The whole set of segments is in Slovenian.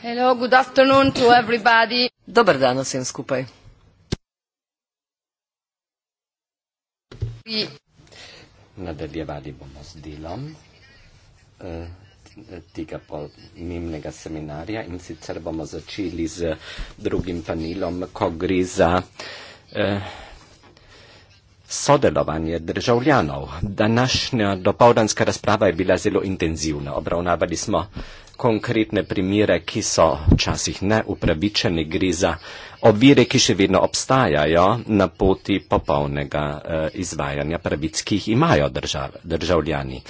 Hello, good afternoon to everybody. Dobar dan vsem skupaj. Nadaljevali bomo z delom eh, tega pomembnega seminarja in sicer bomo začeli z drugim panelom, ko gre za eh, sodelovanje državljanov. Današnja dopoldanska razprava je bila zelo intenzivna. Obravnavali smo konkretne primere, ki so včasih neupravičeni, gre za ovire, ki še vedno obstajajo na poti popolnega eh, izvajanja pravic, ki jih imajo držav, državljani.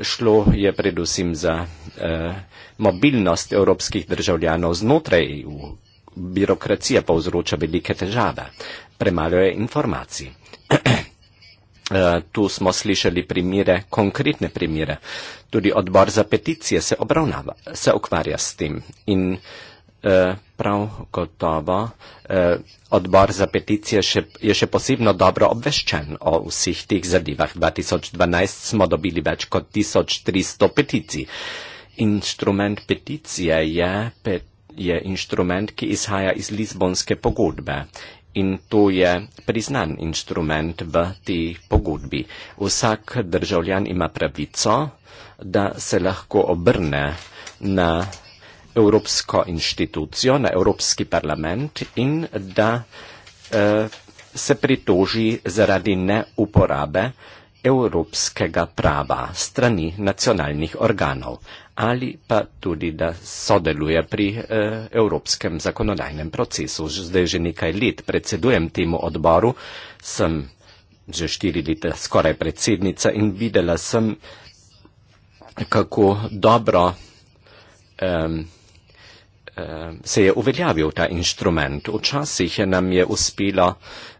Šlo je predvsem za eh, mobilnost evropskih državljanov znotraj EU. Birokracija povzroča velike težave. Premalo je informacij. Eh, tu smo slišali primire, konkretne primire. Tudi odbor za peticije se, obravnava, se ukvarja s tem. In eh, prav gotovo eh, odbor za peticije še, je še posebno dobro obveščen o vseh teh zadevah. 2012 smo dobili več kot 1300 peticij. Instrument peticije je, pe, je instrument, ki izhaja iz Lizbonske pogodbe in to je priznan inštrument v tej pogodbi. Vsak državljan ima pravico, da se lahko obrne na Evropsko inštitucijo, na Evropski parlament in da eh, se pritoži zaradi neuporabe evropskega prava strani nacionalnih organov ali pa tudi, da sodeluje pri eh, evropskem zakonodajnem procesu. Zdaj že nekaj let predsedujem temu odboru, sem že štiri leta skoraj predsednica in videla sem, kako dobro eh, eh, se je uveljavil ta inštrument. Včasih je nam je uspelo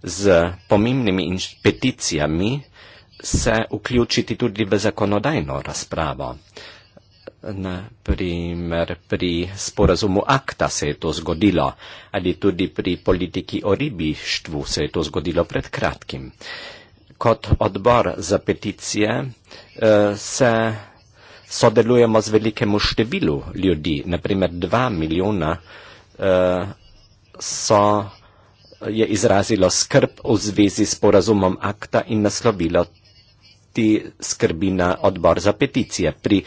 z pomembnimi peticijami se vključiti tudi v zakonodajno razpravo. Eh, na primer pri sporazumu akta se je to zgodilo ali tudi pri politiki o ribištvu se je to zgodilo pred kratkim. Kot odbor za peticije eh, se sodelujemo z velikemu številu ljudi, naprimer dva milijona eh, so je izrazilo skrb v zvezi s porazumom akta in naslovilo ti skrbi na odbor za peticije. Pri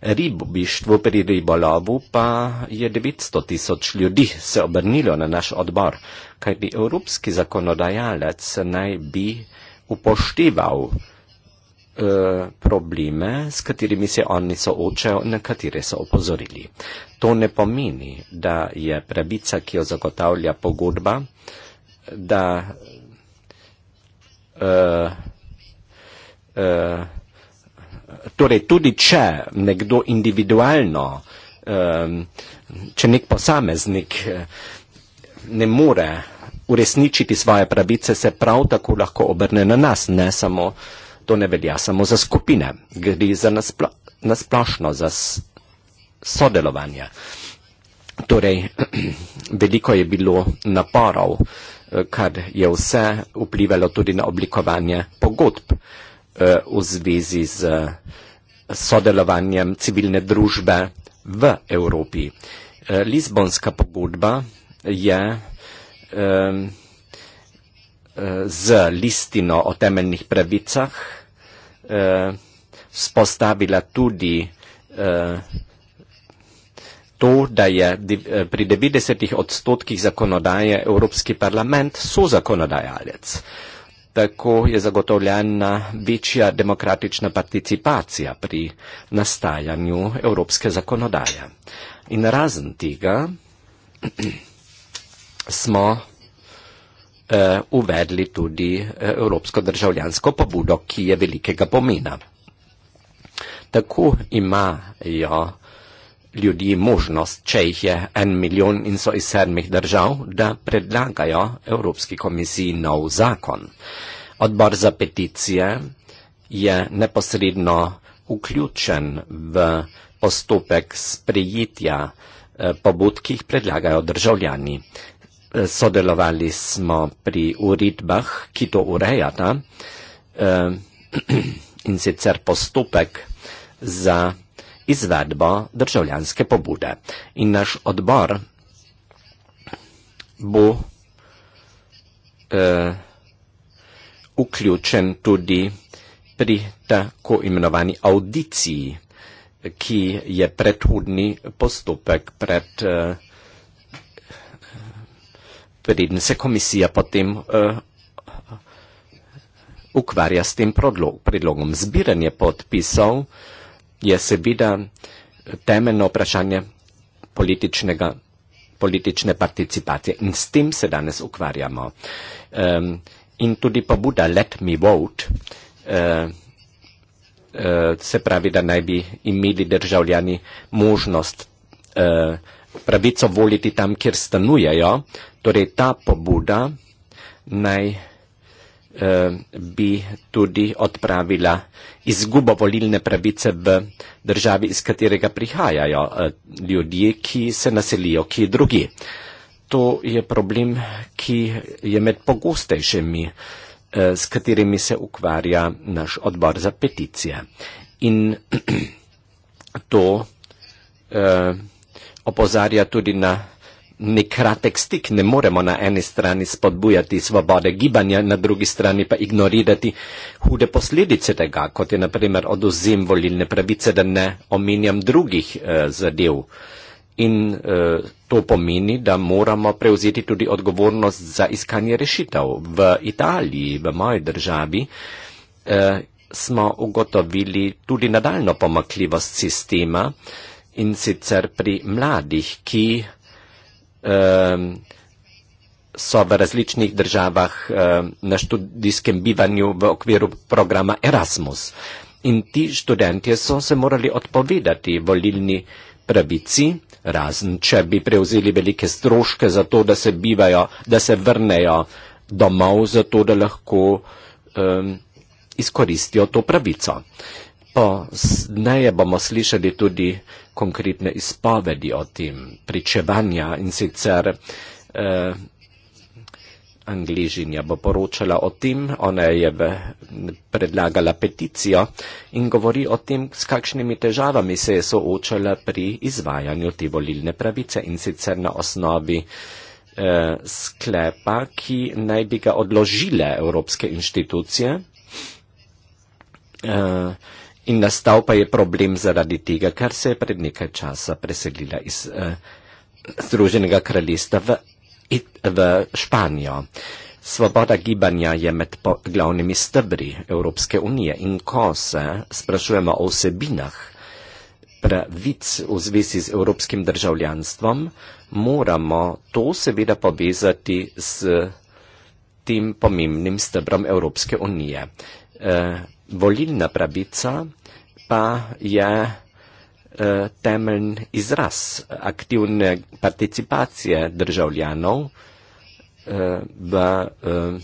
ribištvu pri ribolovu pa je 900 tisoč ljudi se obrnilo na naš odbor, kaj bi evropski zakonodajalec naj bi upošteval eh, probleme, s katerimi se oni so učejo, na katere so opozorili. To ne pomeni, da je pravica, ki jo zagotavlja pogodba, da uh, uh, torej tudi če nekdo individualno, ehm, če nek posameznik eh, ne more uresničiti svoje pravice, se prav tako lahko obrne na nas, ne samo, to ne velja samo za skupine, gre za naspla, nasplošno, za sodelovanje. Torej, veliko je bilo naporov, eh, kar je vse vplivalo tudi na oblikovanje pogodb. Eh, v zvezi z eh, sodelovanjem civilne družbe v Evropi. Eh, Lizbonska pogodba je z listino o temeljnih pravicah spostavila tudi to, da je pri 90 odstotkih zakonodaje Evropski parlament so zakonodajalec tako je zagotovljena večja demokratična participacija pri nastajanju evropske zakonodaje. In razen tega smo eh, uvedli tudi eh, evropsko državljansko pobudo, ki je velikega pomena. Tako imajo eh, ljudi možnost, če jih je en milijon in so iz sedmih držav, da predlagajo Evropski komisiji nov zakon. Odbor za peticije je neposredno vključen v postopek sprejitja eh, pobud, ki jih predlagajo državljani. Eh, sodelovali smo pri uredbah, ki to urejata eh, in sicer postopek za izvedbo državljanske pobude. In naš odbor bo eh, vključen tudi pri tako imenovani audiciji, ki je predhodni postopek pred. Eh, Preden se komisija potem uh, ukvarja s tem predlogom. Zbiranje podpisov uh, je seveda temeljno vprašanje politične participacije in s tem se danes ukvarjamo. Um, in tudi pobuda Let me vote, uh, uh, se pravi, da naj bi imeli državljani možnost uh, pravico voliti tam, kjer stanujejo, torej ta pobuda naj Eh, bi tudi odpravila izgubo volilne pravice v državi, iz katerega prihajajo eh, ljudje, ki se naselijo, ki drugi. To je problem, ki je med pogostejšimi, eh, s katerimi se ukvarja naš odbor za peticije. In to eh, opozarja tudi na Ne kratek stik ne moremo na eni strani spodbujati svobode gibanja, na drugi strani pa ignorirati hude posledice tega, kot je naprimer oduzem volilne pravice, da ne omenjam drugih eh, zadev. In eh, to pomeni, da moramo prevzeti tudi odgovornost za iskanje rešitev. V Italiji, v moji državi, eh, smo ugotovili tudi nadaljno pomakljivost sistema in sicer pri mladih, ki Ehm, so v različnih državah ehm, na študijskem bivanju v okviru programa Erasmus. In ti študentje so se morali odpovedati volilni pravici, razen če bi prevzeli velike stroške za to, da se, bivajo, da se vrnejo domov, zato da lahko um, izkoristijo to pravico. Uh, pa dneje bomo slišali tudi konkretne izpovedi o tem, pričevanja in sicer eh, angližinja bo poročala o tem, ona je v, predlagala peticijo in govori o tem, s kakšnimi težavami se je soočala pri izvajanju te volilne pravice in sicer na osnovi eh, sklepa, ki naj bi ga odložile evropske inštitucije. Eh, In nastal pa je problem zaradi tega, kar se je pred nekaj časa preselila iz eh, Združenega kraljestva v, v Španijo. Svoboda gibanja je med glavnimi stebri Evropske unije in ko se sprašujemo o vsebinah pravic v zvezi z evropskim državljanstvom, moramo to seveda povezati s tem pomembnim stebrom Evropske unije. Eh, volilna pravica pa je eh, temeljni izraz aktivne participacije državljanov eh, v eh,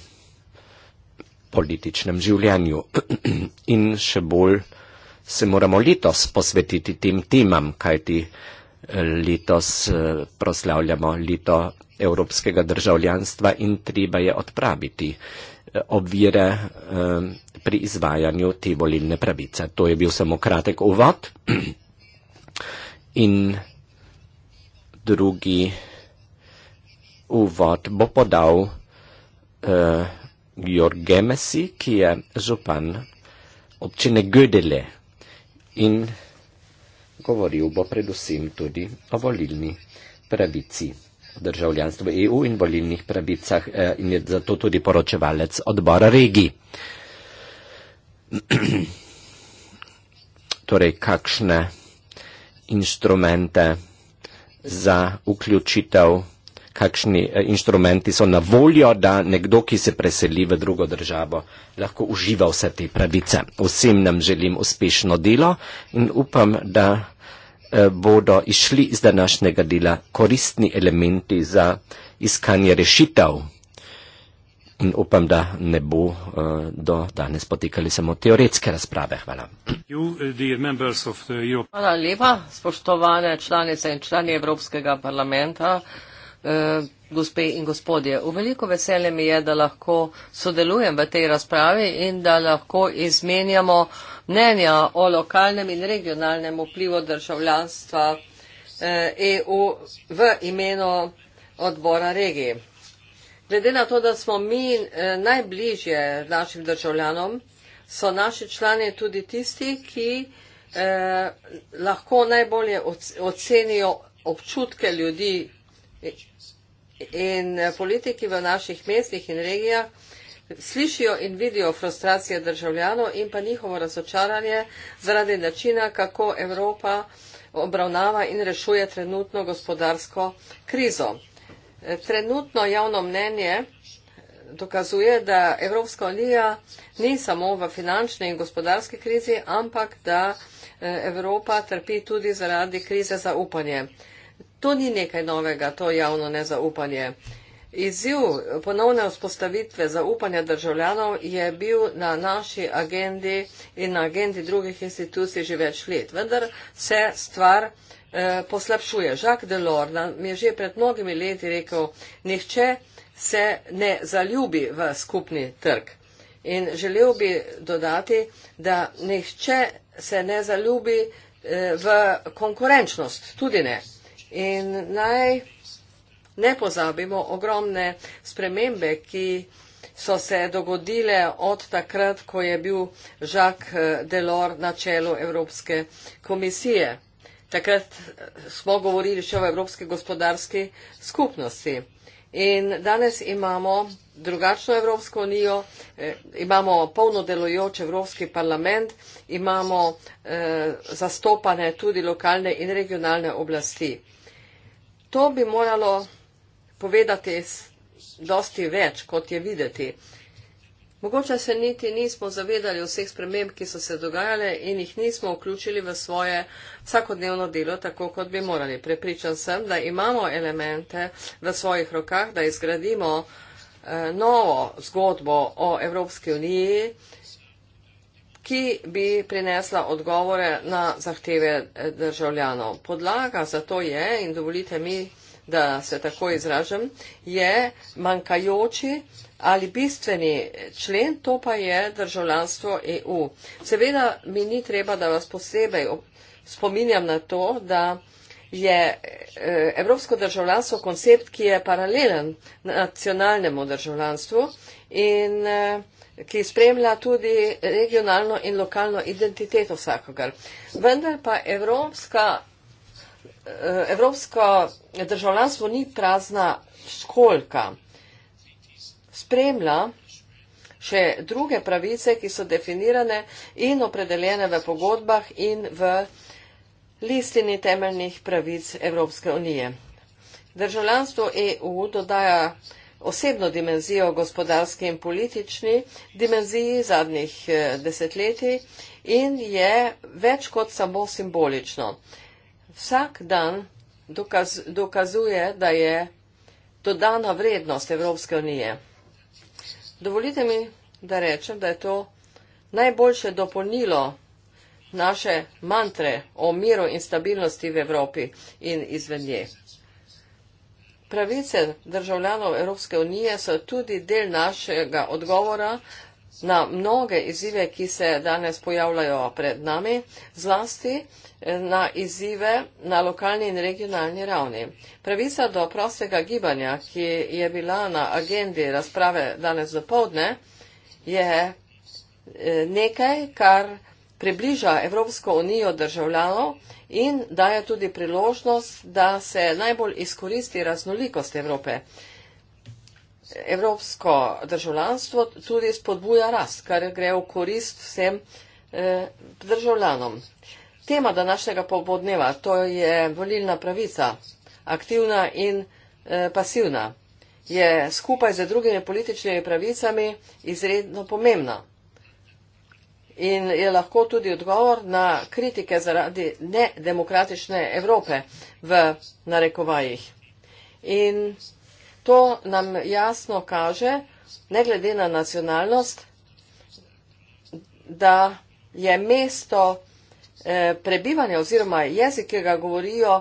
političnem življenju. In še bolj se moramo letos posvetiti tem temam, kajti letos proslavljamo leto evropskega državljanstva in treba je odpraviti ovire eh, pri izvajanju te volilne pravice. To je bil samo kratek uvod. In drugi uvod bo podal uh, eh, Jorg Gemesi, ki je župan občine Gödele in govoril bo predvsem tudi o volilni pravici državljanstvu e EU in volilnih pravicah eh, in je zato tudi poročevalec odbora regij. Torej, kakšne inštrumente za vključitev, kakšni eh, inštrumenti so na voljo, da nekdo, ki se preseli v drugo državo, lahko uživa vse te pravice. Vsem nam želim uspešno delo in upam, da. Eh, bodo išli iz današnjega dela koristni elementi za iskanje rešitev. In upam, da ne bo eh, do danes potekali samo teoretske razprave. Hvala. Eh, Hvala lepa, spoštovane članice in člani Evropskega parlamenta. Eh, gospe in gospodje. V veliko veselje mi je, da lahko sodelujem v tej razpravi in da lahko izmenjamo mnenja o lokalnem in regionalnem vplivu državljanstva EU eh, e v imenu odbora regije. Glede na to, da smo mi eh, najbližje našim državljanom, so naši člani tudi tisti, ki lahko najbolje ocenijo občutke ljudi in eh, politiki v naših mestih in regijah slišijo in vidijo frustracije državljanov in pa njihovo razočaranje zaradi načina, kako Evropa obravnava in rešuje trenutno gospodarsko krizo. Eh, trenutno javno mnenje eh, dokazuje, da Evropska unija ni samo v finančni in gospodarski krizi, ampak da Evropa trpi tudi zaradi krize zaupanje to ni nekaj novega, to javno nezaupanje. Izziv ponovne vzpostavitve zaupanja državljanov je bil na naši agendi in na agendi drugih institucij že več let, vendar se stvar eh, poslabšuje. Jacques Delors nam je že pred mnogimi leti rekel, nihče se ne zaljubi v skupni trg. In želel bi dodati, da nihče se ne zaljubi eh, v konkurenčnost, tudi ne. Eh, In naj ne pozabimo ogromne spremembe, ki so se dogodile od takrat, ko je bil Jacques eh, Delors na čelu Evropske komisije. Takrat eh, smo govorili še o Evropski gospodarski skupnosti. In danes imamo drugačno Evropsko unijo, eh, imamo polno delojoč Evropski parlament, imamo eh, zastopane tudi lokalne in regionalne oblasti. To bi moralo povedati dosti več, kot je videti. Mogoče se niti nismo zavedali vseh sprememb, ki so se dogajale in jih nismo vključili v svoje vsakodnevno delo, tako kot bi morali. Prepričan sem, da imamo elemente v svojih rokah, da izgradimo eh, novo zgodbo o Evropski uniji, eh, ki bi prinesla odgovore na zahteve državljanov. Podlaga za to je, in dovolite mi, da se tako izražam, je manjkajoči ali bistveni člen, to pa je državljanstvo EU. Seveda mi ni treba, da vas posebej spominjam na to, da je e, evropsko državljanstvo koncept, ki je paralelen nacionalnemu državljanstvu in e, ki spremlja tudi regionalno in lokalno identiteto vsakogar. Vendar pa evropska, eh, evropsko državljanstvo ni prazna školka. Spremlja še druge pravice, ki so definirane in opredeljene v pogodbah in v listini temeljnih pravic Evropske unije. Državljanstvo EU dodaja osebno dimenzijo, gospodarski in politični dimenziji zadnjih eh, desetletij in je več kot samo simbolično. Vsak dan dokaz, dokazuje, da je dodana vrednost Evropske unije. Dovolite mi, da rečem, da je to najboljše dopolnilo naše mantre o miru in stabilnosti v Evropi in izven nje. Pravice državljanov Evropske unije so tudi del našega odgovora na mnoge izzive, ki se danes pojavljajo pred nami, zlasti eh, na izzive na lokalni in regionalni ravni. Pravica do prostega gibanja, ki je bila na agendi razprave danes do povdne, je eh, nekaj, kar približa Evropsko unijo državljanov in daje tudi priložnost, da se najbolj izkoristi raznolikost Evrope. Evropsko državljanstvo tudi spodbuja rast, kar gre v korist vsem eh, državljanom. Tema današnjega popodneva to je volilna pravica, aktivna in eh, pasivna, je skupaj z drugimi političnimi pravicami izredno pomembna in je lahko tudi odgovor na kritike zaradi nedemokratične Evrope v narekovajih. In to nam jasno kaže, ne glede na nacionalnost, da je mesto Eh, prebivanja oziroma jezik, ki ga govorijo,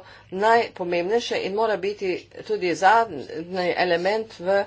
najpomembnejše in mora biti tudi zadnji element v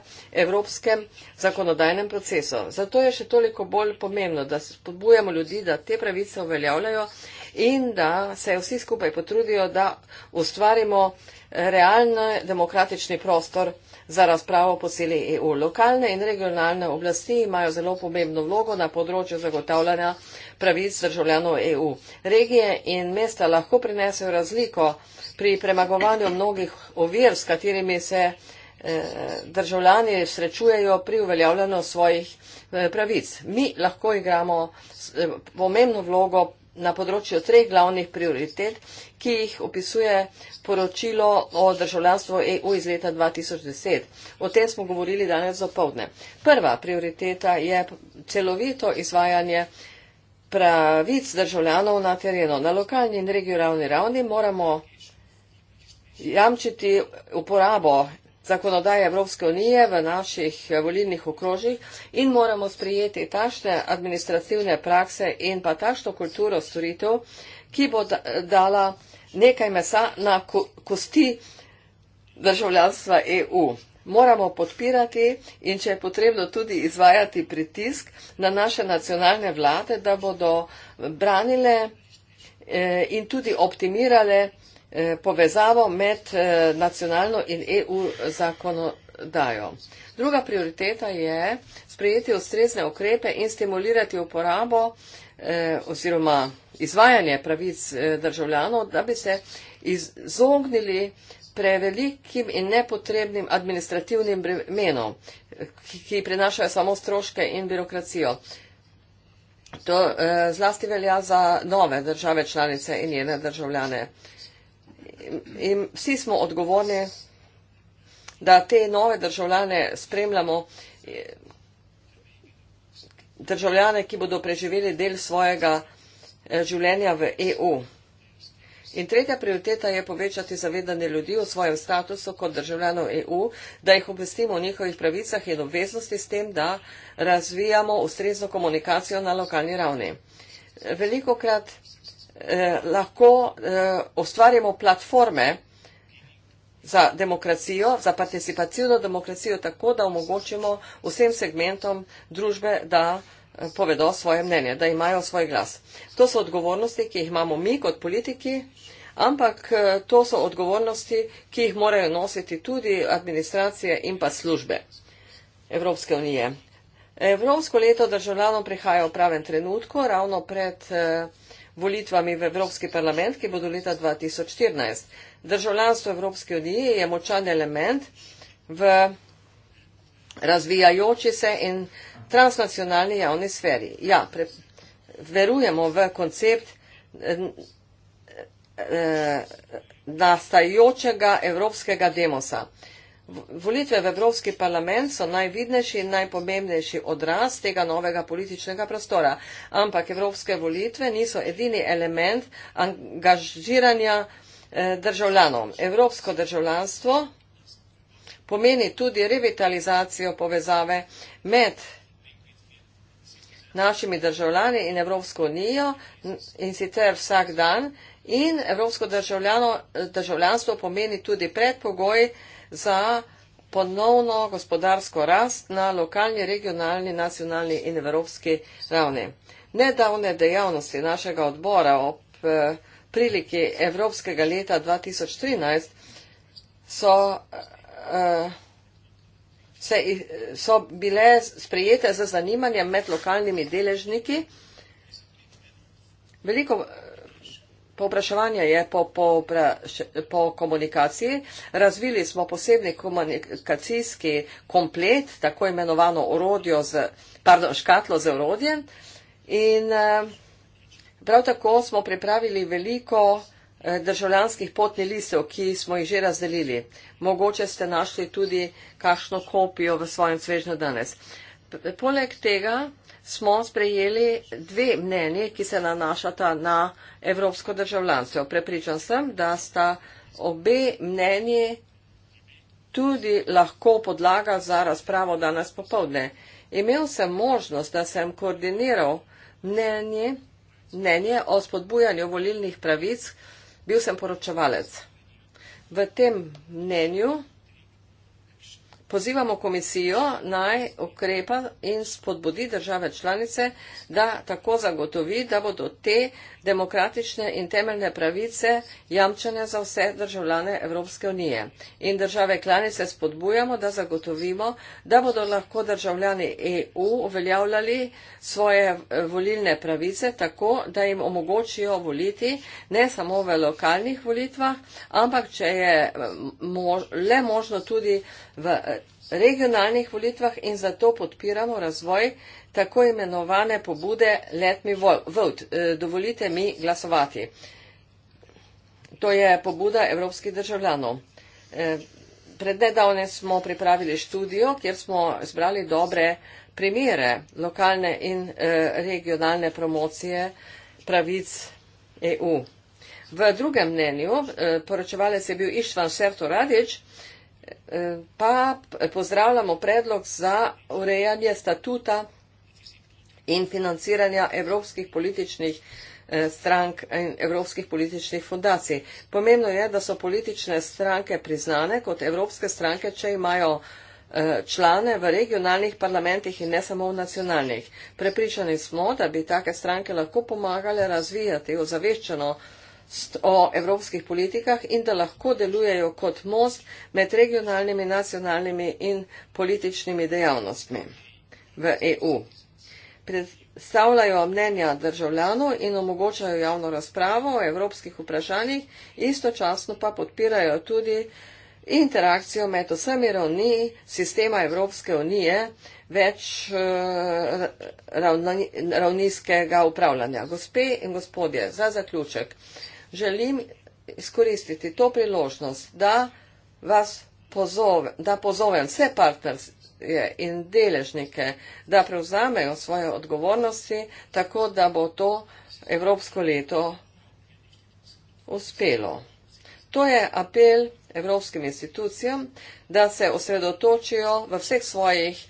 evropskem zakonodajnem procesu. Zato je še toliko bolj pomembno, da spodbujamo ljudi, da te pravice uveljavljajo in da se vsi skupaj potrudijo, da ustvarimo realni demokratični prostor za razpravo po celi EU. Lokalne in regionalne oblasti imajo zelo pomembno vlogo na področju zagotavljanja pravic državljanov EU. Regije in mesta lahko prinesejo razliko pri premagovanju mnogih ovir, s katerimi se eh, državljani srečujejo pri uveljavljanju svojih eh, pravic. Mi lahko igramo eh, pomembno vlogo na področju treh glavnih prioritet, ki jih opisuje poročilo o državljanstvu EU iz leta 2010. O tem smo govorili danes zopovdne. Prva prioriteta je celovito izvajanje pravic državljanov na terenu. Na lokalni in regionalni ravni moramo jamčiti uporabo zakonodaje Evropske unije v naših volilnih okrožjih in moramo sprijeti tašne administrativne prakse in pa tašno kulturo storitev, ki bo dala nekaj mesa na kosti državljanstva EU. Moramo podpirati in če je potrebno tudi izvajati pritisk na naše nacionalne vlade, da bodo branile eh, in tudi optimirale Eh, povezavo med eh, nacionalno in EU zakonodajo. Druga prioriteta je sprejeti ustrezne okrepe in stimulirati uporabo eh, oziroma izvajanje pravic državljanov, da bi se izognili prevelikim in nepotrebnim administrativnim bremenom, ki prinašajo samo stroške in birokracijo. To zlasti velja za nove države članice in njene državljane in vsi smo odgovorni, da te nove državljane spremljamo, državljane, ki bodo preživeli del svojega eh, življenja v EU. In tretja prioriteta je povečati zavedanje ljudi o svojem statusu kot državljanov EU, da jih obvestimo o njihovih pravicah in obveznosti s tem, da razvijamo ustrezno komunikacijo na lokalni ravni. Veliko krat eh, lahko eh, ustvarjamo platforme za demokracijo, za participacijo demokracijo, tako da omogočimo vsem segmentom družbe, da eh, povedo svoje mnenje, da imajo svoj glas. To so odgovornosti, ki jih imamo mi kot politiki, ampak eh, to so odgovornosti, ki jih morajo nositi tudi administracije in pa službe Evropske unije. Evropsko leto državljanom prihaja v pravem trenutku, ravno pred. Eh, volitvami v Evropski parlament, ki bodo leta 2014. Državljanstvo Evropske unije je močan element v razvijajoči se in transnacionalni javni sferi. Ja, pre, verujemo v koncept eh, eh, nastajočega evropskega demosa. Eh, Volitve v Evropski parlament so najvidnejši in najpomembnejši odraz tega novega političnega prostora, ampak evropske volitve niso edini element angažiranja eh, državljanov. Evropsko državljanstvo pomeni tudi revitalizacijo povezave med našimi državljani in Evropsko unijo in sicer vsak dan in evropsko eh, državljanstvo pomeni tudi predpogoj, za ponovno gospodarsko rast na lokalni, regionalni, nacionalni in evropski ravni. Nedavne dejavnosti našega odbora ob eh, priliki Evropskega leta 2013 so, eh, eh, se, so bile sprejete za zanimanje med lokalnimi deležniki. Veliko povpraševanje je po, po, po komunikaciji. Razvili smo posebni komunikacijski komplet, tako imenovano orodjo z, pardon, škatlo z orodjem. In eh, prav tako smo pripravili veliko eh, državljanskih potnih listev, ki smo jih že razdelili. Mogoče ste našli tudi kakšno kopijo v svojem svežnju danes. Poleg tega smo sprejeli dve mnenje, ki se nanašata na evropsko državljanstvo. Prepričan sem, da sta obe mnenje tudi lahko podlaga za razpravo danes popovdne. Imel sem možnost, da sem koordiniral mnenje, mnenje o spodbujanju volilnih pravic, bil sem poročevalec. V tem mnenju Pozivamo komisijo naj ukrepa in spodbudi države članice, da tako zagotovi, da bodo te demokratične in temeljne pravice jamčene za vse državljane Evropske unije. In države članice spodbujamo, da zagotovimo, da bodo lahko državljani EU uveljavljali svoje eh, volilne pravice tako, da jim omogočijo voliti ne samo v lokalnih volitvah, ampak če je eh, mo le možno tudi v eh, regionalnih volitvah in zato podpiramo razvoj tako imenovane pobude Let me vote, e, dovolite mi glasovati. To je pobuda evropskih državljanov. E, pred nedavne smo pripravili študijo, kjer smo zbrali dobre primere lokalne in e, regionalne promocije pravic EU. V drugem mnenju, poročevalec je bil Ištvan Serto Radič, pa pozdravljamo predlog za urejanje statuta in financiranja evropskih političnih eh, strank in evropskih političnih fundacij. Pomembno je, da so politične stranke priznane kot evropske stranke, če imajo eh, člane v regionalnih parlamentih in ne samo v nacionalnih. Prepričani smo, da bi take stranke lahko pomagale razvijati ozaveščeno o evropskih politikah in da lahko delujejo kot most med regionalnimi, nacionalnimi in političnimi dejavnostmi v EU. Predstavljajo mnenja državljanov in omogočajo javno razpravo o evropskih vprašanjih, istočasno pa podpirajo tudi interakcijo med vsemi ravni sistema Evropske unije, več uh, ravni, ravnijskega upravljanja. Gospe in gospodje, za zaključek. Uh, želim izkoristiti to priložnost, da vas pozove, da pozovem vse partnerje in deležnike, da prevzamejo svoje odgovornosti, tako da bo to Evropsko leto uspelo. To je apel evropskim institucijam, da se osredotočijo v vseh svojih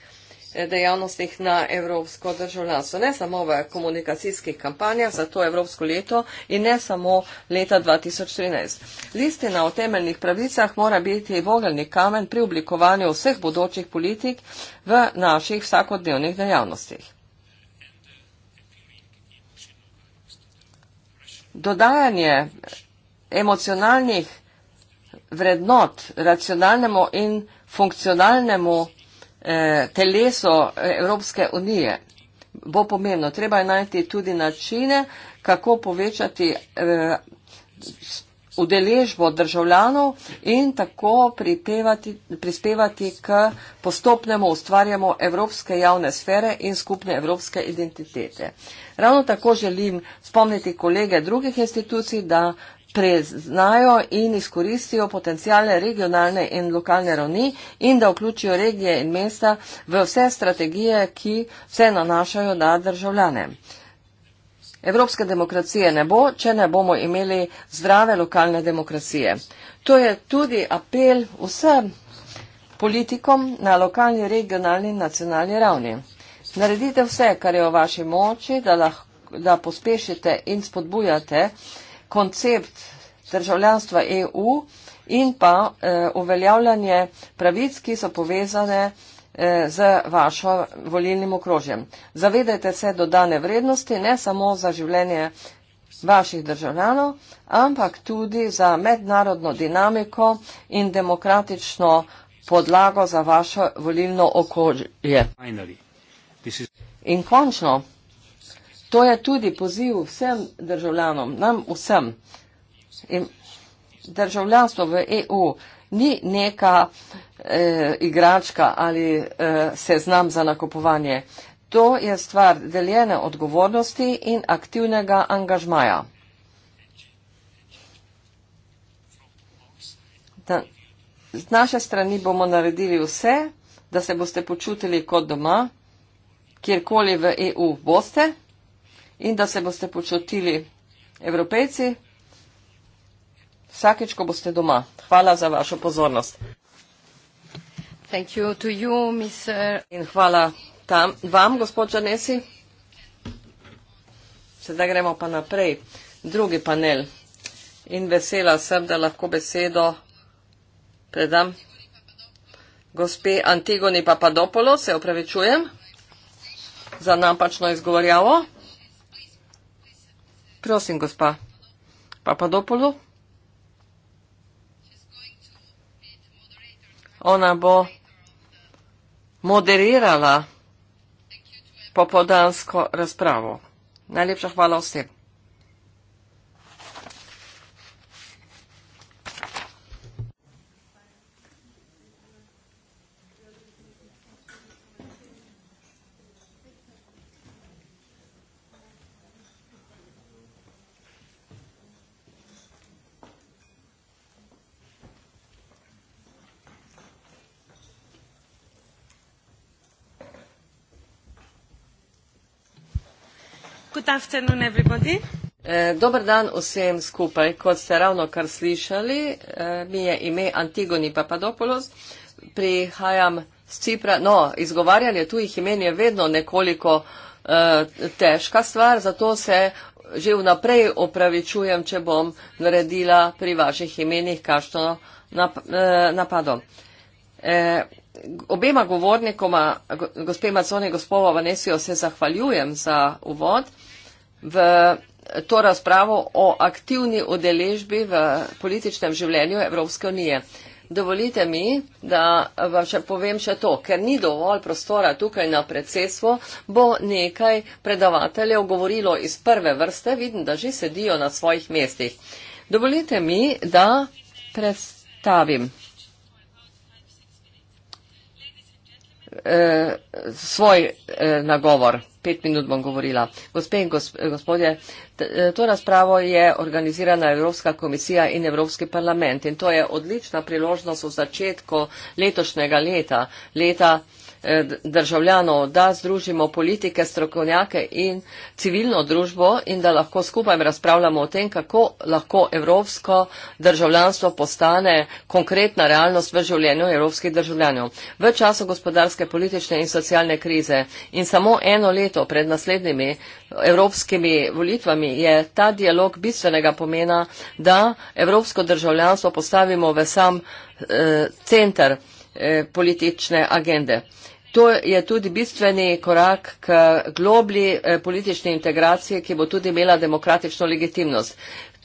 dejavnostih na evropsko državljanstvo. Ne samo v komunikacijskih kampanjah za to evropsko leto in ne samo leta 2013. Listina o temeljnih pravicah mora biti vogelni kamen pri oblikovanju vseh bodočih politik v naših vsakodnevnih dejavnostih. Dodajanje emocionalnih vrednot racionalnemu in funkcionalnemu Eh, teleso eh, Evropske unije. Bo pomembno, treba je najti tudi načine, kako povečati eh, udeležbo državljanov in tako prispevati k postopnemu ustvarjamo evropske javne sfere in skupne evropske identitete. Ravno tako želim spomniti kolege drugih institucij, da preznajo in izkoristijo potencijale regionalne in lokalne ravni in da vključijo regije in mesta v vse strategije, ki se nanašajo na državljane. Evropske demokracije ne bo, če ne bomo imeli zdrave lokalne demokracije. To je tudi apel vsem politikom na lokalni, regionalni in nacionalni ravni. Naredite vse, kar je v vaši moči, da, lahko, da pospešite in spodbujate koncept državljanstva EU in pa eh, uveljavljanje pravic, ki so povezane eh, z vašo volilnim okrožjem. Zavedajte se dodane vrednosti ne samo za življenje vaših državljanov, ampak tudi za mednarodno dinamiko in demokratično podlago za vaše volilno okolje. In končno, To je tudi poziv vsem državljanom, nam vsem. In državljanstvo v EU ni neka e, igračka ali e, seznam za nakupovanje. To je stvar deljene odgovornosti in aktivnega angažmaja. Da, z naše strani bomo naredili vse, da se boste počutili kot doma, kjerkoli v EU boste in da se boste počutili evropejci vsakeč, ko boste doma. Hvala za vašo pozornost. You, in hvala tam, vam, gospod Žanesi. Sedaj gremo pa naprej. Drugi panel. In vesela sem, da lahko besedo predam gospe Antigoni Papadopolo. Se opravičujem za napačno izgovorjavo. Prosim, gospa. Papadopolu. Ona bo moderirala popodansko razpravo. Najlepša hvala vsem. afternoon, everybody. E, dober dan vsem skupaj. Kot ste ravno kar slišali, e, mi je ime Antigoni Papadopoulos. Prihajam z Cipra. No, izgovarjanje tujih imen je vedno nekoliko e, težka stvar, zato se že vnaprej opravičujem, če bom naredila pri vaših imenih kašno napado. Obema govornikoma, gospe Maconi, gospovo Vanesijo, se zahvaljujem za uvod v to razpravo o aktivni udeležbi v političnem življenju Evropske unije. Dovolite mi, da vam še povem še to, ker ni dovolj prostora tukaj na predsedstvo, bo nekaj predavateljev govorilo iz prve vrste, vidim, da že sedijo na svojih mestih. Dovolite mi, da predstavim. eh, svoj eh, nagovor. Pet minut bom govorila. Gospe in eh, gospodje, eh, to razpravo je organizirana Evropska komisija in Evropski parlament in to je odlična priložnost v začetku letošnjega leta, leta Eh, državljanov, da združimo politike, strokovnjake in civilno družbo in da lahko skupaj razpravljamo o tem, kako lahko evropsko državljanstvo postane konkretna realnost v življenju evropskih državljanov. V času gospodarske, politične in socialne krize in samo eno leto pred naslednjimi evropskimi volitvami je ta dialog bistvenega pomena, da evropsko državljanstvo postavimo v sam eh, center eh, politične agende. To je tudi bistveni korak k globlji eh, politični integraciji, ki bo tudi imela demokratično legitimnost.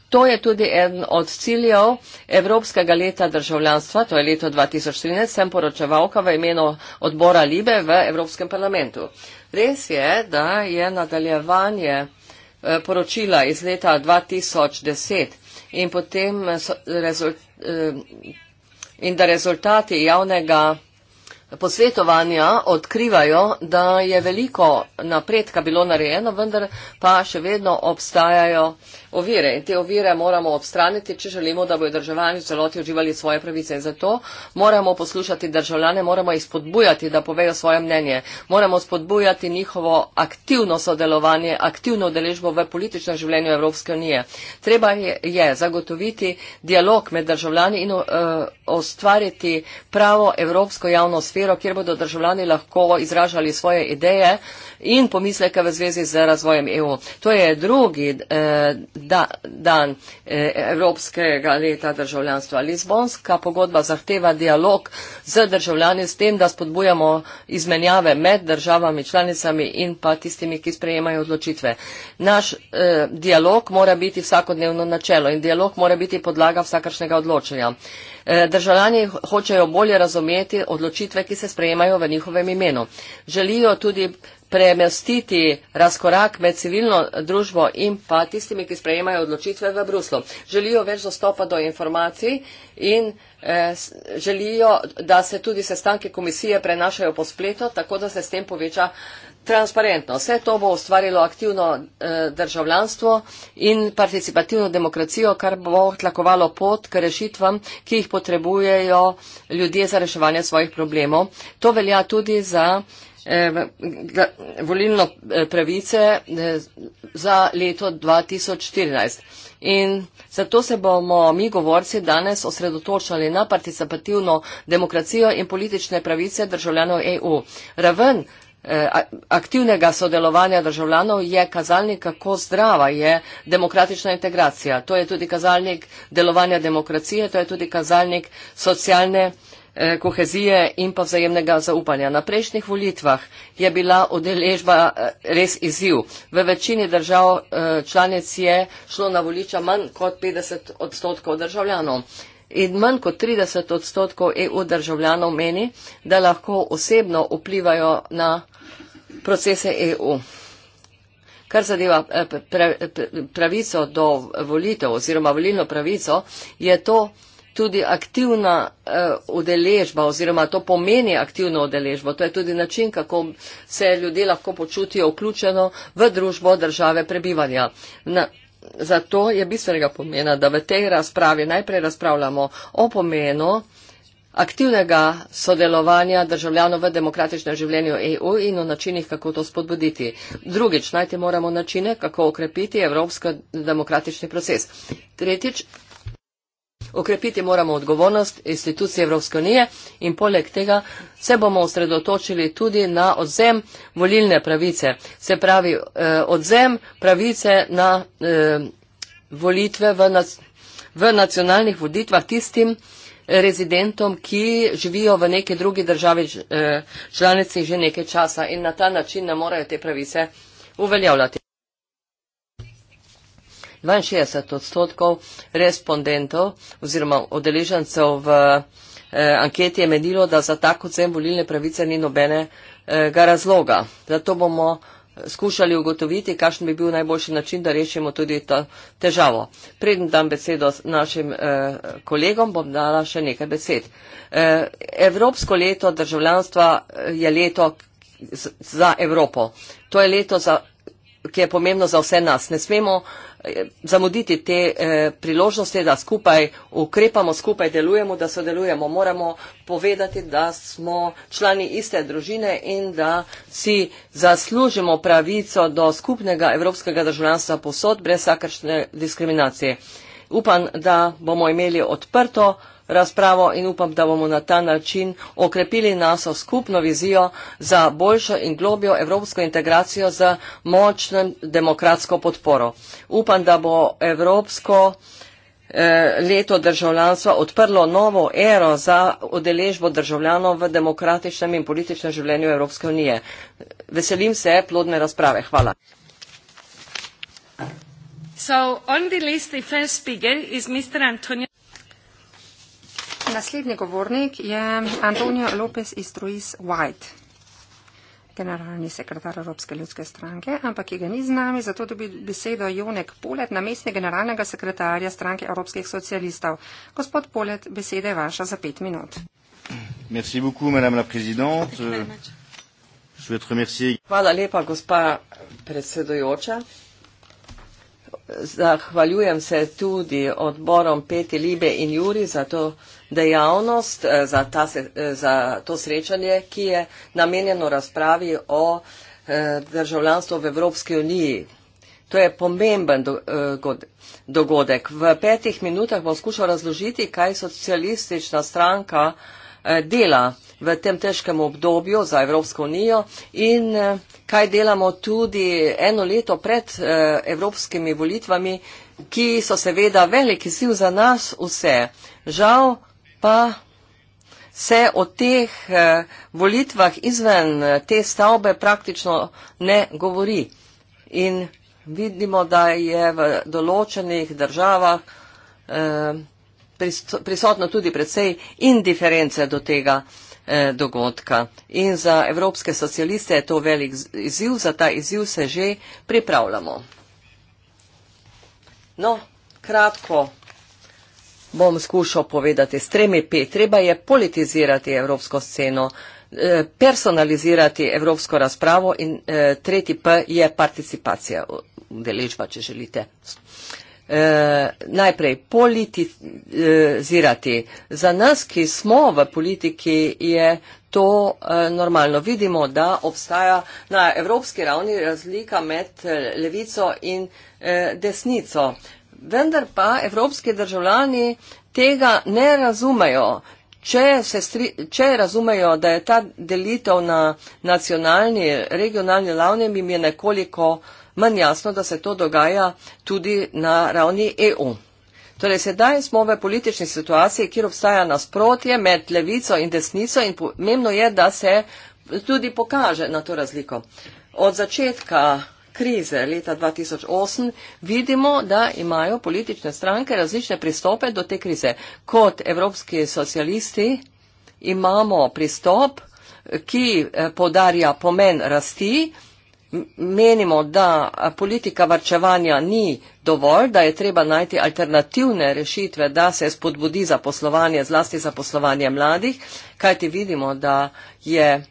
To je tudi en od ciljev Evropskega leta državljanstva, to je leto 2013, sem poročevalka v imenu odbora Libe v Evropskem parlamentu. Res je, da je nadaljevanje eh, poročila iz leta 2010 in, potem, eh, in da rezultati javnega posvetovanja odkrivajo, da je veliko napredka bilo narejeno, vendar pa še vedno obstajajo ovire in te ovire moramo obstraniti, če želimo, da bojo državljani v celoti uživali svoje pravice. Zato moramo poslušati državljane, moramo jih spodbujati, da povejo svoje mnenje, moramo spodbujati njihovo aktivno sodelovanje, aktivno deležbo v političnem življenju Evropske unije. Treba je zagotoviti dialog med državljani in uh, ustvariti pravo evropsko javno sfero, kjer bodo državljani lahko izražali svoje ideje in pomisleke v zvezi z razvojem EU. To je drugi eh, da, dan eh, Evropskega leta državljanstva. Lizbonska pogodba zahteva dialog z državljani s tem, da spodbujamo izmenjave med državami, članicami in pa tistimi, ki sprejemajo odločitve. Naš eh, dialog mora biti vsakodnevno načelo in dialog mora biti podlaga vsakršnega odločanja. Eh, državljani hočejo bolje razumeti odločitve, ki se sprejemajo v njihovem imenu. Želijo tudi premestiti razkorak med civilno družbo in pa tistimi, ki sprejemajo odločitve v Bruslu. Želijo več dostopa do informacij in eh, želijo, da se tudi sestanke komisije prenašajo po spletu, tako da se s tem poveča Transparentno. Vse to bo ustvarilo aktivno eh, državljanstvo in participativno demokracijo, kar bo tlakovalo pot k rešitvam, ki jih potrebujejo ljudje za reševanje svojih problemov. To velja tudi za eh, volilno eh, pravice eh, za leto 2014. In zato se bomo mi govorci danes osredotočali na participativno demokracijo in politične pravice državljanov EU. Raven Eh, aktivnega sodelovanja državljanov je kazalnik, kako zdrava je demokratična integracija. To je tudi kazalnik delovanja demokracije, to je tudi kazalnik socialne eh, kohezije in pa vzajemnega zaupanja. Na prejšnjih volitvah je bila odeležba eh, res izziv. V večini držav članic je šlo na voliča manj kot 50 odstotkov državljanov. In manj kot 30 odstotkov EU državljanov meni, da lahko osebno vplivajo na procese EU. Kar zadeva eh, pravico do volitev oziroma volilno pravico, je to tudi aktivna eh, udeležba oziroma to pomeni aktivno udeležbo. To je tudi način, kako se ljudje lahko počutijo vključeno v družbo države prebivanja. Na, zato je bistvenega pomena, da v tej razpravi najprej razpravljamo o pomenu aktivnega sodelovanja državljanov v demokratičnem življenju EU in o načinih, kako to spodbuditi. Drugič, najti moramo načine, kako okrepiti evropski demokratični proces. Tretjič, okrepiti moramo odgovornost institucij Evropske unije in poleg tega se bomo osredotočili tudi na odzem volilne pravice, se pravi eh, odzem pravice na eh, volitve v, nac v nacionalnih voditvah tistim, rezidentom, ki živijo v neki drugi državi eh, članici že nekaj časa in na ta način ne morejo te pravice uveljavljati. 62 odstotkov respondentov oziroma odeležencev v eh, anketi je medilo, da za tako cen volilne pravice ni nobenega razloga. Zato bomo skušali ugotoviti, kakšen bi bil najboljši način, da rešimo tudi to težavo. Preden dam besedo s našim eh, kolegom, bom dala še nekaj besed. Eh, Evropsko leto državljanstva eh, je leto za Evropo. To je leto za ki je pomembno za vse nas. Ne smemo eh, zamuditi te eh, priložnosti, da skupaj ukrepamo, skupaj delujemo, da sodelujemo. Moramo povedati, da smo člani iste družine in da si zaslužimo pravico do skupnega evropskega državljanstva posod brez vsakršne diskriminacije. Upam, da bomo imeli odprto razpravo in upam, da bomo na ta način okrepili naso skupno vizijo za boljšo in globjo evropsko integracijo z močnem demokratsko podporo. Upam, da bo evropsko eh, leto državljanstva odprlo novo ero za odeležbo državljanov v demokratičnem in političnem življenju Evropske unije. Veselim se plodne razprave. Hvala. So on the list, the first speaker is Mr. Antonio. Naslednji govornik je Antonio Lopez iz Truiz White, generalni sekretar Evropske ljudske stranke, ampak ki ga ni z nami, zato dobi besedo Jonek Polet, namestni generalnega sekretarja stranke Evropskih socialistov. Gospod Polet, beseda je vaša za pet minut. Merci beaucoup, madame la présidente. Je vous remercie. Hvala lepa, gospa predsedujoča. Zahvaljujem se tudi odborom Peti Libe in Juri za to dejavnost eh, za, ta, eh, za to srečanje, ki je namenjeno razpravi o eh, državljanstvu v Evropski uniji. To je pomemben dogodek. V petih minutah bom skušal razložiti, kaj socialistična stranka dela v tem težkem obdobju za Evropsko unijo in kaj delamo tudi eno leto pred evropskimi volitvami, ki so seveda veliki siv za nas vse. Žal pa se o teh eh, volitvah izven eh, te stavbe praktično ne govori. In vidimo, da je v določenih državah eh, prisotno tudi predvsej indiference do tega dogodka. In za evropske socialiste je to velik izziv, za ta izziv se že pripravljamo. No, kratko bom skušal povedati s tremi P. Treba je politizirati evropsko sceno, eh, personalizirati evropsko razpravo in eh, tretji P je participacija, deležba, če želite. Eh, najprej politizirati. Za nas, ki smo v politiki, je to normalno. Vidimo, da obstaja na evropski ravni razlika med levico in desnico vendar pa evropski državljani tega ne razumejo. Če, stri, če razumejo, da je ta delitev na nacionalni, regionalni ravni, jim je nekoliko manj jasno, da se to dogaja tudi na ravni EU. Torej, sedaj smo v politični situaciji, kjer obstaja nasprotje med levico in desnico in pomembno je, da se tudi pokaže na to razliko. Od začetka krize leta 2008 vidimo, da imajo politične stranke različne pristope do te krize. Kot evropski socialisti imamo pristop, ki eh, podarja pomen rasti, menimo, da eh, politika varčevanja ni dovolj, da je treba najti alternativne rešitve, da se spodbudi zaposlovanje, zlasti zaposlovanje mladih, kajti vidimo, da je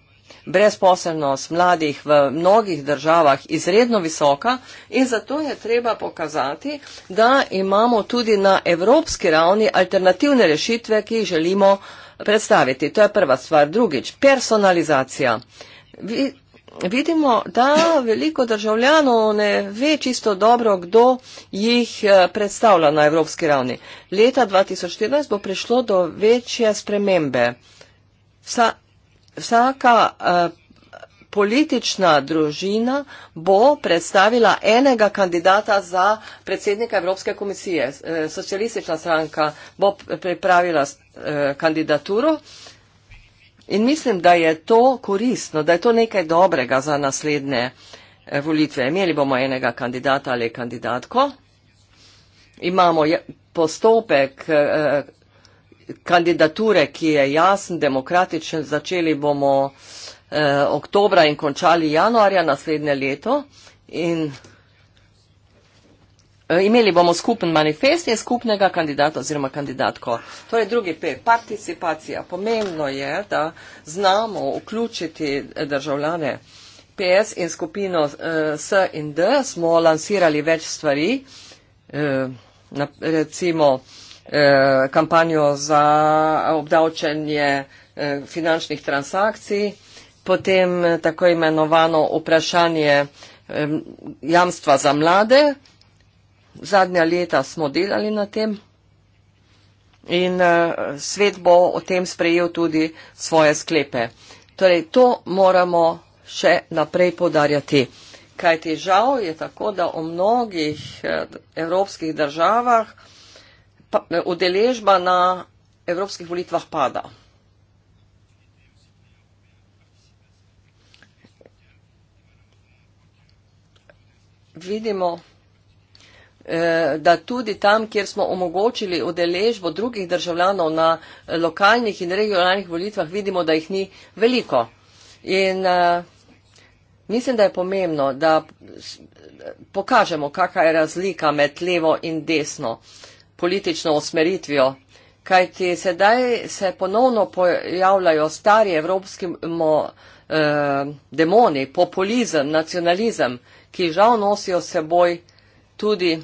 brezposelnost mladih v mnogih državah izredno visoka in zato je treba pokazati, da imamo tudi na evropski ravni alternativne rešitve, ki jih želimo predstaviti. To je prva stvar. Drugič, personalizacija. Vi, vidimo, da veliko državljanov ne ve čisto dobro, kdo jih eh, predstavlja na evropski ravni. Leta 2014 bo prišlo do večje spremembe. Vsa vsaka eh, politična družina bo predstavila enega kandidata za predsednika Evropske komisije. Eh, Socialistična stranka bo pripravila eh, kandidaturo in mislim, da je to koristno, da je to nekaj dobrega za naslednje volitve. Imeli bomo enega kandidata ali kandidatko, imamo postopek kandidature, ki je jasen, demokratičen, začeli bomo eh, oktobra in končali januarja naslednje leto. In eh, Imeli bomo skupen manifest in skupnega kandidata oziroma kandidatko. To torej, je drugi P. Participacija. Pomembno je, da znamo vključiti eh, državljane PS in skupino eh, S in D. Smo lansirali več stvari, recimo Eh, kampanjo za obdavčanje eh, finančnih transakcij, potem eh, tako imenovano vprašanje jamstva za mlade. Zadnja leta smo delali na tem in svet bo o tem sprejel tudi svoje sklepe. Torej, to moramo še naprej podarjati. Kaj težav je tako, da v mnogih evropskih državah udeležba na evropskih volitvah pada. Vidimo, eh, da tudi tam, kjer smo omogočili udeležbo drugih državljanov na lokalnih in regionalnih volitvah, vidimo, da jih ni veliko. In eh, mislim, da je pomembno, da eh, pokažemo, kakva je razlika med levo in desno politično osmeritvijo. Kajti sedaj se ponovno pojavljajo stari evropski mo, eh, demoni, populizem, nacionalizem, ki žal nosijo seboj tudi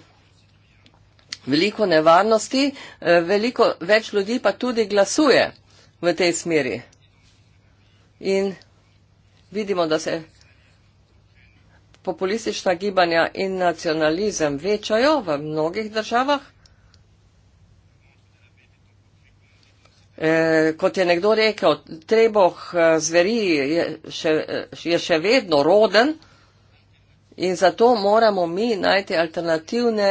veliko nevarnosti, eh, veliko več ljudi pa tudi glasuje v tej smeri. In vidimo, da se populistična gibanja in nacionalizem večajo v mnogih državah. Eh, kot je nekdo rekel, treboh eh, zveri je še, je še vedno roden in zato moramo mi najti alternativne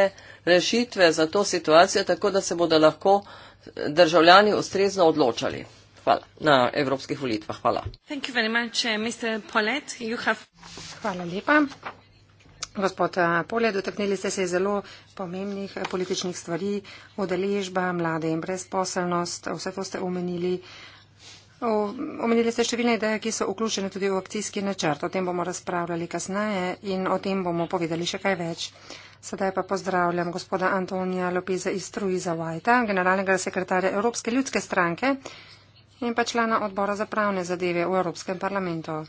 rešitve za to situacijo, tako da se bodo lahko eh, državljani ustrezno odločali. Hvala. Na evropskih volitvah. Hvala. Much, eh, Paulette, have... Hvala lepa. Gospod Polje, dotaknili ste se zelo pomembnih političnih stvari, udeležba mlade in brezposelnost, vse to ste omenili. Omenili ste številne ideje, ki so vključene tudi v akcijski načrt. O tem bomo razpravljali kasneje in o tem bomo povedali še kaj več. Sedaj pa pozdravljam gospoda Antonija Lopeza iz Truiza Vajta, generalnega sekretarja Evropske ljudske stranke in pa člana odbora za pravne zadeve v Evropskem parlamentu.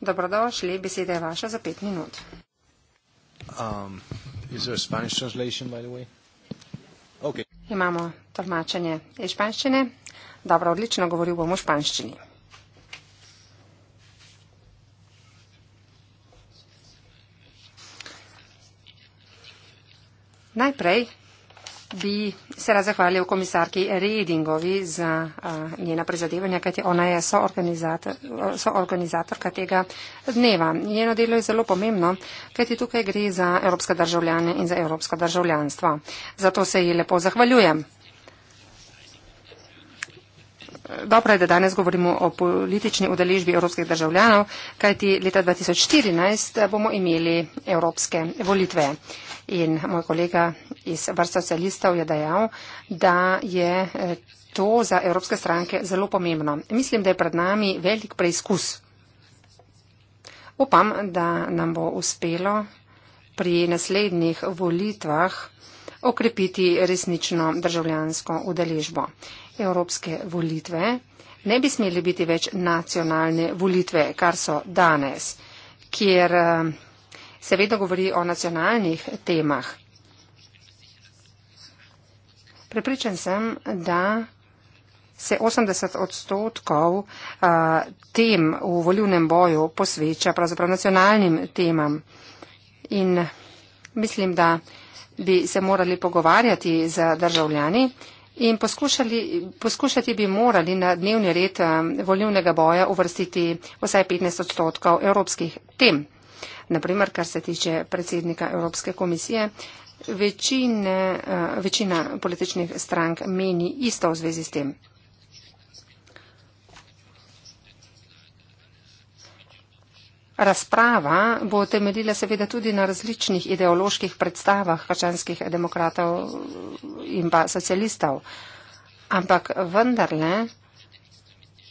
Dobrodošli, beseda je vaša za pet minut. Um, is there a Spanish translation, by the way? Okay. Imamo tolmačenje iz španščine. Dobro, odlično govoril bom v španščini. Najprej bi se rad zahvalil komisarki Redingovi za a, njena prezadevanja, kajti ona je soorganizator, soorganizatorka tega dneva. Njeno delo je zelo pomembno, kajti tukaj gre za evropske državljane in za evropsko državljanstvo. Zato se ji lepo zahvaljujem. Dobro je, da danes govorimo o politični udeležbi evropskih državljanov, kajti leta 2014 bomo imeli evropske volitve. In moj kolega iz vrsta socialistov je dejal, da je eh, to za evropske stranke zelo pomembno. Mislim, da je pred nami velik preizkus. Upam, da nam bo uspelo pri naslednjih volitvah okrepiti resnično državljansko udeležbo. Evropske volitve ne bi smeli biti več nacionalne volitve, kar so danes, kjer eh, seveda govori o nacionalnih temah. Prepričan sem, da se 80 odstotkov tem v volivnem boju posveča pravzaprav nacionalnim temam. In mislim, da bi se morali pogovarjati z državljani in poskušati bi morali na dnevni red volivnega boja uvrstiti vsaj 15 odstotkov evropskih tem naprimer, kar se tiče predsednika Evropske komisije, večine, eh, večina političnih strank meni isto v zvezi s tem. Razprava bo temeljila seveda tudi na različnih ideoloških predstavah hrčanskih demokratov in pa socialistov, ampak vendarle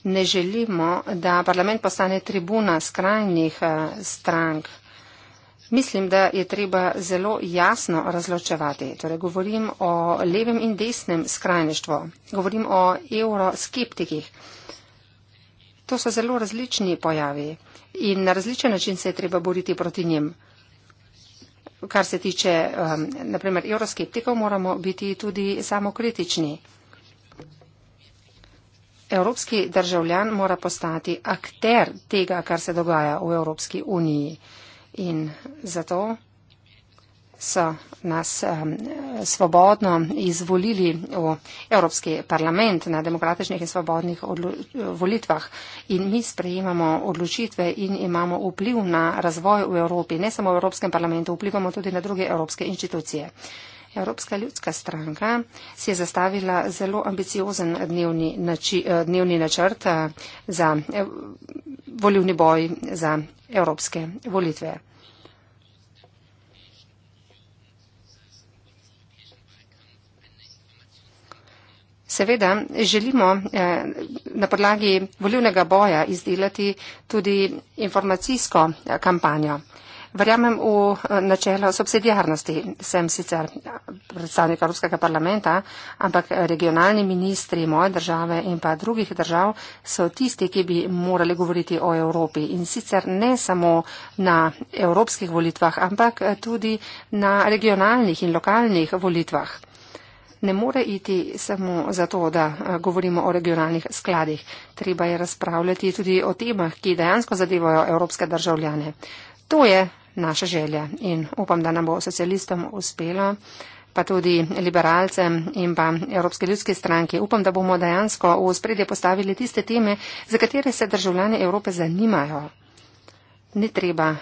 ne želimo, da parlament postane tribuna skrajnih eh, strank. Mislim, da je treba zelo jasno razločevati. Torej, govorim o levem in desnem skrajništvu, govorim o euroskeptikih. To so zelo različni pojavi in na različen način se je treba boriti proti njim. Kar se tiče um, naprimer euroskeptikov, moramo biti tudi samokritični. Evropski državljan mora postati akter tega, kar se dogaja v Evropski uniji. In zato so nas um, svobodno izvolili v Evropski parlament na demokratičnih in svobodnih volitvah. In mi sprejemamo odločitve in imamo vpliv na razvoj v Evropi, ne samo v Evropskem parlamentu, vplivamo tudi na druge evropske inštitucije. Evropska ljudska stranka si je zastavila zelo ambiciozen dnevni, nači, eh, dnevni načrt eh, za volivni boj za evropske volitve. Seveda želimo eh, na podlagi volivnega boja izdelati tudi informacijsko kampanjo. Verjamem v eh, načelo subsidijarnosti. Sem sicer predstavnik Evropskega parlamenta, ampak regionalni ministri moje države in pa drugih držav so tisti, ki bi morali govoriti o Evropi. In sicer ne samo na evropskih volitvah, ampak tudi na regionalnih in lokalnih volitvah. Ne more iti samo zato, da eh, govorimo o regionalnih skladih. Treba je razpravljati tudi o temah, ki dejansko zadevajo evropske državljane. To je naša želja in upam, da nam bo socialistom uspelo, pa tudi liberalcem in pa Evropske ljudske stranke. Upam, da bomo dejansko v spredje postavili tiste teme, za katere se državljane Evrope zanimajo. Ni treba,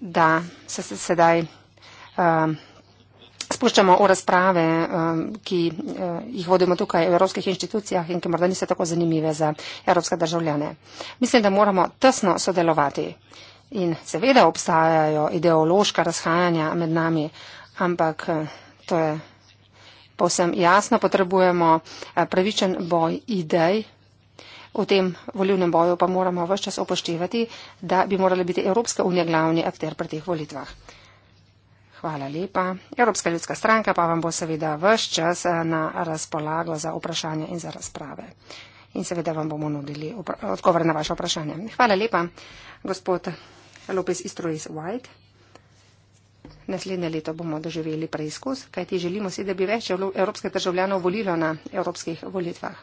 da se sedaj. Uh, spuščamo v razprave, um, ki eh, jih vodimo tukaj v evropskih inštitucijah in ki morda niso tako zanimive za evropske državljane. Mislim, da moramo tesno sodelovati in seveda obstajajo ideološka razhajanja med nami, ampak eh, to je povsem jasno, potrebujemo eh, pravičen boj idej. V tem volivnem boju pa moramo vse čas upoštevati, da bi morala biti Evropska unija glavni akter pri teh volitvah. Hvala lepa. Evropska ljudska stranka pa vam bo seveda vse čas eh, na razpolago za vprašanje in za razprave. In seveda vam bomo nudili odgovore na vaše vprašanje. Hvala lepa, gospod Lopez Istruis White. Naslednje leto bomo doživeli preizkus, kajti želimo si, da bi več evropskih državljanov volilo na evropskih volitvah.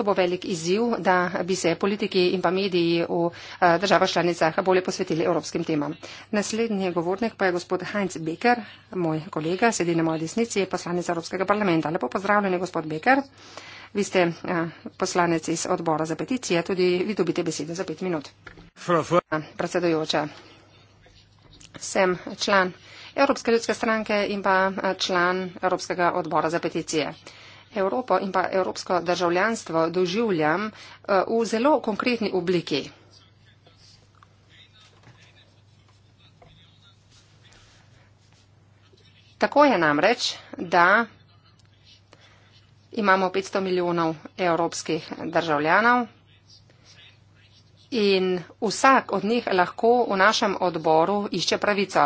To bo velik izziv, da bi se politiki in pa mediji v eh, državah članicah bolje posvetili evropskim temam. Naslednji govornik pa je gospod Heinz Becker, moj kolega, sedi na moji desnici, je poslanec Evropskega parlamenta. Lepo pozdravljeni, gospod Becker. Vi ste eh, poslanec iz odbora za peticije, tudi vi dobite besedo za pet minut. Eh, predsedujoča, sem član Evropske ljudske stranke in pa član Evropskega odbora za peticije. Evropo in pa evropsko državljanstvo doživljam eh, v zelo konkretni obliki. Tako je namreč, da imamo 500 milijonov evropskih državljanov, In vsak od njih lahko v našem odboru išče pravico.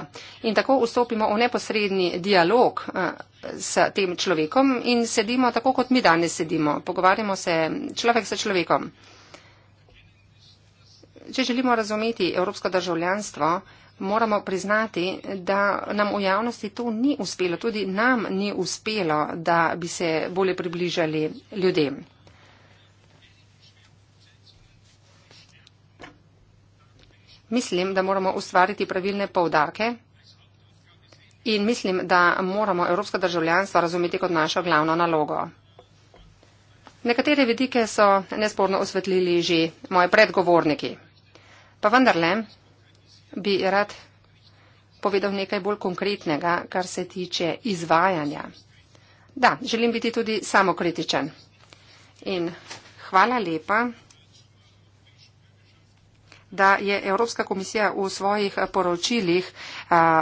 In tako vstopimo v neposredni dialog eh, s tem človekom in sedimo tako, kot mi danes sedimo. Pogovarjamo se človek s človekom. Če želimo razumeti evropsko državljanstvo, moramo priznati, da nam v javnosti to ni uspelo. Tudi nam ni uspelo, da bi se bolje približali ljudem. Mislim, da moramo ustvariti pravilne povdarke in mislim, da moramo evropsko državljanstvo razumeti kot našo glavno nalogo. Nekatere vidike so nesporno osvetlili že moje predgovorniki. Pa vendarle bi rad povedal nekaj bolj konkretnega, kar se tiče izvajanja. Da, želim biti tudi samokritičen. In hvala lepa da je Evropska komisija v svojih poročilih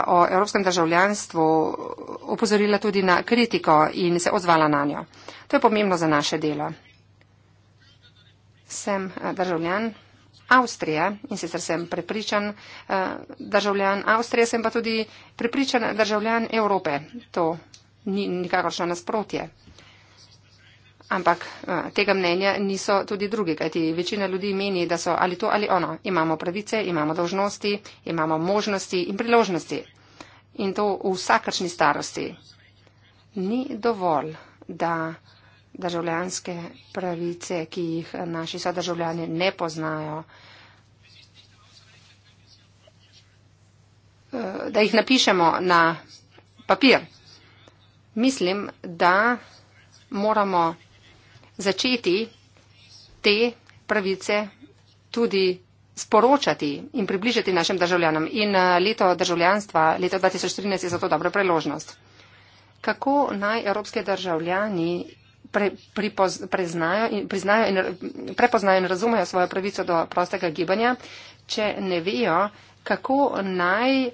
o evropskem državljanstvu opozorila tudi na kritiko in se odzvala na njo. To je pomembno za naše delo. Sem državljan Avstrije in sicer sem prepričan državljan Avstrije, sem pa tudi prepričan državljan Evrope. To ni nikakršno nasprotje. Ampak eh, tega mnenja niso tudi drugi, kajti večina ljudi meni, da so ali to ali ono. Imamo pravice, imamo dožnosti, imamo možnosti in priložnosti. In to v vsakršni starosti. Ni dovolj, da državljanske pravice, ki jih naši sodržavljani ne poznajo, eh, da jih napišemo na papir. Mislim, da moramo začeti te pravice tudi sporočati in približati našim državljanom. In eh, leto državljanstva, leto 2013 je zato dobra priložnost. Kako naj evropske državljani pre, pripoz, preznajo in, priznajo in prepoznajo in razumejo svojo pravico do prostega gibanja, če ne vejo, kako naj eh,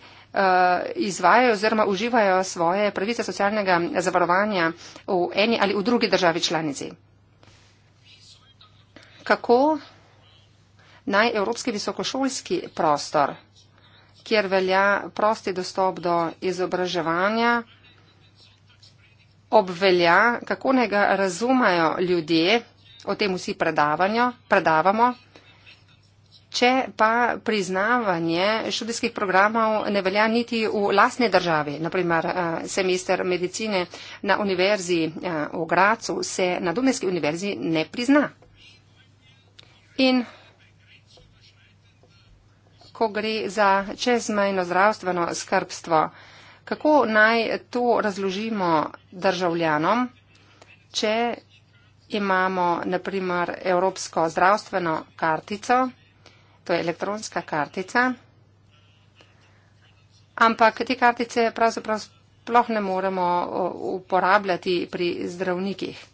izvajajo oziroma uživajo svoje pravice socialnega zavarovanja v eni ali v drugi državi članici kako naj evropski visokošolski prostor, kjer velja prosti dostop do izobraževanja, obvelja, kako naj ga razumajo ljudje, o tem vsi predavamo, če pa priznavanje študijskih programov ne velja niti v lasni državi, naprimer eh, semester medicine na univerzi eh, v Gracu se na Dunajski univerzi ne prizna. In ko gre za čezmejno zdravstveno skrbstvo, kako naj to razložimo državljanom, če imamo naprimer Evropsko zdravstveno kartico, to je elektronska kartica, ampak te kartice pravzaprav sploh ne moremo uporabljati pri zdravnikih.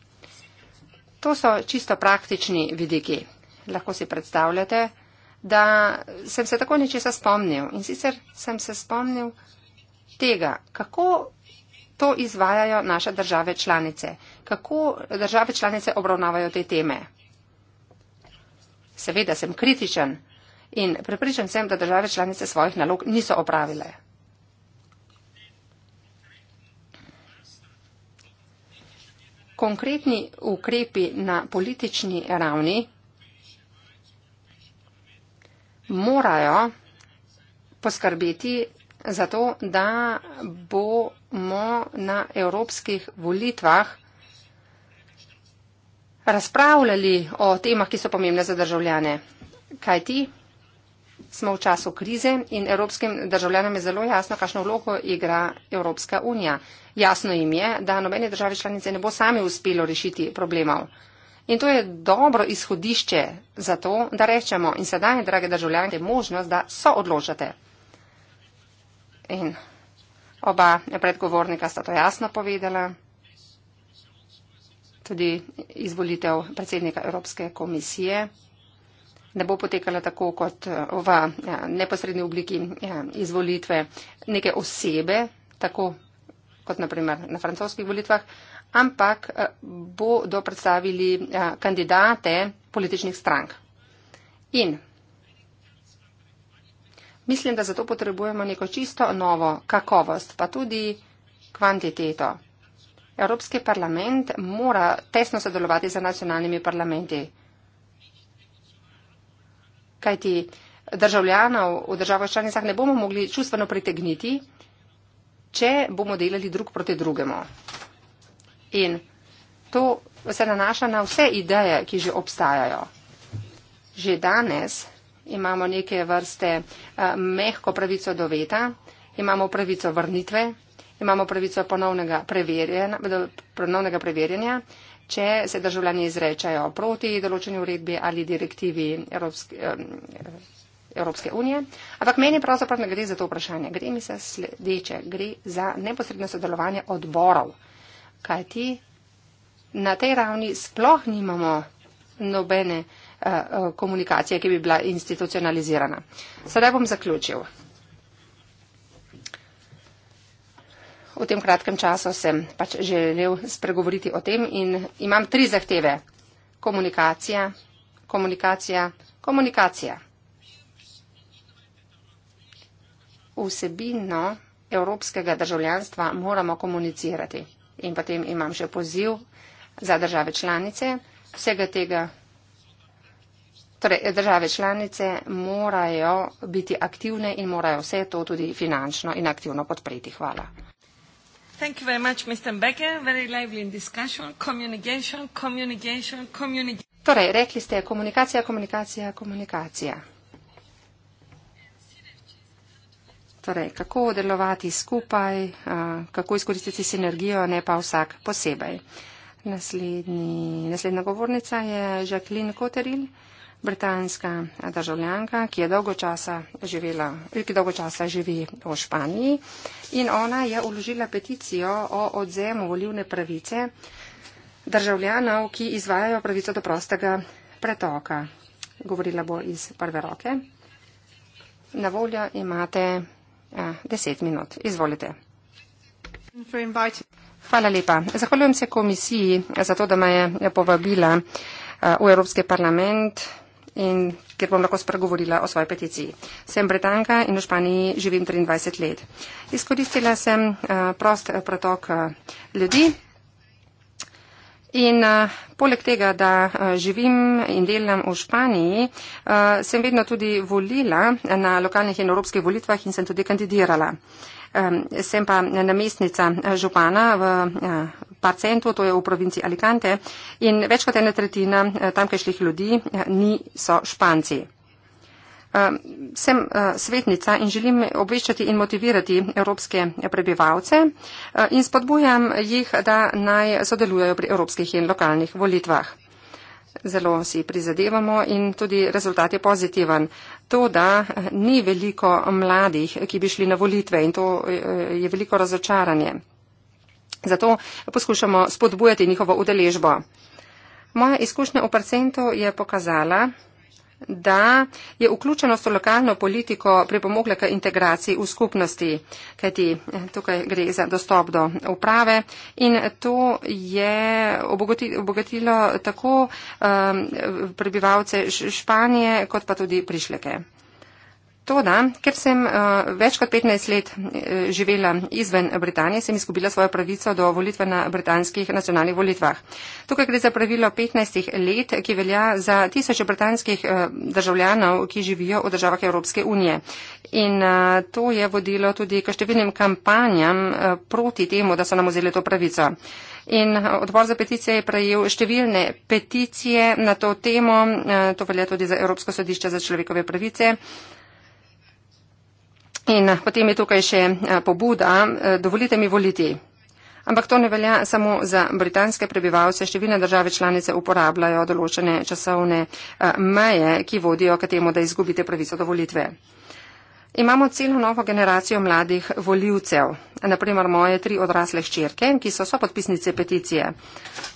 To so čisto praktični vidiki lahko si predstavljate, da sem se tako nečesa spomnil. In sicer sem se spomnil tega, kako to izvajajo naše države članice, kako države članice obravnavajo te teme. Seveda sem kritičen in prepričan sem, da države članice svojih nalog niso opravile. Konkretni ukrepi na politični ravni morajo poskrbeti za to, da bomo na evropskih volitvah razpravljali o temah, ki so pomembne za državljane. Kaj ti? Smo v času krize in evropskim državljanom je zelo jasno, kakšno vlogo igra Evropska unija. Jasno jim je, da nobene države članice ne bo sami uspelo rešiti problemov. In to je dobro izhodišče za to, da rečemo in sedaj, drage državljanke, možnost, da so odložate. In oba predgovornika sta to jasno povedala, tudi izvolitev predsednika Evropske komisije ne bo potekala tako kot eh, v eh, neposredni obliki eh, izvolitve neke osebe, tako kot naprimer na francoskih volitvah, ampak eh, bodo predstavili eh, kandidate političnih strank. In mislim, da zato potrebujemo neko čisto novo kakovost, pa tudi kvantiteto. Evropski parlament mora tesno sodelovati z nacionalnimi parlamenti. Kajti državljanov v državah članicah ne bomo mogli čustveno pritegniti, če bomo delali drug proti drugemu in to se nanaša na vse ideje, ki že obstajajo. Že danes imamo neke vrste uh, mehko pravico do veta, imamo pravico vrnitve, imamo pravico ponovnega preverjanja, do, ponovnega preverjanja če se državljani izrečajo proti določeni uredbi ali direktivi Evropske, um, Evropske unije. Ampak meni pravzaprav ne gre za to vprašanje, gre mi za sledeče, gre za neposredno sodelovanje odborov kajti na tej ravni sploh nimamo nobene eh, eh, komunikacije, ki bi bila institucionalizirana. Sedaj bom zaključil. V tem kratkem času sem pač želel spregovoriti o tem in imam tri zahteve. Komunikacija, komunikacija, komunikacija. Vsebino evropskega državljanstva moramo komunicirati in potem imam še poziv za države članice. Vsega tega, torej države članice morajo biti aktivne in morajo vse to tudi finančno in aktivno podpreti. Hvala. Thank you very much, Mr. Becker. Very lively in discussion. Communication, communication, communication. Torej, rekli ste komunikacija, komunikacija, komunikacija. Torej, kako delovati skupaj, kako izkoristiti sinergijo, ne pa vsak posebej. Naslednji, naslednja govornica je Jacqueline Cotteril, britanska državljanka, ki je dolgo časa, živela, ki dolgo časa živi v Španiji in ona je uložila peticijo o odzemu volivne pravice državljanov, ki izvajajo pravico do prostega pretoka. Govorila bo iz prve roke. Na voljo imate Eh, deset minut. Izvolite. Hvala lepa. Zahvaljujem se komisiji za to, da me je povabila eh, v Evropski parlament in kjer bom lahko spregovorila o svoji peticiji. Sem Britanka in v Španiji živim 23 let. Izkoristila sem eh, prost protok ljudi. In eh, poleg tega, da eh, živim in delam v Španiji, eh, sem vedno tudi volila na lokalnih in evropskih volitvah in sem tudi kandidirala. Sem pa namestnica župana v Parcentu, to je v provinci Alicante, in več kot ena tretjina tamkajšnjih ljudi niso španci sem e, svetnica in želim obveščati in motivirati evropske prebivalce e, in spodbujam jih, da naj sodelujejo pri evropskih in lokalnih volitvah. Zelo si prizadevamo in tudi rezultat je pozitiven. To, da e, ni veliko mladih, ki bi šli na volitve in to je veliko razočaranje. Zato poskušamo spodbujati njihovo udeležbo. Moja izkušnja v percentu je pokazala, da je vključenost v lokalno politiko pripomogla k integraciji v skupnosti, kajti eh, tukaj gre za dostop do uprave in to je obogatilo tako eh, prebivalce Španije kot pa tudi prišleke. To da, ker sem uh, več kot 15 let eh, živela izven Britanije, sem izgubila svojo pravico do volitve na britanskih nacionalnih volitvah. Tukaj gre za pravilo 15 let, ki velja za tisoče britanskih uh, državljanov, ki živijo v državah Evropske unije. In uh, to je vodilo tudi k številnim kampanjam uh, proti temu, da so nam vzeli to pravico. In odbor za peticije je prejel številne peticije na to temo, uh, to velja tudi za Evropsko sodišče za človekove pravice. In eh, potem je tukaj še eh, pobuda, eh, dovolite mi voliti. Ampak to ne velja samo za britanske prebivalce, številne države članice uporabljajo določene časovne meje, ki vodijo k temu, da izgubite pravico do volitve. Imamo celo novo generacijo mladih voljivcev, naprimer moje tri odrasle ščirke, ki so so podpisnice peticije.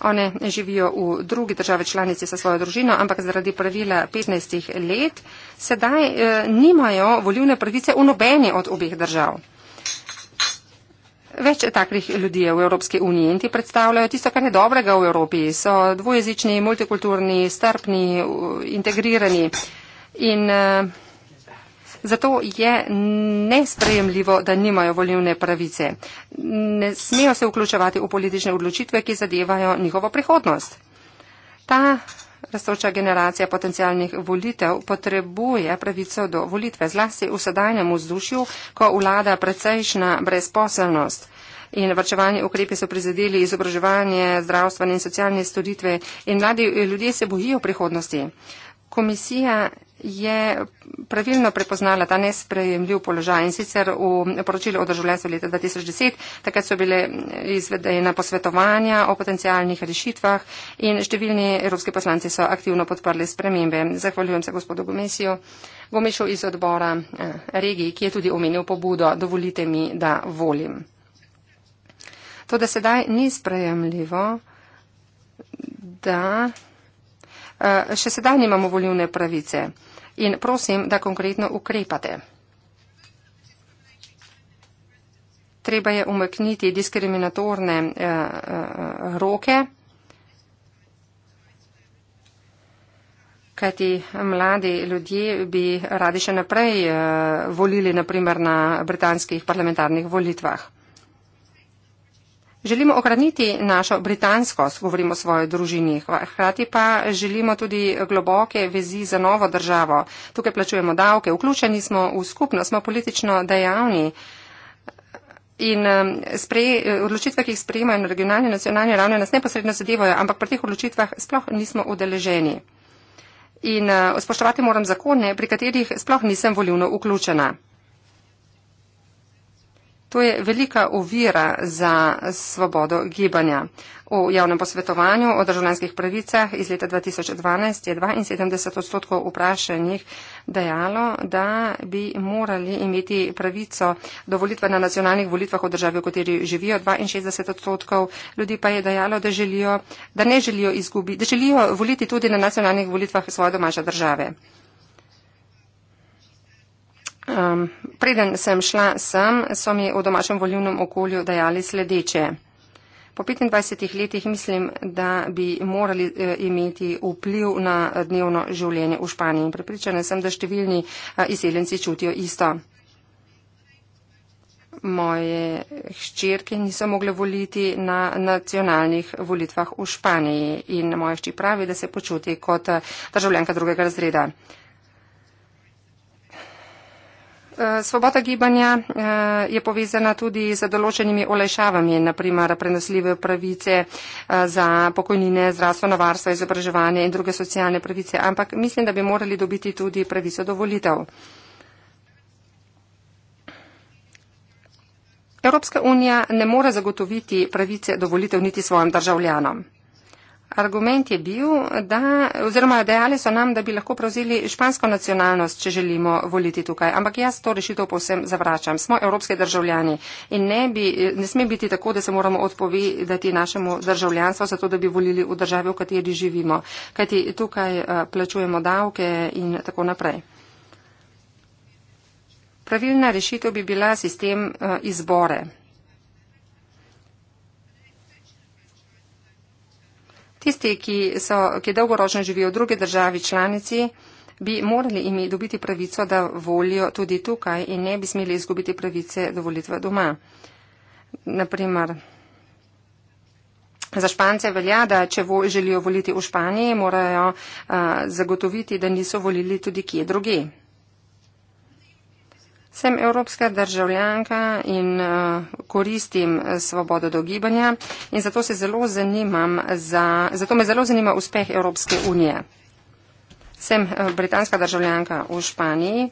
One živijo v drugi državi članici sa svojo družino, ampak zaradi pravila 15 let sedaj eh, nimajo voljivne pravice v nobeni od obeh držav. Več takih ljudi je v Evropski uniji in ti predstavljajo tisto, kar je dobrega v Evropi. So dvojezični, multikulturni, strpni, integrirani. In, eh, Zato je nesprejemljivo, da nimajo volilne pravice. Ne smejo se vključevati v politične odločitve, ki zadevajo njihovo prihodnost. Ta Rastoča generacija potencijalnih volitev potrebuje pravico do volitve, zlasti v sedajnem vzdušju, ko vlada precejšna brezposelnost in vrčevanje ukrepi so prizadeli izobraževanje, zdravstvene in socialne storitve in mladi ljudje se bojijo prihodnosti. Komisija je pravilno prepoznala ta nesprejemljiv položaj in sicer v poročilu o državljanstvu leta 2010, takrat so bile izvedena posvetovanja o potencijalnih rešitvah in številni evropski poslanci so aktivno podprli spremembe. Zahvaljujem se gospodu Gomesijo, Gomešu iz odbora eh, regiji, ki je tudi omenil pobudo, dovolite mi, da volim. To, da sedaj ni sprejemljivo, da. Eh, še sedaj nimamo volivne pravice in prosim, da konkretno ukrepate. Treba je umekniti diskriminatorne eh, eh, roke, kajti mladi ljudje bi radi še naprej eh, volili, naprimer na britanskih parlamentarnih volitvah. Želimo ohraniti našo britanskost, govorimo o svoji družini, hkrati pa želimo tudi globoke vezi za novo državo. Tukaj plačujemo davke, vključeni smo v skupnost, smo politično dejavni. In sprej, odločitve, ki jih sprejemajo na regionalni in nacionalni ravni, nas neposredno zadevajo, ampak pri teh odločitvah sploh nismo udeleženi. In eh, spoštovati moram zakone, pri katerih sploh nisem volivno vključena. To je velika ovira za svobodo gibanja. V javnem posvetovanju o državljanskih pravicah iz leta 2012 je 72 odstotkov vprašanjih dejalo, da bi morali imeti pravico do volitve na nacionalnih volitvah v državi, v kateri živijo. 62 odstotkov ljudi pa je dejalo, da želijo, da ne želijo izgubiti, da želijo voliti tudi na nacionalnih volitvah svoje domače države. Um, preden sem šla sem, so mi v domačem volivnem okolju dajali sledeče. Po 25 letih mislim, da bi morali e, imeti vpliv na dnevno življenje v Španiji in prepričana sem, da številni e, izseljenci čutijo isto. Moje hčerke niso mogle voliti na nacionalnih volitvah v Španiji in moja hči pravi, da se počuti kot e, državljanka drugega razreda. Eh, svoboda gibanja eh, je povezana tudi z določenimi olajšavami, naprimer prenosljive pravice eh, za pokojnine, zdravstveno varstvo, izobraževanje in druge socialne pravice, ampak mislim, da bi morali dobiti tudi pravico do volitev. Evropska unija ne more zagotoviti pravice do volitev niti svojim državljanom. Argument je bil, da, oziroma dejali so nam, da bi lahko prevzeli špansko nacionalnost, če želimo voliti tukaj. Ampak jaz to rešitev povsem zavračam. Smo evropske državljani in ne, bi, ne sme biti tako, da se moramo odpovedati našemu državljanstvu, zato da bi volili v državi, v kateri živimo. Kajti tukaj eh, plačujemo davke in tako naprej. Pravilna rešitev bi bila sistem eh, izbore. Tisti, ki, so, ki dolgoročno živijo v drugi državi članici, bi morali imi dobiti pravico, da volijo tudi tukaj in ne bi smeli izgubiti pravice do volitve doma. Naprimer, za špance velja, da če vo, želijo voliti v Španiji, morajo uh, zagotoviti, da niso volili tudi kje druge. Sem evropska državljanka in eh, koristim eh, svobodo dogibanja in zato, zelo za, zato me zelo zanima uspeh Evropske unije. Sem eh, britanska državljanka v Španiji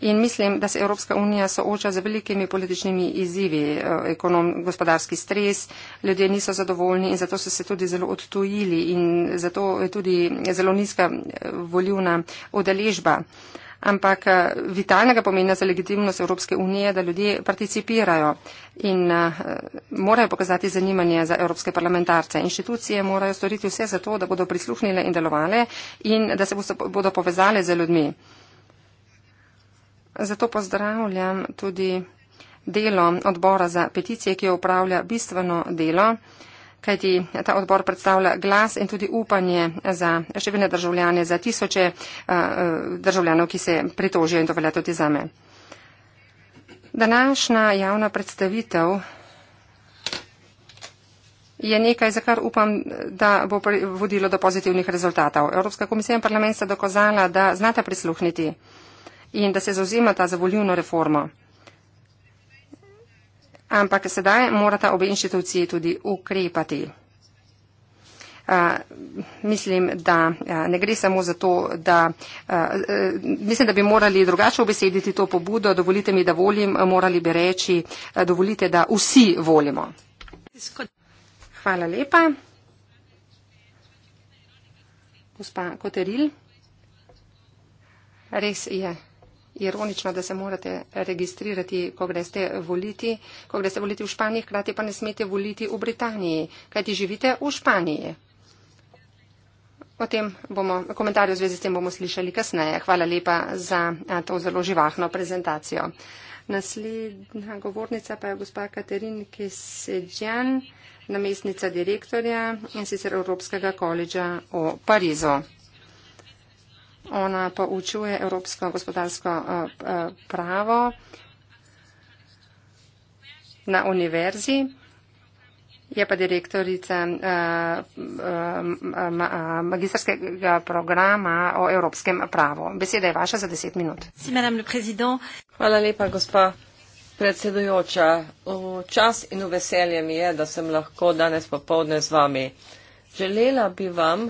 in mislim, da se Evropska unija sooča z velikimi političnimi izzivi, ekonom, gospodarski stres, ljudje niso zadovoljni in zato so se tudi zelo odtujili in zato je tudi zelo nizka volivna odeležba ampak eh, vitalnega pomena za legitimnost Evropske unije, da ljudje participirajo in eh, morajo pokazati zanimanje za evropske parlamentarce. Inštitucije morajo storiti vse za to, da bodo prisluhnile in delovale in da se bodo povezale z ljudmi. Zato pozdravljam tudi delo odbora za peticije, ki jo upravlja bistveno delo kajti ta odbor predstavlja glas in tudi upanje za številne državljane, za tisoče eh, državljanov, ki se pritožijo in to velja tudi zame. Današnja javna predstavitev je nekaj, za kar upam, da bo vodilo do pozitivnih rezultatov. Evropska komisija in parlament sta dokazala, da znata prisluhniti in da se zauzimata za volivno reformo ampak sedaj morata obe inštituciji tudi ukrepati. Uh, mislim, da uh, ne gre samo za to, da, uh, uh, mislim, da bi morali drugače obesediti to pobudo, dovolite mi, da volim, morali bi reči, uh, dovolite, da vsi volimo. Hvala lepa. Gospa Koteril, res je ironično, da se morate registrirati, ko greste voliti, ko greste voliti v Španiji, hkrati pa ne smete voliti v Britaniji, kajti živite v Španiji. O tem bomo, komentarje v zvezi s tem bomo slišali kasneje. Hvala lepa za to zelo živahno prezentacijo. Naslednja govornica pa je gospa Katerin Kesedjan, namestnica direktorja in sicer Evropskega koledža v Parizu. Ona poučuje evropsko gospodarsko eh, eh, pravo na univerzi, je pa direktorica eh, magistarskega programa o evropskem pravu. Beseda je vaša za deset minut. Hvala lepa, gospa. Predsedujoča, čas in veselje mi je, da sem lahko danes popovdne z vami. Želela bi vam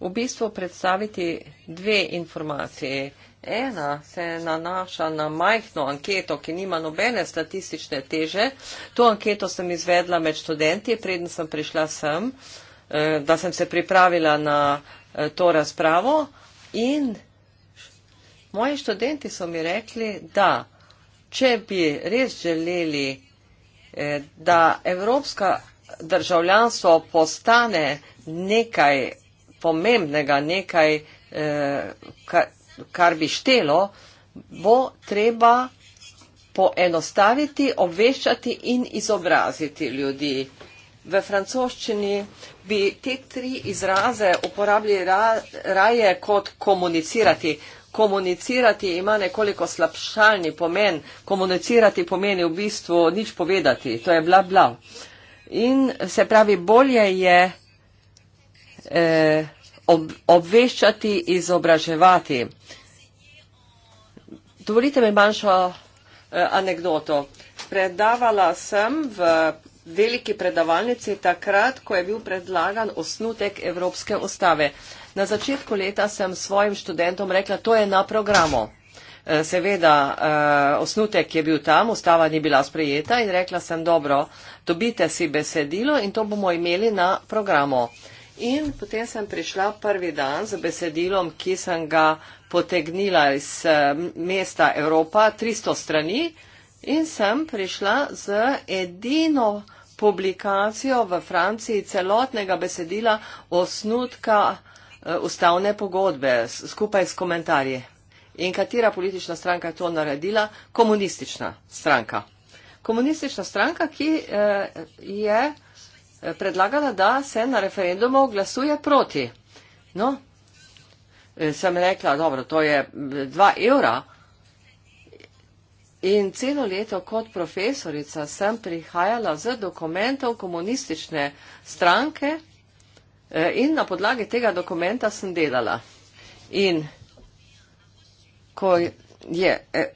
v bistvu predstaviti dve informacije. Ena se nanaša na majhno anketo, ki nima nobene statistične teže. To anketo sem izvedla med študenti, preden sem prišla sem, eh, da sem se pripravila na eh, to razpravo. In moji študenti so mi rekli, da če bi res želeli, eh, da evropska državljanstvo postane nekaj pomembnega, nekaj, eh, kar bi štelo, bo treba poenostaviti, obveščati in izobraziti ljudi. V francoščini bi te tri izraze uporabili ra, raje kot komunicirati. Komunicirati ima nekoliko slabšalni pomen. Komunicirati pomeni v bistvu nič povedati. To je bla bla. In se pravi, bolje je eh, ob, obveščati, izobraževati. Dovolite mi manjšo eh, anegdoto. Predavala sem v veliki predavalnici takrat, ko je bil predlagan osnutek Evropske ustave. Na začetku leta sem svojim študentom rekla, to je na programu. Eh, seveda, eh, osnutek je bil tam, ustava ni bila sprejeta in rekla sem, dobro, dobite si besedilo in to bomo imeli na programu. In potem sem prišla prvi dan z besedilom, ki sem ga potegnila iz eh, mesta Evropa, 300 strani, in sem prišla z edino publikacijo v Franciji celotnega besedila osnutka eh, ustavne pogodbe skupaj s komentarji. In katera politična stranka je to naredila? Komunistična stranka. Komunistična stranka, ki eh, je predlagala, da se na referendumu glasuje proti. No, e, sem rekla, dobro, to je dva evra. In celo leto kot profesorica sem prihajala z dokumentov komunistične stranke e, in na podlagi tega dokumenta sem delala. In ko je e,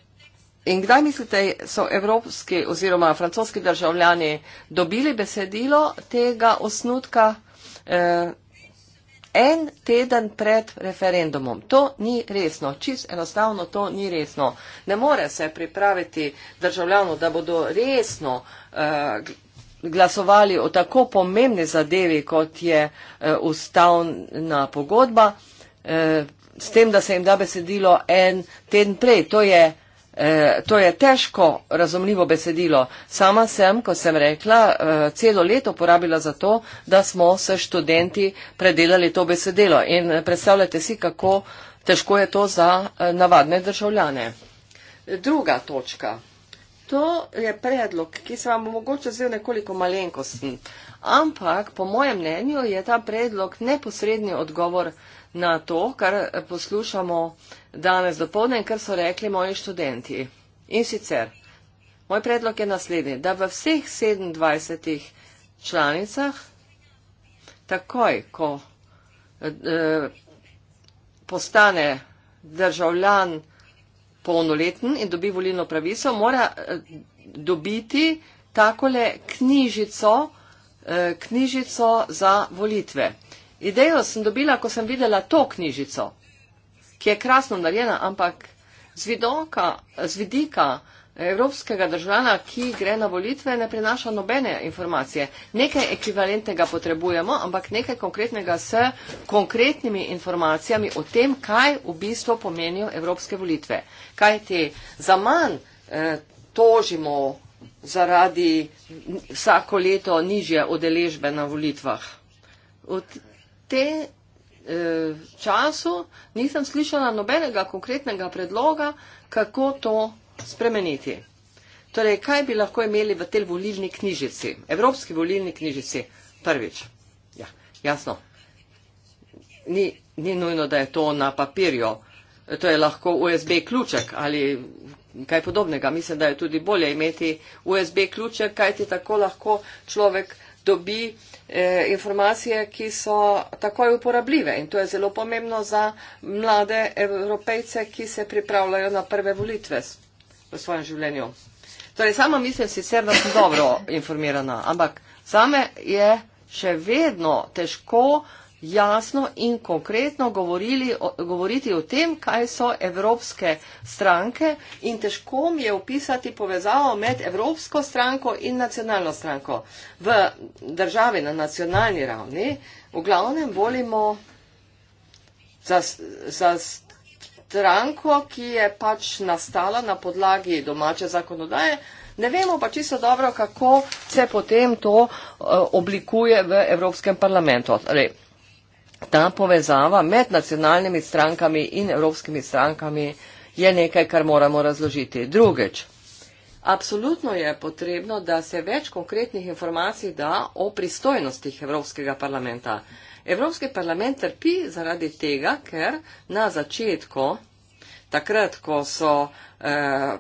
In kdaj mislite, so evropski oziroma francoski državljani dobili besedilo tega osnutka eh, en teden pred referendumom? To ni resno, čist enostavno to ni resno. Ne more se pripraviti državljanov, da bodo resno eh, glasovali o tako pomembni zadevi, kot je eh, ustavna pogodba, eh, s tem, da se jim da besedilo en teden prej. To je E, to je težko razumljivo besedilo. Sama sem, ko sem rekla, e, celo leto porabila za to, da smo s študenti predelali to besedilo. In predstavljate si, kako težko je to za e, navadne državljane. Druga točka. To je predlog, ki se vam mogoče zdel nekoliko malenkosten. Ampak, po mojem mnenju, je ta predlog neposredni odgovor na to, kar poslušamo danes dopolne in kar so rekli moji študenti. In sicer, moj predlog je naslednji, da v vseh 27 članicah, takoj ko eh, postane državljan polnoleten in dobi volilno pravico, mora eh, dobiti takole knjižico, eh, knjižico za volitve. Idejo sem dobila, ko sem videla to knjižico, ki je krasno narejena, ampak z, vidoka, z vidika evropskega državljana, ki gre na volitve, ne prinaša nobene informacije. Nekaj ekvivalentnega potrebujemo, ampak nekaj konkretnega s konkretnimi informacijami o tem, kaj v bistvu pomenijo evropske volitve. Kaj ti za manj eh, tožimo zaradi vsako leto nižje odeležbe na volitvah tem e, eh, času nisem slišala nobenega konkretnega predloga, kako to spremeniti. Torej, kaj bi lahko imeli v tej volilni knjižici, evropski volilni knjižici, prvič. Ja, jasno, ni, ni nujno, da je to na papirju, to je lahko USB ključek ali kaj podobnega. Mislim, da je tudi bolje imeti USB ključek, kaj ti tako lahko človek dobi uh, Eh, informacije, ki so takoj uporabljive. In to je zelo pomembno za mlade evropejce, ki se pripravljajo na prve volitve v svojem življenju. Torej, sama mislim sicer, da sem dobro informirana, ampak zame je še vedno težko uh, jasno in konkretno govorili, govoriti o tem, kaj so evropske stranke in težko mi je opisati povezavo med evropsko stranko in nacionalno stranko. V državi na nacionalni ravni v glavnem volimo za, za stranko, ki je pač nastala na podlagi domače zakonodaje. Ne vemo pa čisto dobro, kako se potem to uh, oblikuje v Evropskem parlamentu. Torej, ta povezava med nacionalnimi strankami in evropskimi strankami je nekaj, kar moramo razložiti. Drugič, absolutno je potrebno, da se več konkretnih informacij da o pristojnostih Evropskega parlamenta. Evropski parlament trpi zaradi tega, ker na začetku, takrat, ko so eh,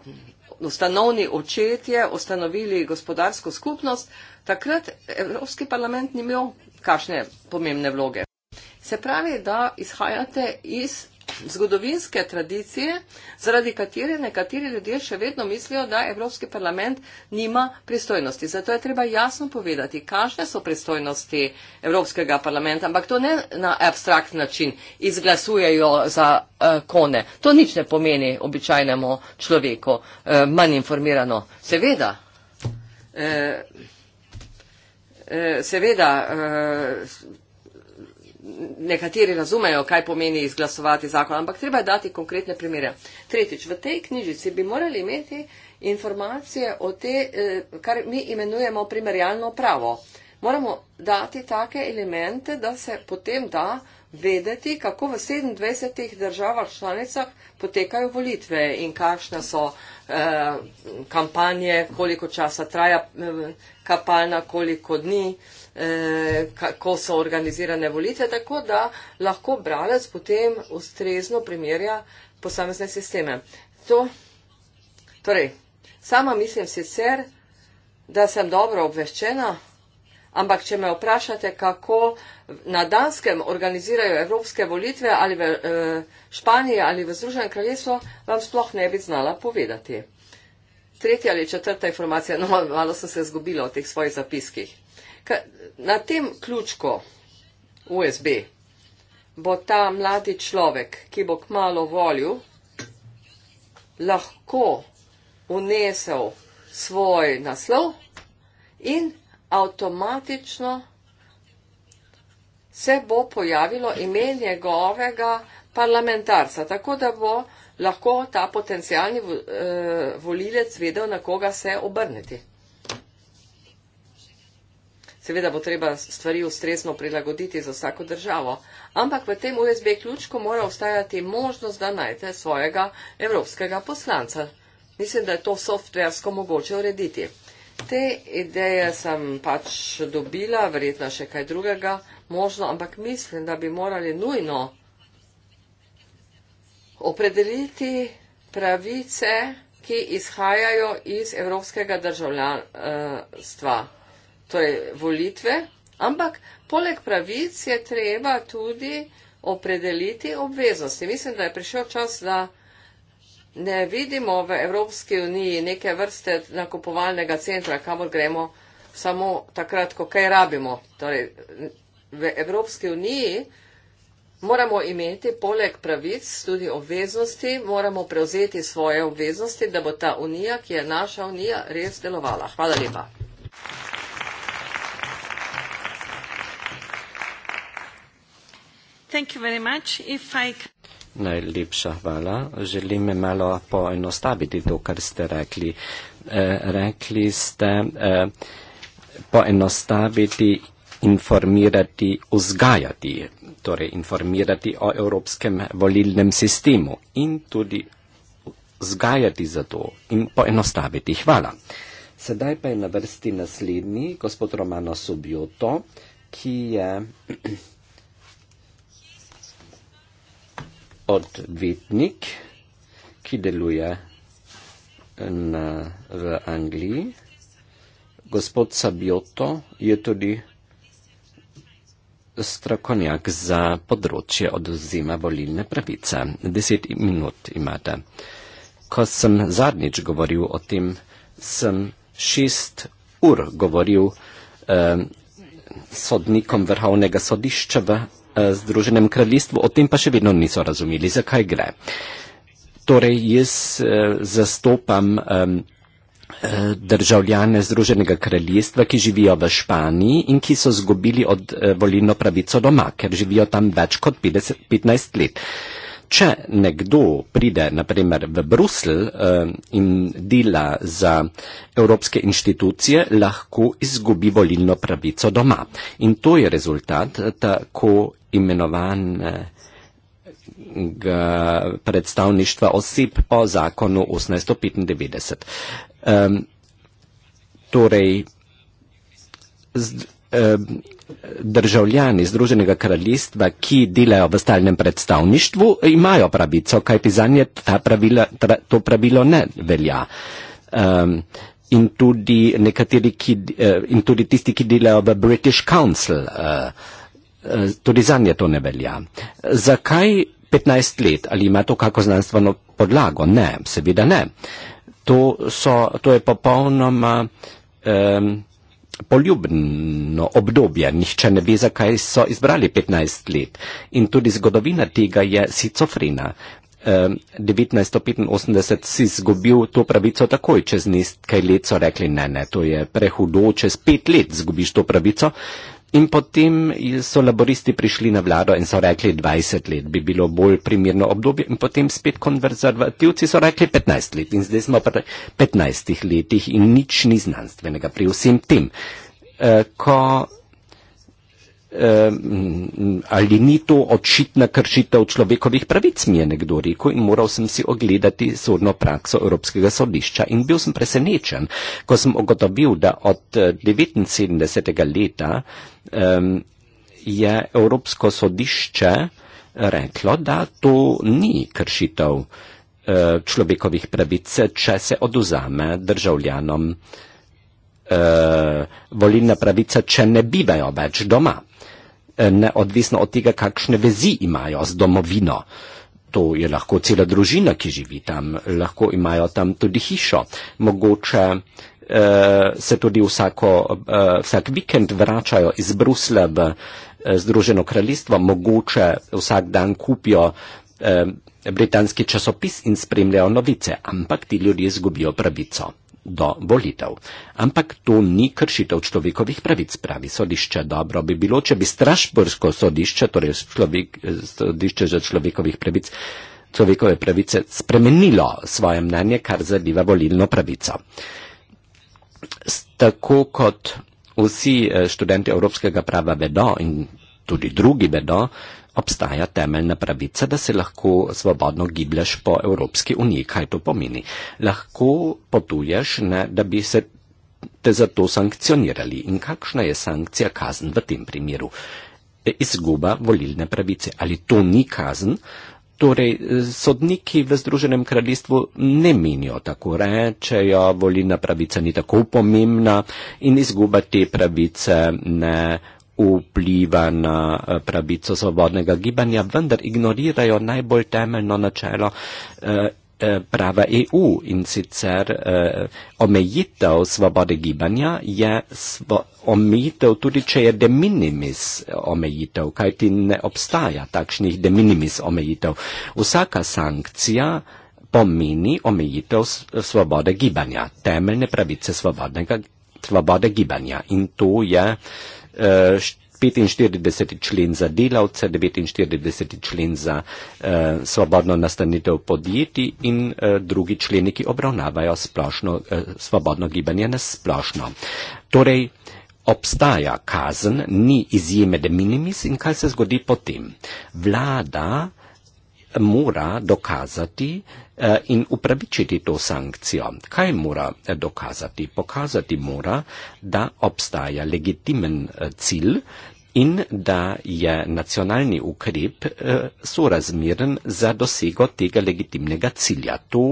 ustanovni očetje ustanovili gospodarsko skupnost, takrat Evropski parlament ni imel kakšne pomembne vloge. Se pravi, da izhajate iz zgodovinske tradicije, zaradi katere nekateri ljudje še vedno mislijo, da Evropski parlament nima pristojnosti. Zato je treba jasno povedati, kakšne so pristojnosti Evropskega parlamenta, ampak to ne na abstrakt način izglasujejo za uh, kone. To nič ne pomeni običajnemu človeku, uh, manj informirano. Seveda. Uh, uh, seveda uh, nekateri razumejo, kaj pomeni izglasovati zakon, ampak treba je dati konkretne primere. Tretjič, v tej knjižici bi morali imeti informacije o te, eh, kar mi imenujemo primerjalno pravo. Moramo dati take elemente, da se potem da vedeti, kako v 27 državah članicah potekajo volitve in kakšne so eh, kampanje, koliko časa traja eh, kampanja, koliko dni. Eh, Eh, kako so organizirane volitve, tako da lahko bralec potem ustrezno primerja posamezne sisteme. To, torej, sama mislim sicer, da sem dobro obveščena, ampak če me vprašate, kako na Danskem organizirajo evropske volitve ali v eh, Španiji ali v Združenem kraljestvu, vam sploh ne bi znala povedati. Tretja ali četrta informacija, no, malo sem se zgubila v teh svojih zapiskih. Na tem ključku USB bo ta mladi človek, ki bo kmalo volil, lahko unesel svoj naslov in avtomatično se bo pojavilo ime njegovega parlamentarca, tako da bo lahko ta potencijalni eh, volilec vedel, na koga se obrniti. Seveda bo treba stvari ustrezno prilagoditi za vsako državo, ampak v tem USB ključku mora ostajati možnost, da najte svojega evropskega poslanca. Mislim, da je to softversko mogoče urediti. Te ideje sem pač dobila, verjetno še kaj drugega možno, ampak mislim, da bi morali nujno opredeliti pravice, ki izhajajo iz evropskega državljanstva. Uh, torej volitve, ampak poleg pravic je treba tudi opredeliti obveznosti. Mislim, da je prišel čas, da ne vidimo v Evropski uniji neke vrste nakupovalnega centra, kamor gremo samo takrat, ko kaj rabimo. Torej, v Evropski uniji moramo imeti poleg pravic tudi obveznosti, moramo prevzeti svoje obveznosti, da bo ta unija, ki je naša unija, res delovala. Hvala lepa. Najlepša hvala. Želim me malo poenostaviti to, kar ste rekli. Eh, rekli ste eh, poenostaviti, informirati, vzgajati, torej informirati o evropskem volilnem sistemu in tudi vzgajati za to in poenostaviti. Hvala. Sedaj pa je na vrsti naslednji, gospod Romano Subjoto, ki je. odvetnik, ki deluje na, v Angliji. Gospod Sabioto je tudi strokonjak za področje oduzima volilne pravice. Deset minut imate. Ko sem zadnjič govoril o tem, sem šest ur govoril eh, sodnikom Vrhovnega sodišča v Eh, Združenem kraljestvu, o tem pa še vedno niso razumeli, zakaj gre. Torej, jaz eh, zastopam eh, državljane Združenega kraljestva, ki živijo v Španiji in ki so zgobili od volilno pravico doma, ker živijo tam več kot 50, 15 let če nekdo pride naprimer v Brusel uh, eh, in dela za evropske inštitucije, lahko izgubi volilno pravico doma. In to je rezultat tako imenovane predstavništva oseb po zakonu 1895. Um, eh, torej, državljani Združenega kraljestva, ki delajo v stalnem predstavništvu, imajo pravico, kaj ti za nje to pravilo ne velja. Um, in, tudi nekateri, ki, uh, in tudi tisti, ki delajo v British Council, uh, uh, tudi za nje to ne velja. Zakaj 15 let? Ali ima to kako znanstveno podlago? Ne, seveda ne. To, so, to je popolnoma. Um, poljubno obdobje, nihče ne ve, zakaj so izbrali 15 let. In tudi zgodovina tega je sicofrina. 1985 ehm, si zgubil to pravico takoj, čez nekaj let so rekli ne, ne, to je prehudo, čez pet let zgubiš to pravico. In potem so laboristi prišli na vlado in so rekli, 20 let bi bilo bolj primirno obdobje in potem spet konzervativci so rekli 15 let in zdaj smo pri 15 letih in nič ni znanstvenega pri vsem tem. E, eh, ali ni to očitna kršitev človekovih pravic, mi je nekdo rekel in moral sem si ogledati sodno prakso Evropskega sodišča. In bil sem presenečen, ko sem ogotovil, da od 79. Eh, leta eh, je Evropsko sodišče reklo, da to ni kršitev eh, človekovih pravic, če se oduzame državljanom eh, Eh, volilne pravice, če ne bivajo več doma. Eh, neodvisno od tega, kakšne vezi imajo z domovino. To je lahko cela družina, ki živi tam, lahko imajo tam tudi hišo. Mogoče eh, se tudi vsako, eh, vsak vikend vračajo iz Brusla v eh, Združeno kraljestvo, mogoče vsak dan kupijo eh, britanski časopis in spremljajo novice, ampak ti ljudje izgubijo pravico do volitev. Ampak to ni kršitev človekovih pravic, pravi sodišče. Dobro bi bilo, če bi Strašbursko sodišče, torej človek, sodišče za človekovih pravic, človekove pravice spremenilo svoje mnenje, kar zadeva volilno pravico. Tako kot vsi eh, študenti evropskega prava vedo in tudi drugi vedo, obstaja temeljna pravica, da se lahko svobodno gibljaš po Evropski uniji. Kaj to pomeni? Lahko potuješ, ne, da bi se te za to sankcionirali. In kakšna je sankcija kazen v tem primeru? E, izguba volilne pravice. Ali to ni kazen? Torej, sodniki v Združenem kraljestvu ne menijo tako, rečejo, volilna pravica ni tako pomembna in izguba te pravice ne vpliva na eh, pravico svobodnega gibanja, vendar ignorirajo najbolj temeljno načelo eh, eh, prava EU in sicer eh, omejitev svobode gibanja je svo omejitev tudi, če je de minimis omejitev, kaj ti ne obstaja takšnih de minimis omejitev. Vsaka sankcija pomeni omejitev svobode gibanja, temeljne pravice svobodnega, svobode gibanja in to je eh, 45. člen za delavce, 49. člen za eh, svobodno nastanitev podjetij in eh, drugi členi, ki obravnavajo splošno, eh, svobodno gibanje na splošno. Torej, obstaja kazen, ni izjeme de minimis in kaj se zgodi potem? Vlada mora dokazati, Eh, in upravičiti to sankcijo. Kaj mora eh, dokazati? Pokazati mora, da obstaja legitimen eh, cilj in da je nacionalni ukrep sorazmeren za dosego tega legitimnega cilja. To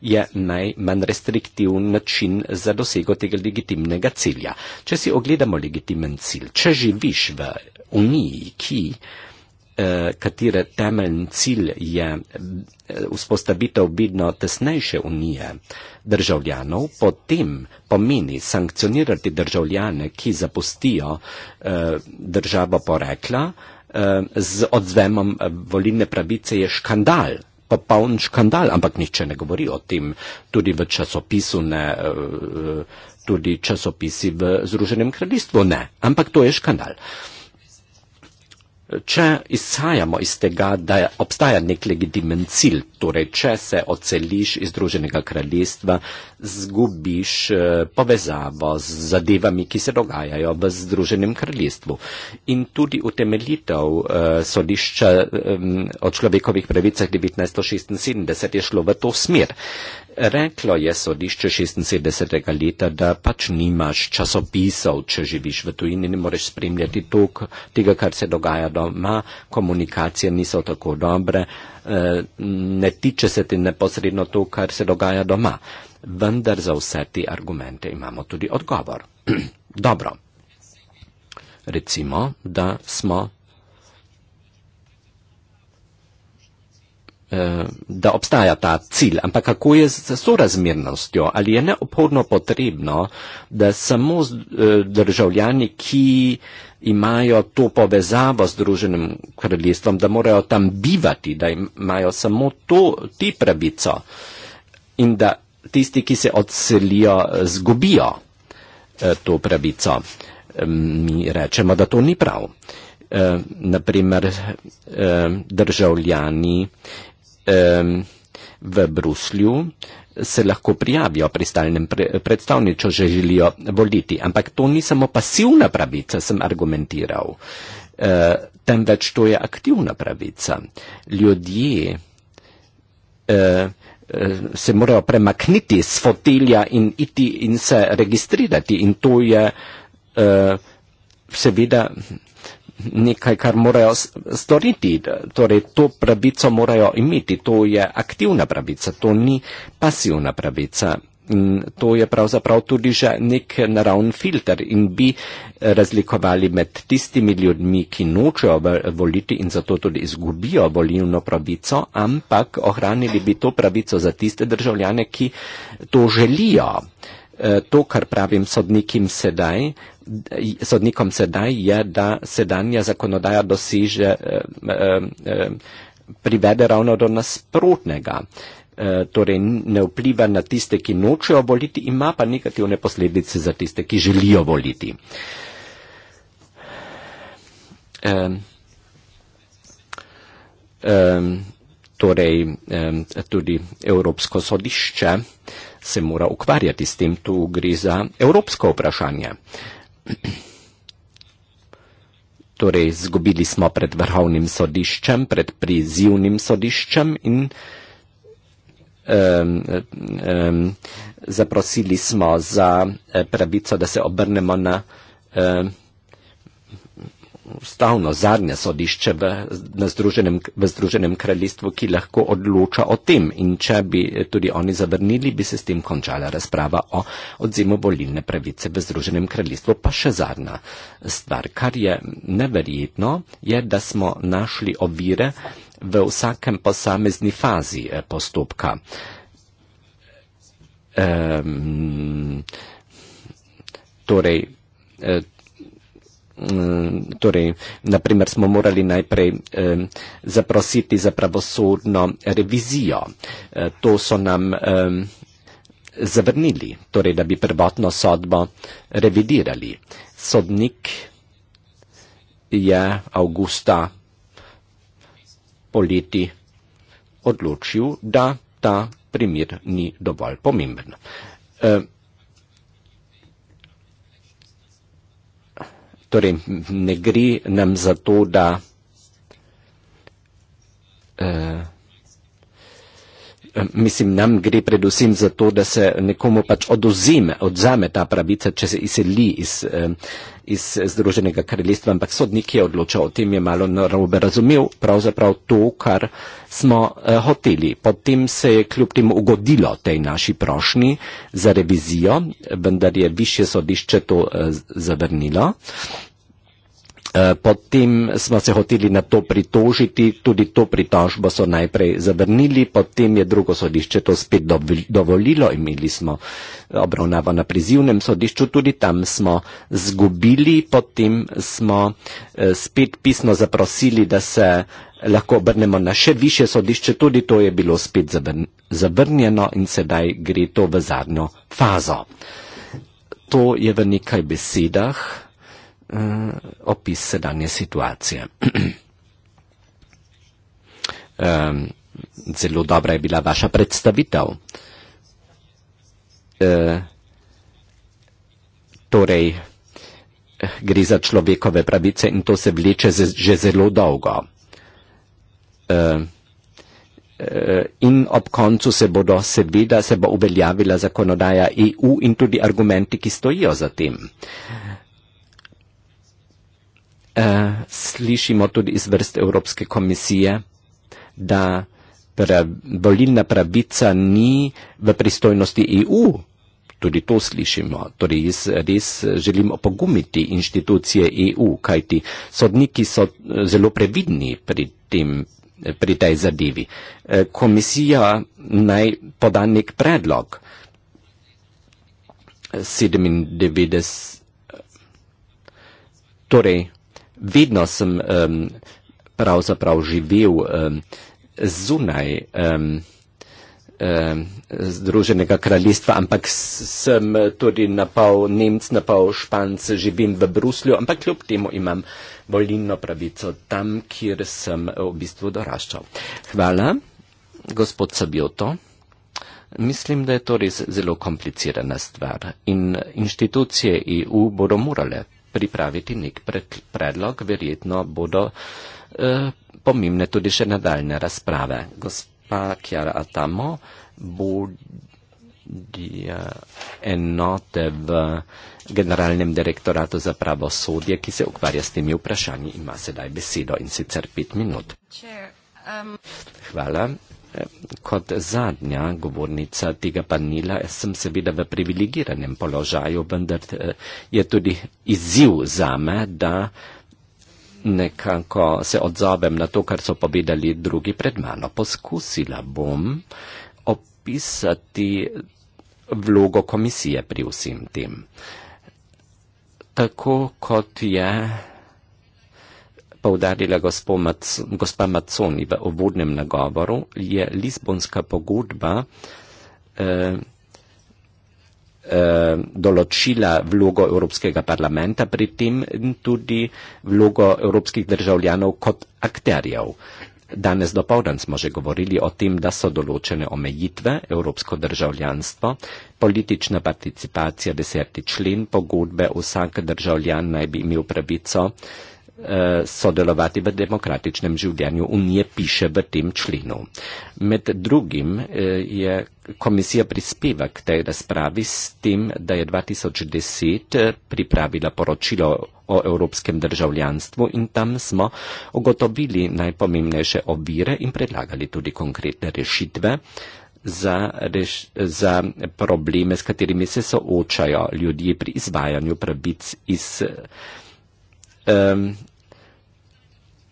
je najmanj restriktiv način za dosego tega legitimnega cilja. Če si ogledamo legitimen cilj, če živiš v Uniji, ki Eh, katere temeljni cilj je eh, vzpostavitev vidno tesnejše unije državljanov, potem pomeni sankcionirati državljane, ki zapustijo eh, državo porekla, z odzvemom volilne pravice je škandal. Popoln škandal, ampak nihče ne govori o tem, tudi v časopisu, ne, tudi časopisi v Združenem kraljestvu ne. Ampak to je škandal. Uh, če izhajamo iz tega, da obstaja nek legitimen cilj, torej če se oceliš iz druženega kraljestva, zgubiš eh, povezavo z zadevami, ki se dogajajo v združenem kraljestvu. In tudi utemeljitev eh, sodišča o človekovih pravicah 1976 je šlo v to smer. Reklo je sodišče 76. leta, da pač nimaš časopisov, če živiš v tujini, ne moreš spremljati tok tega, kar se dogaja doma, komunikacije niso tako dobre, eh, ne tiče se ti neposredno to, kar se dogaja doma. Vendar za vse ti argumente imamo tudi odgovor. Dobro. Recimo, da smo Eh, da obstaja ta cilj, ampak kako je z sorazmernostjo? Ali je neophodno potrebno, da samo eh, državljani, ki imajo to povezavo s druženim kraljestvom, da morajo tam bivati, da imajo samo to, ti pravico in da tisti, ki se odselijo, eh, zgubijo to pravico. Mi rečemo, da to ni prav. Naprimer, državljani v Bruslju se lahko prijavijo pri stalnem predstavniku, če že želijo voliti. Ampak to ni samo pasivna pravica, sem argumentiral, eh, temveč to je aktivna pravica. Ljudje eh, se morajo premakniti z fotilja in iti in se registrirati in to je eh, seveda nekaj, kar morajo storiti. Torej, to pravico morajo imeti. To je aktivna pravica, to ni pasivna pravica. In to je pravzaprav tudi že nek naravni filter in bi razlikovali med tistimi ljudmi, ki nočejo voliti in zato tudi izgubijo volilno pravico, ampak ohranili bi to pravico za tiste državljane, ki to želijo. Uh, Eh, to, kar pravim sodnikom sedaj, sodnikom sedaj, je, da sedanja zakonodaja dosiže, eh, eh, privede ravno do nasprotnega. Torej ne vpliva na tiste, ki nočejo voliti, ima pa negativne posledice za tiste, ki želijo voliti. Torej tudi Evropsko sodišče se mora ukvarjati s tem, tu gre za evropsko vprašanje. Torej, zgubili smo pred vrhovnim sodiščem, pred prizivnim sodiščem in um, um, zaprosili smo za eh, pravico, da se obrnemo na um, ustavno zadnje sodišče v, združenem, v Združenem kraljestvu, ki lahko odloča o tem. In če bi tudi oni zavrnili, bi se s tem končala razprava o odzimu volilne pravice v Združenem kraljestvu. Pa še zadnja stvar, kar je neverjetno, je, da smo našli ovire v vsakem posamezni fazi eh, postopka. Um, torej, eh, Mm, torej, naprimer, smo morali najprej zaprositi za pravosodno revizijo. E, to so nam zavrnili, torej, da bi prvotno sodbo revidirali. Sodnik je avgusta poleti odločil, da ta primer ni dovolj pomemben. E, torej ne gre nam za to, da eh, mislim, nam gre predvsem za to, da se nekomu pač oduzime, odzame ta pravica, če se izseli iz, eh, iz Združenega kraljestva, ampak sodnik je odločal o tem, je malo narobe razumel pravzaprav to, kar smo eh, hoteli. Potem se je kljub temu ugodilo tej naši prošnji za revizijo, vendar je više sodišče to eh, zavrnilo. Eh, potem smo se hoteli na to pritožiti, tudi to pritožbo so najprej zavrnili, potem je drugo sodišče to spet dovolilo, imeli smo obravnavo na prizivnem sodišču, tudi tam smo zgubili, potem smo eh, spet pisno zaprosili, da se lahko obrnemo na še više sodišče, tudi to je bilo spet zavrnjeno in sedaj gre to v zadnjo fazo. To je v nekaj besedah uh, opis sedanje situacije. um, zelo dobra je bila vaša predstavitev. Uh, torej, gre za človekove pravice in to se vleče z, že zelo dolgo. Uh, In ob koncu se bodo seveda se bo uveljavila zakonodaja EU in tudi argumenti, ki stojijo za tem. Uh, Eh, slišimo tudi iz vrst Evropske komisije, da volilna pravica ni v pristojnosti EU. Tudi to slišimo. Torej, jaz res želim opogumiti inštitucije EU, kajti sodniki so eh, zelo previdni pri, tem, eh, pri tej zadevi. Komisija naj poda nek predlog. 97. Torej, vedno sem um, pravzaprav živel um, zunaj um, um, Združenega kraljestva, ampak sem tudi napol Nemc, napol Španc, živim v Bruslju, ampak kljub temu imam volilno pravico tam, kjer sem v bistvu doraščal. Hvala, gospod Sabioto. Mislim, da je to res zelo komplicirana stvar in inštitucije EU bodo morale pripraviti nek predlog, verjetno bodo eh, pomembne tudi še nadaljne razprave. Gospa Kjara Atamo, bodi enote v generalnem direktoratu za pravosodje, ki se ukvarja s temi vprašanji, ima sedaj besedo in sicer pet minut. Um, Hvala. Kot zadnja govornica tega panela sem seveda v privilegiranem položaju, vendar eh, je tudi izziv za me, da nekako se odzovem na to, kar so povedali drugi pred mano. Poskusila bom opisati vlogo komisije pri vsem tem. Tako kot je poudarila gospa Maconi v uvodnem nagovoru, je Lisbonska pogodba eh, eh, določila vlogo Evropskega parlamenta, pri tem tudi vlogo evropskih državljanov kot akterjev. Danes do povdan smo že govorili o tem, da so določene omejitve, evropsko državljanstvo, politična participacija, deseti člen pogodbe, vsak državljan naj bi imel pravico eh, Eh, sodelovati v demokratičnem življenju. Unije piše v tem členu. Med drugim eh, je komisija prispeva k tej razpravi s tem, da je 2010 eh, pripravila poročilo o evropskem državljanstvu in tam smo ugotovili najpomembnejše ovire in predlagali tudi konkretne rešitve. Za, reš, za probleme, s katerimi se soočajo ljudje pri izvajanju pravic iz um,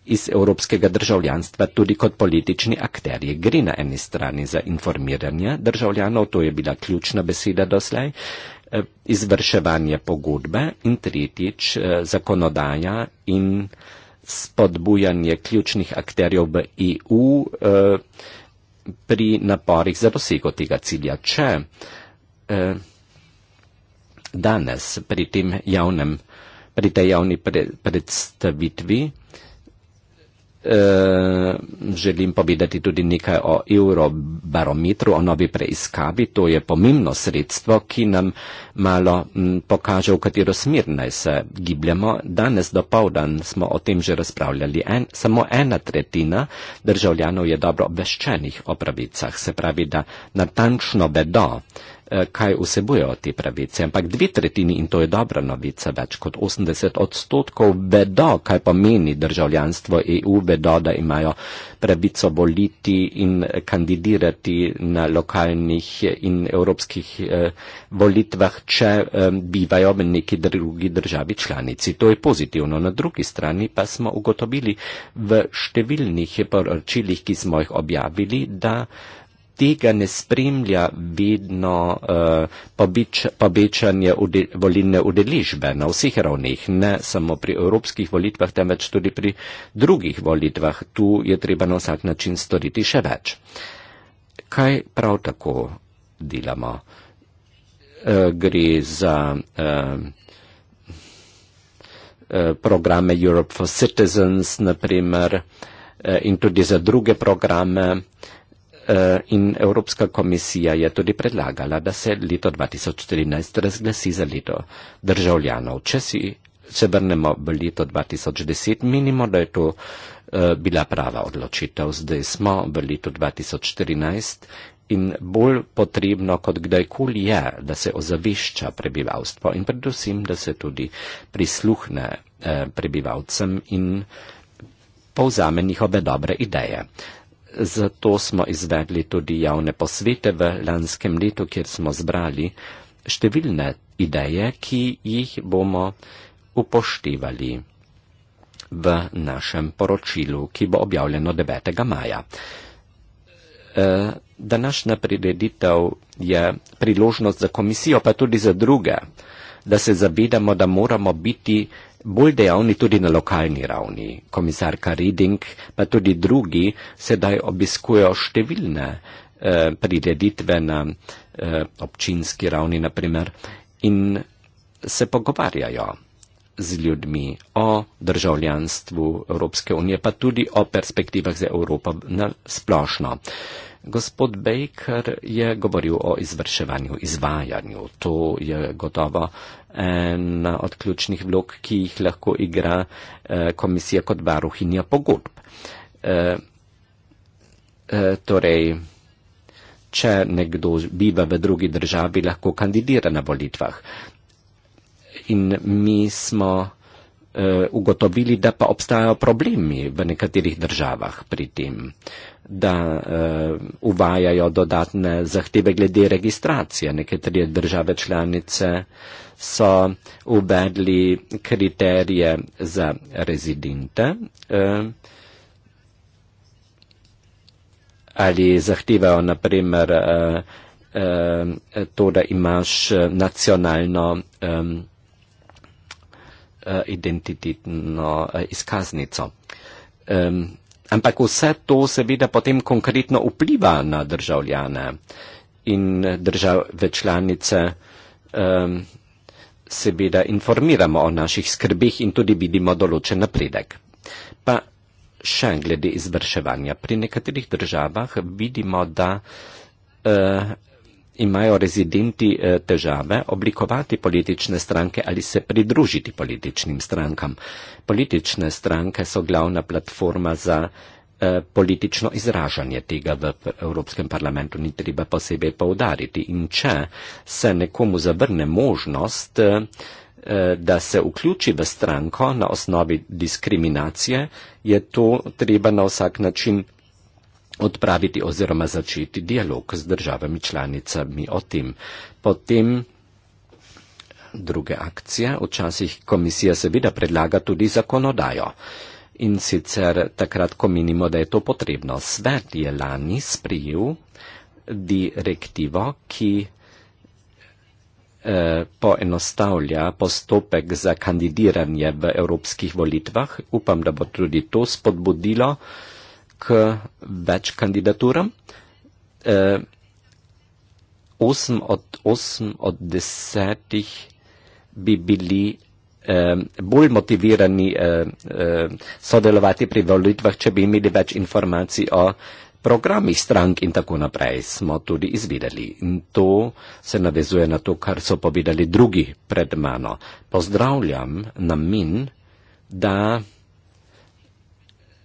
iz evropskega državljanstva tudi kot politični akterje. Gre na eni strani za informiranje državljanov, to je bila ključna beseda doslej, eh, izvrševanje pogodbe in tretjič eh, zakonodaja in spodbujanje ključnih akterjev v EU eh, pri naporih za dosego tega cilja. Če danes pri tem javnem pri tej javni predstavitvi eh, želim povedati tudi nekaj o eurobarometru, o novi preiskavi. To je pomembno sredstvo, ki nam malo pokaže, v katero smer naj se gibljamo. Danes do povdan smo o tem že razpravljali. En, samo ena tretjina državljanov je dobro obveščenih o pravicah, se pravi, da natančno vedo, Eh, kaj vsebujejo te pravice, ampak dve tretjini, in to je dobra novica, več kot 80 odstotkov vedo, kaj pomeni državljanstvo EU, vedo, da imajo pravico voliti in kandidirati na lokalnih in evropskih eh, volitvah, če eh, bivajo v neki drugi državi članici. To je pozitivno. Na drugi strani pa smo ugotovili v številnih poročilih, ki smo jih objavili, da eh, tega ne spremlja vedno uh, eh, povečanje ude, volilne udeležbe na vseh ravneh, ne samo pri evropskih volitvah, temveč tudi pri drugih volitvah. Tu je treba na vsak način storiti še več. Kaj prav tako delamo? Uh, gre za uh, uh, programe Europe for Citizens, naprimer, uh, in tudi za druge programe. Uh, Eh, in Evropska komisija je tudi predlagala, da se leto 2013 razglasi za leto državljanov. Če si se vrnemo v leto 2010, menimo, da je to eh, bila prava odločitev. Zdaj smo v letu 2014 in bolj potrebno kot kdajkoli je, da se ozavešča prebivalstvo in predvsem, da se tudi prisluhne eh, prebivalcem in povzame njihove dobre ideje zato smo izvedli tudi javne posvete v lanskem letu, kjer smo zbrali številne ideje, ki jih bomo upoštevali v našem poročilu, ki bo objavljeno 9. maja. E, današnja prireditev je priložnost za komisijo, pa tudi za druge, da se zavedamo, da moramo biti bolj dejavni tudi na lokalni ravni. Komisarka Reding pa tudi drugi sedaj obiskujo številne eh, prireditve na eh, občinski ravni, naprimer, in se pogovarjajo z ljudmi o državljanstvu Evropske unije, pa tudi o perspektivah za Evropo na splošno. Eh, Gospod Baker je govoril o izvrševanju, izvajanju. To je gotovo ena od ključnih vlog, ki jih lahko igra eh, komisija kot varuhinja pogodb. Eh, eh, torej, če nekdo biva v drugi državi, lahko kandidira na volitvah. In mi smo Eh, ugotovili, da pa obstajajo problemi v nekaterih državah pri tem, da uh, uvajajo dodatne zahteve glede registracije. Nekatere države članice so uvedli kriterije za rezidente uh, ali zahtevajo naprimer uh, uh, to, da imaš nacionalno um, Eh, identitetno eh, izkaznico. Um, ampak vse to seveda potem konkretno vpliva na državljane in države članice um, seveda informiramo o naših skrbih in tudi vidimo določen napredek. Pa še glede izvrševanja. Pri nekaterih državah vidimo, da uh, imajo rezidenti eh, težave oblikovati politične stranke ali se pridružiti političnim strankam. Politične stranke so glavna platforma za eh, politično izražanje tega v Evropskem parlamentu ni treba posebej poudariti. In če se nekomu zavrne možnost, eh, da se vključi v stranko na osnovi diskriminacije, je to treba na vsak način odpraviti oziroma začeti dialog z državami članicami o tem. Potem druge akcije, včasih komisija seveda predlaga tudi zakonodajo. In sicer takrat, ko menimo, da je to potrebno. Svet je lani sprijel direktivo, ki eh, poenostavlja postopek za kandidiranje v evropskih volitvah. Upam, da bo tudi to spodbudilo uh, k več kandidaturam. Eh, osem, od, osem od desetih bi bili eh, bolj motivirani eh, eh, sodelovati pri volitvah, če bi imeli več informacij o programih strank in tako naprej, smo tudi izvedeli. In to se navezuje na to, kar so povedali drugi pred mano. Pozdravljam namen, da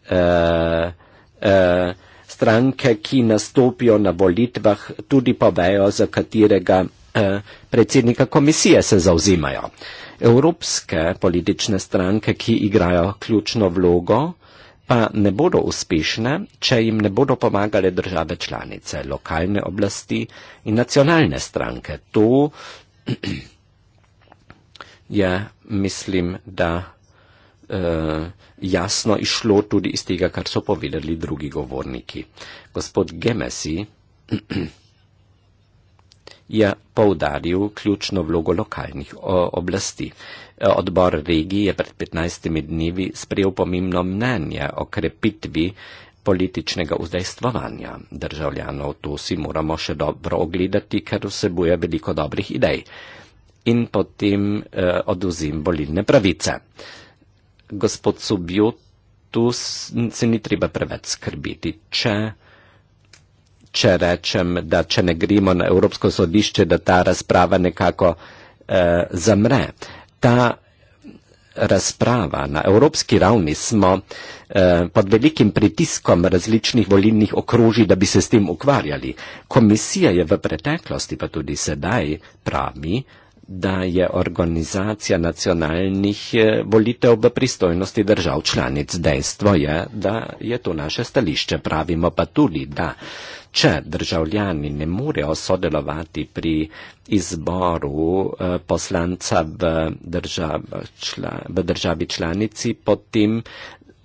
eh, Eh, stranke, ki nastopijo na volitvah, tudi povejo, za katerega eh, predsednika komisije se zauzimajo. Evropske politične stranke, ki igrajo ključno vlogo, pa ne bodo uspešne, če jim ne bodo pomagale države članice, lokalne oblasti in nacionalne stranke. To je, mislim, da eh, jasno išlo tudi iz tega, kar so povedali drugi govorniki. Gospod Gemesi je poudaril ključno vlogo lokalnih oblasti. Eh, odbor regij je pred 15 dnevi sprejel pomembno mnenje o krepitvi političnega vzdajstvovanja državljanov. To si moramo še dobro ogledati, ker vsebuje veliko dobrih idej. In potem eh, oduzim bolilne pravice. Eh, gospod Subju, tu se ni treba preveč skrbiti. Če, če rečem, da če ne gremo na Evropsko sodišče, da ta razprava nekako eh, zamre. Ta razprava na evropski ravni smo eh, pod velikim pritiskom različnih volilnih okrožij, da bi se s tem ukvarjali. Komisija je v preteklosti, pa tudi sedaj, pravi, da je organizacija nacionalnih eh, volitev v pristojnosti držav članic. Dejstvo je, da je to naše stališče. Pravimo pa tudi, da če državljani ne morejo sodelovati pri izboru eh, poslanca v, držav, čla, v državi članici, potem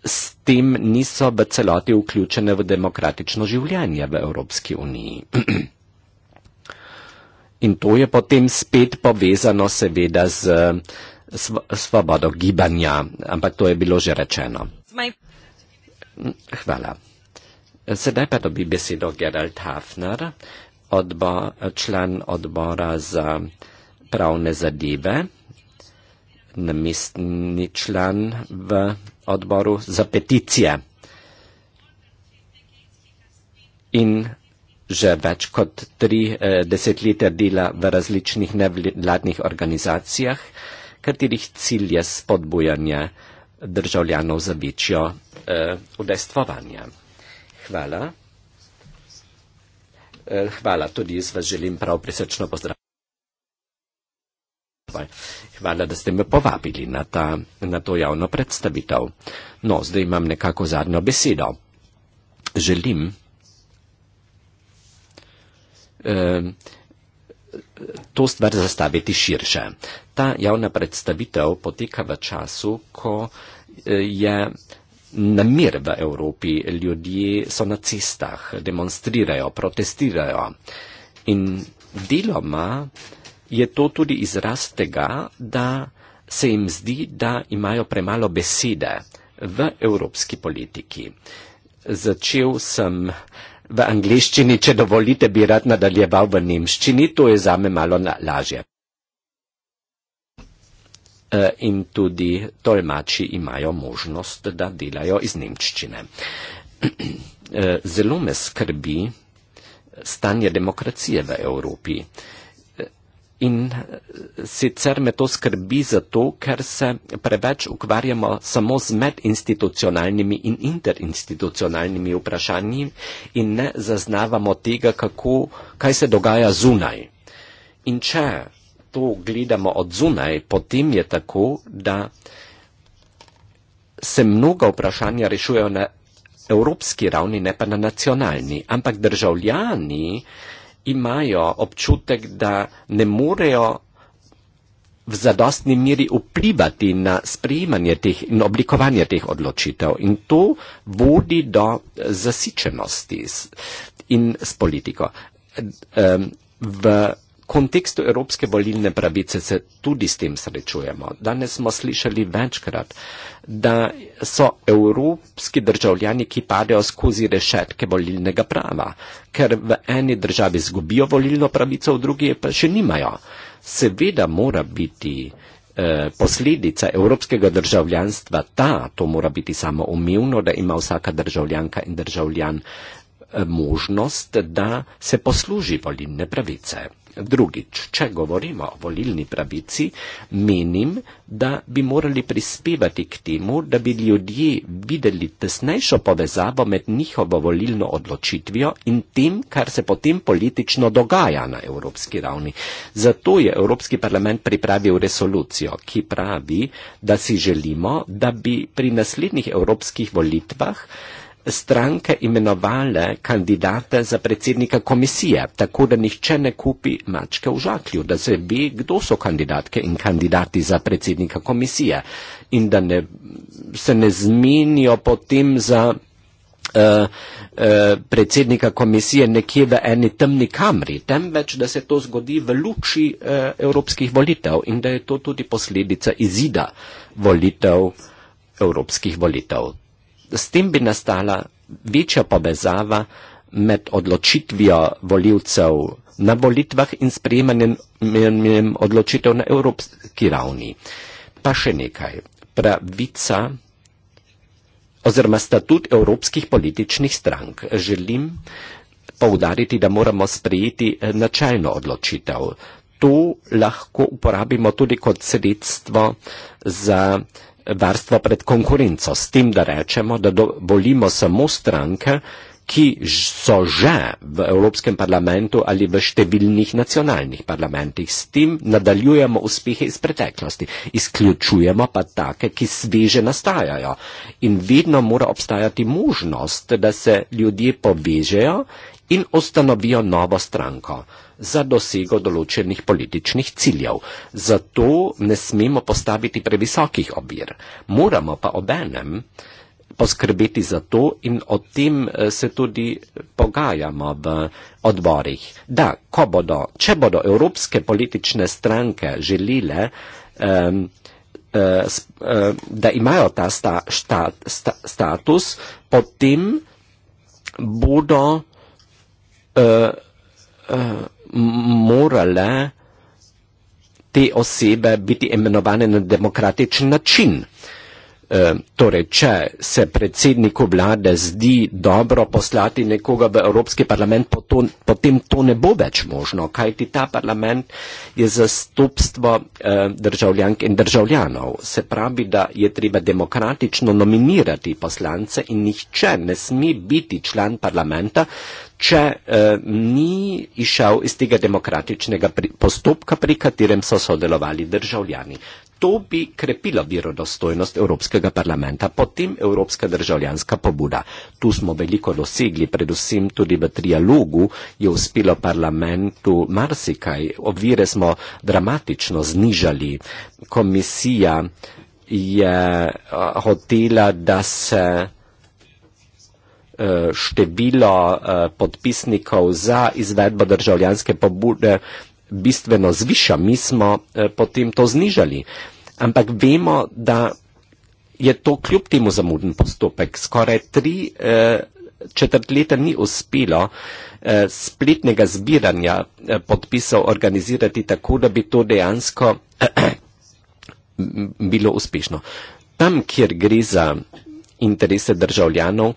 s tem niso v celoti vključene v demokratično življenje v Evropski uniji. In to je potem spet povezano seveda z sv svobodo gibanja, ampak to je bilo že rečeno. Hvala. Sedaj pa dobi besedo Gerald Hafner, odbo član odbora za pravne zadeve, namestni član v odboru za peticije. In že več kot tri eh, desetletja dela v različnih nevladnih organizacijah, katerih cilj je spodbujanje državljanov za večjo eh, udejstvovanje. Hvala. Eh, hvala, tudi jaz vas želim prav prisrčno pozdraviti. Hvala, da ste me povabili na, ta, na to javno predstavitev. No, zdaj imam nekako zadnjo besedo. Želim. Ehm, to stvar zastaviti širše. Ta javna predstavitev poteka v času, ko eh, je namir v Evropi, ljudje so na cestah, demonstrirajo, protestirajo. In deloma je to tudi izraz tega, da se jim zdi, da imajo premalo besede v evropski politiki. Začel sem uh, v angliščini, če dovolite, bi rad nadaljeval v nemščini, to je zame malo lažje. E, in tudi tolmači imajo možnost, da delajo iz nemščine. E, zelo me skrbi stanje demokracije v Evropi. In eh, sicer me to skrbi zato, ker se preveč ukvarjamo samo z medinstitucionalnimi in interinstitucionalnimi vprašanji in ne zaznavamo tega, kako, kaj se dogaja zunaj. In če to gledamo od zunaj, potem je tako, da se mnoga vprašanja rešujejo na evropski ravni, ne pa na nacionalni. Ampak državljani imajo občutek, da ne morejo v zadostni meri vplivati na sprejemanje teh in oblikovanje teh odločitev. In to vodi do zasičenosti in s politiko. V kontekstu evropske volilne pravice se tudi s tem srečujemo. Danes smo slišali večkrat, da so evropski državljani, ki padejo skozi rešetke volilnega prava, ker v eni državi zgubijo volilno pravico, v drugi pa še nimajo. Seveda mora biti eh, posledica evropskega državljanstva ta, to mora biti samo umevno, da ima vsaka državljanka in državljan eh, možnost, da se posluži volilne pravice. Drugič, če govorimo o volilni pravici, menim, da bi morali prispevati k temu, da bi ljudje videli tesnejšo povezavo med njihovo volilno odločitvijo in tem, kar se potem politično dogaja na evropski ravni. Zato je Evropski parlament pripravil resolucijo, ki pravi, da si želimo, da bi pri naslednjih evropskih volitvah stranke imenovale kandidate za predsednika komisije, tako da nihče ne kupi mačke v žaklju, da se ve, kdo so kandidatke in kandidati za predsednika komisije in da ne, se ne zmenijo potem za uh, uh, predsednika komisije nekje v eni temni kamri, temveč da se to zgodi v luči uh, evropskih volitev in da je to tudi posledica izida volitev. Evropskih volitev s tem bi nastala večja povezava med odločitvijo voljivcev na volitvah in sprejemanjem odločitev na evropski ravni. Pa še nekaj. Pravica oziroma statut evropskih političnih strank. Želim poudariti, da moramo sprejeti načeljno odločitev. To lahko uporabimo tudi kot sredstvo za varstvo pred konkurenco, s tem, da rečemo, da volimo samo stranke, ki so že v Evropskem parlamentu ali v številnih nacionalnih parlamentih. S tem nadaljujemo uspehe iz preteklosti, izključujemo pa take, ki sveže nastajajo. In vedno mora obstajati možnost, da se ljudje povežejo in ustanovijo novo stranko za dosego določenih političnih ciljev. Zato ne smemo postaviti previsokih obir. Moramo pa obenem poskrbeti za to in o tem eh, se tudi pogajamo v odborih. Da, bodo, če bodo evropske politične stranke želile, um, da imajo ta sta, šta, sta, status, potem bodo uh, uh, morale te osebe biti imenovane na demokratičen način. Eh, torej, če se predsedniku vlade zdi dobro poslati nekoga v Evropski parlament, potem to ne bo več možno, kajti ta parlament je zastopstvo eh, državljank in državljanov. Se pravi, da je treba demokratično nominirati poslance in nihče ne sme biti član parlamenta, če eh, ni išel iz tega demokratičnega postopka, pri katerem so sodelovali državljani to bi krepilo verodostojnost Evropskega parlamenta, potem Evropska državljanska pobuda. Tu smo veliko dosegli, predvsem tudi v trialogu je uspelo parlamentu marsikaj. Obvire smo dramatično znižali. Komisija je hotela, da se e, število e, podpisnikov za izvedbo državljanske pobude bistveno zviša, mi smo eh, potem to znižali. Ampak vemo, da je to kljub temu zamuden postopek. Skoraj tri eh, četrt leta ni uspelo eh, spletnega zbiranja podpisov organizirati tako, da bi to dejansko bilo uspešno. Tam, kjer gre za interese državljanov,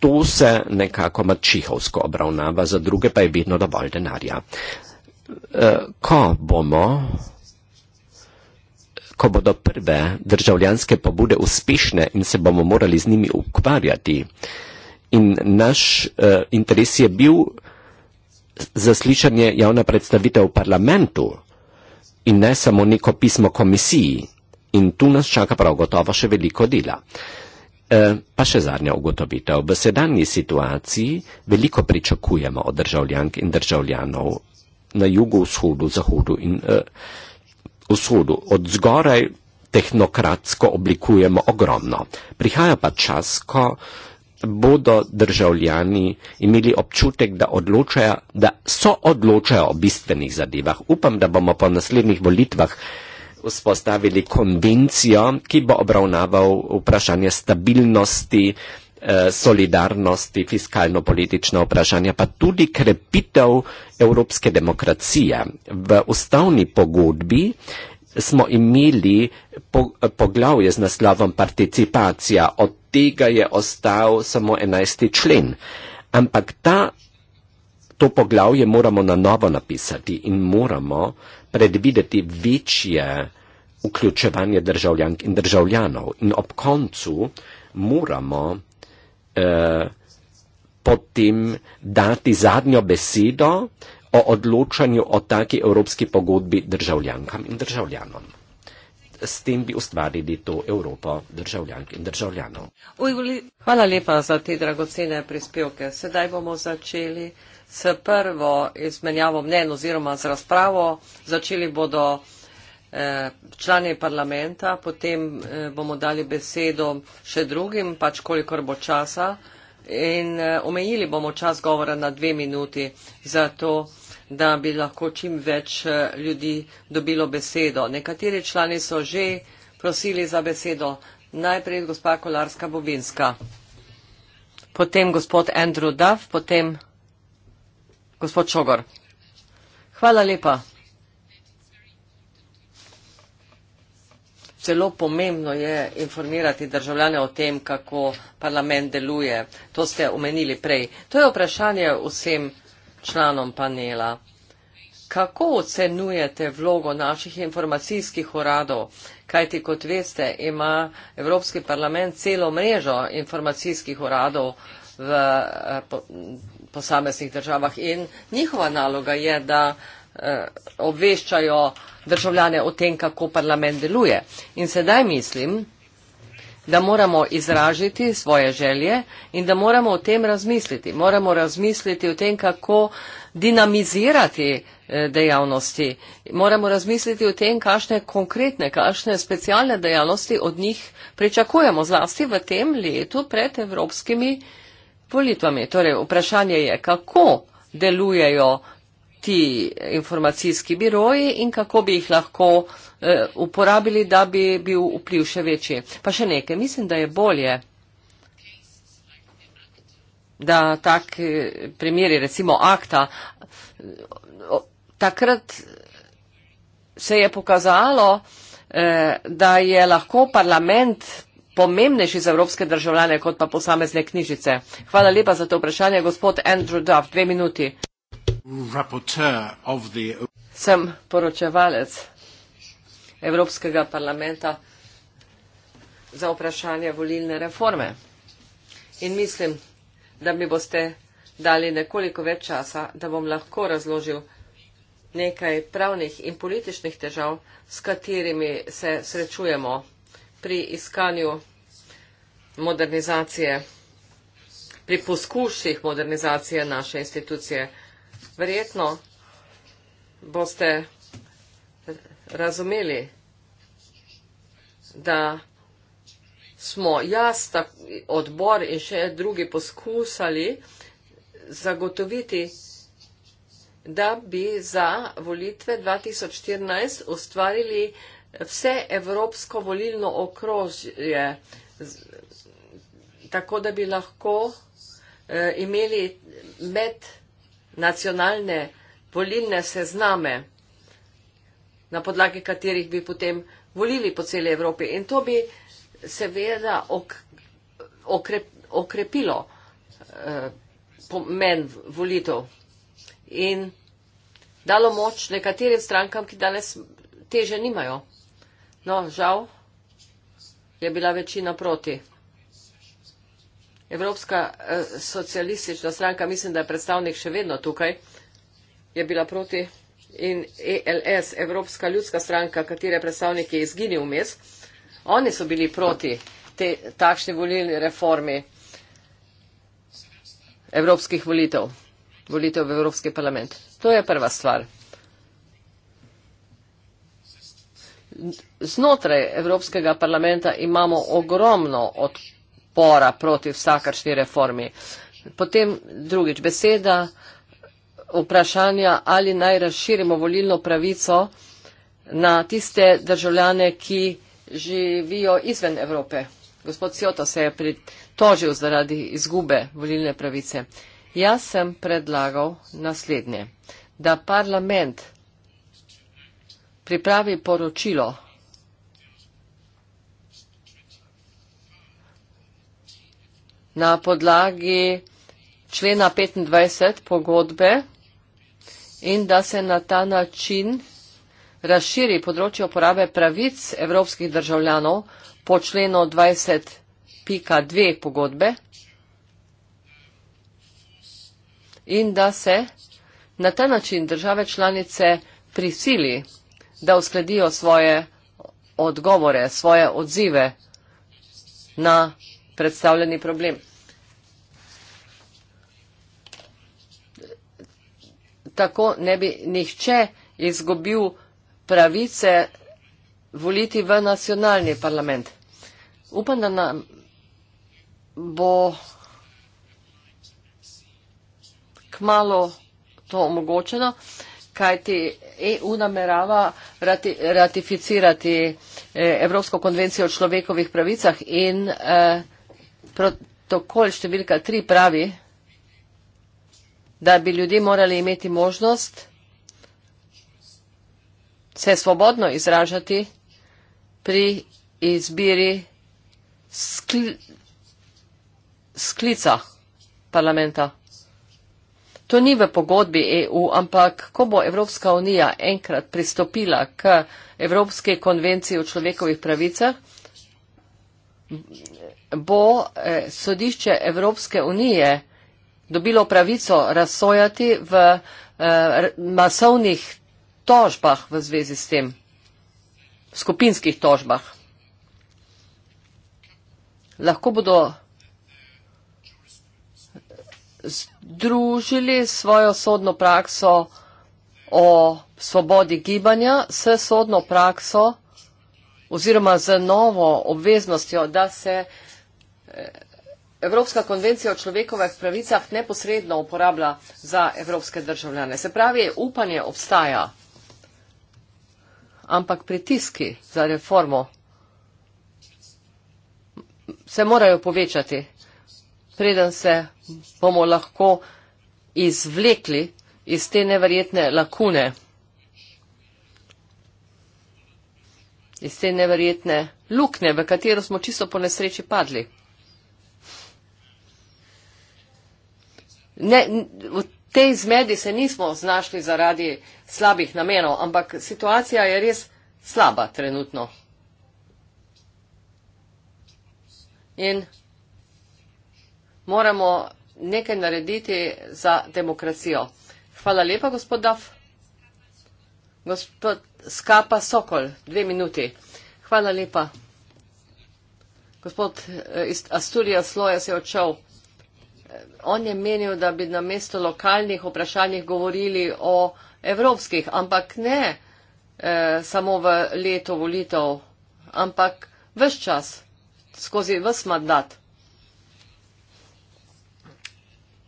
to se nekako mačihovsko obravnava, za druge pa je vedno dovolj denarja. Uh, Eh, ko bomo, ko bodo prve državljanske pobude uspešne in se bomo morali z njimi ukvarjati. In naš uh, interes je bil zaslišanje javna predstavitev v parlamentu in ne samo neko pismo komisiji. In tu nas čaka prav gotovo še veliko dela. E, pa še zadnja ugotovitev. V sedanji situaciji veliko pričakujemo od državljank in državljanov na jugovzhodu, zahodu in eh, vzhodu. Od zgoraj tehnokratsko oblikujemo ogromno. Prihaja pa čas, ko bodo državljani imeli občutek, da, odločajo, da so odločajo o bistvenih zadevah. Upam, da bomo po naslednjih volitvah vzpostavili konvencijo, ki bo obravnaval vprašanje stabilnosti, Eh, solidarnosti, fiskalno-politična vprašanja, pa tudi krepitev evropske demokracije. V ustavni pogodbi smo imeli eh, poglavje z naslovom participacija, od tega je ostal samo 11. člen. Ampak ta, to poglavje moramo na novo napisati in moramo predvideti večje vključevanje državljank in državljanov. In ob koncu moramo Eh, potem dati zadnjo besedo o odločanju o taki evropski pogodbi državljankam in državljanom. S tem bi ustvarili to Evropo državljank in državljanov. Hvala lepa za te dragocene prispevke. Sedaj bomo začeli s prvo izmenjavo mnen oziroma z razpravo. Začeli bodo Eh, člani parlamenta, potem eh, bomo dali besedo še drugim, pač kolikor bo časa in eh, omejili bomo čas govora na dve minuti za to, da bi lahko čim več ljudi dobilo besedo. Nekateri člani so že prosili za besedo. Najprej gospa Kolarska Bobinska, potem gospod Andrew Duff, potem gospod Čogor. Hvala lepa. Celo pomembno je informirati državljane o tem, kako parlament deluje. To ste omenili prej. To je vprašanje vsem članom panela. Kako ocenujete vlogo naših informacijskih uradov? Kajti, kot veste, ima Evropski parlament celo mrežo informacijskih uradov v eh, posameznih državah in njihova naloga je, da Eh, obveščajo državljane o tem, kako parlament deluje. In sedaj mislim, da moramo izražiti svoje želje in da moramo o tem razmisliti. Moramo razmisliti o tem, kako dinamizirati eh, dejavnosti. Moramo razmisliti o tem, kakšne konkretne, kakšne specialne dejavnosti od njih pričakujemo, zlasti v tem letu pred evropskimi volitvami. Torej, vprašanje je, kako delujejo ti informacijski biroji in kako bi jih lahko eh, uporabili, da bi bil vpliv še večji. Pa še nekaj, mislim, da je bolje, da tak eh, primeri, recimo akta, eh, takrat se je pokazalo, eh, da je lahko parlament pomembnejši za evropske državljane kot pa posamezne knjižice. Hvala lepa za to vprašanje, gospod Andrew Duff, dve minuti. Sem poročevalec Evropskega parlamenta za vprašanje volilne reforme in mislim, da mi boste dali nekoliko več časa, da bom lahko razložil nekaj pravnih in političnih težav, s katerimi se srečujemo pri iskanju modernizacije, pri poskuših modernizacije naše institucije verjetno boste razumeli, da smo jaz, odbor in še drugi poskusali zagotoviti, da bi za volitve 2014 ustvarili vse evropsko volilno okrožje, tako da bi lahko eh, imeli med nacionalne volilne sezname, na podlagi katerih bi potem volili po celi Evropi. In to bi seveda ok, okrep, okrepilo eh, pomen volitev in dalo moč nekaterim strankam, ki danes teže nimajo. No, žal je bila večina proti. Evropska eh, socialistična stranka, mislim, da je predstavnik še vedno tukaj, je bila proti in ELS, Evropska ljudska stranka, katere predstavnik je izginil vmes, oni so bili proti te, takšni volilni reformi evropskih volitev, volitev v Evropski parlament. To je prva stvar. Znotraj Evropskega parlamenta imamo ogromno odpornosti upora proti vsakršni reformi. Potem drugič, beseda vprašanja, ali naj razširimo volilno pravico na tiste državljane, ki živijo izven Evrope. Gospod Sjoto se je pritožil zaradi izgube volilne pravice. Jaz sem predlagal naslednje, da parlament pripravi poročilo na podlagi člena 25 pogodbe in da se na ta način razširi področje uporabe pravic evropskih državljanov po členu 20.2 pogodbe in da se na ta način države članice prisili, da uskladijo svoje odgovore, svoje odzive na predstavljeni problem. Tako ne bi nihče izgubil pravice voliti v nacionalni parlament. Upam, da nam bo kmalo to omogočeno, kajti EU namerava rati, ratificirati eh, Evropsko konvencijo o človekovih pravicah in eh, protokol številka 3 pravi, da bi ljudje morali imeti možnost se svobodno izražati pri izbiri skl sklica parlamenta. To ni v pogodbi EU, ampak ko bo Evropska unija enkrat pristopila k Evropske konvenciji o človekovih pravicah, bo eh, sodišče Evropske unije dobilo pravico razsojati v eh, masovnih tožbah v zvezi s tem, v skupinskih tožbah. Lahko bodo združili svojo sodno prakso o svobodi gibanja s sodno prakso oziroma z novo obveznostjo, da se Evropska konvencija o človekovih pravicah neposredno uporablja za evropske državljane. Se pravi, upanje obstaja, ampak pritiski za reformo se morajo povečati, preden se bomo lahko izvlekli iz te neverjetne lakune, iz te neverjetne lukne, v katero smo čisto po nesreči padli. ne, v tej zmedi se nismo znašli zaradi slabih namenov, ampak situacija je res slaba trenutno. In moramo nekaj narediti za demokracijo. Hvala lepa, gospod Daf. Gospod Skapa Sokol, dve minuti. Hvala lepa. Gospod eh, iz Asturija Sloja se je odšel on je menil, da bi na mesto lokalnih vprašanjih govorili o evropskih, ampak ne eh, samo v leto volitev, ampak vse čas, skozi vse mandat.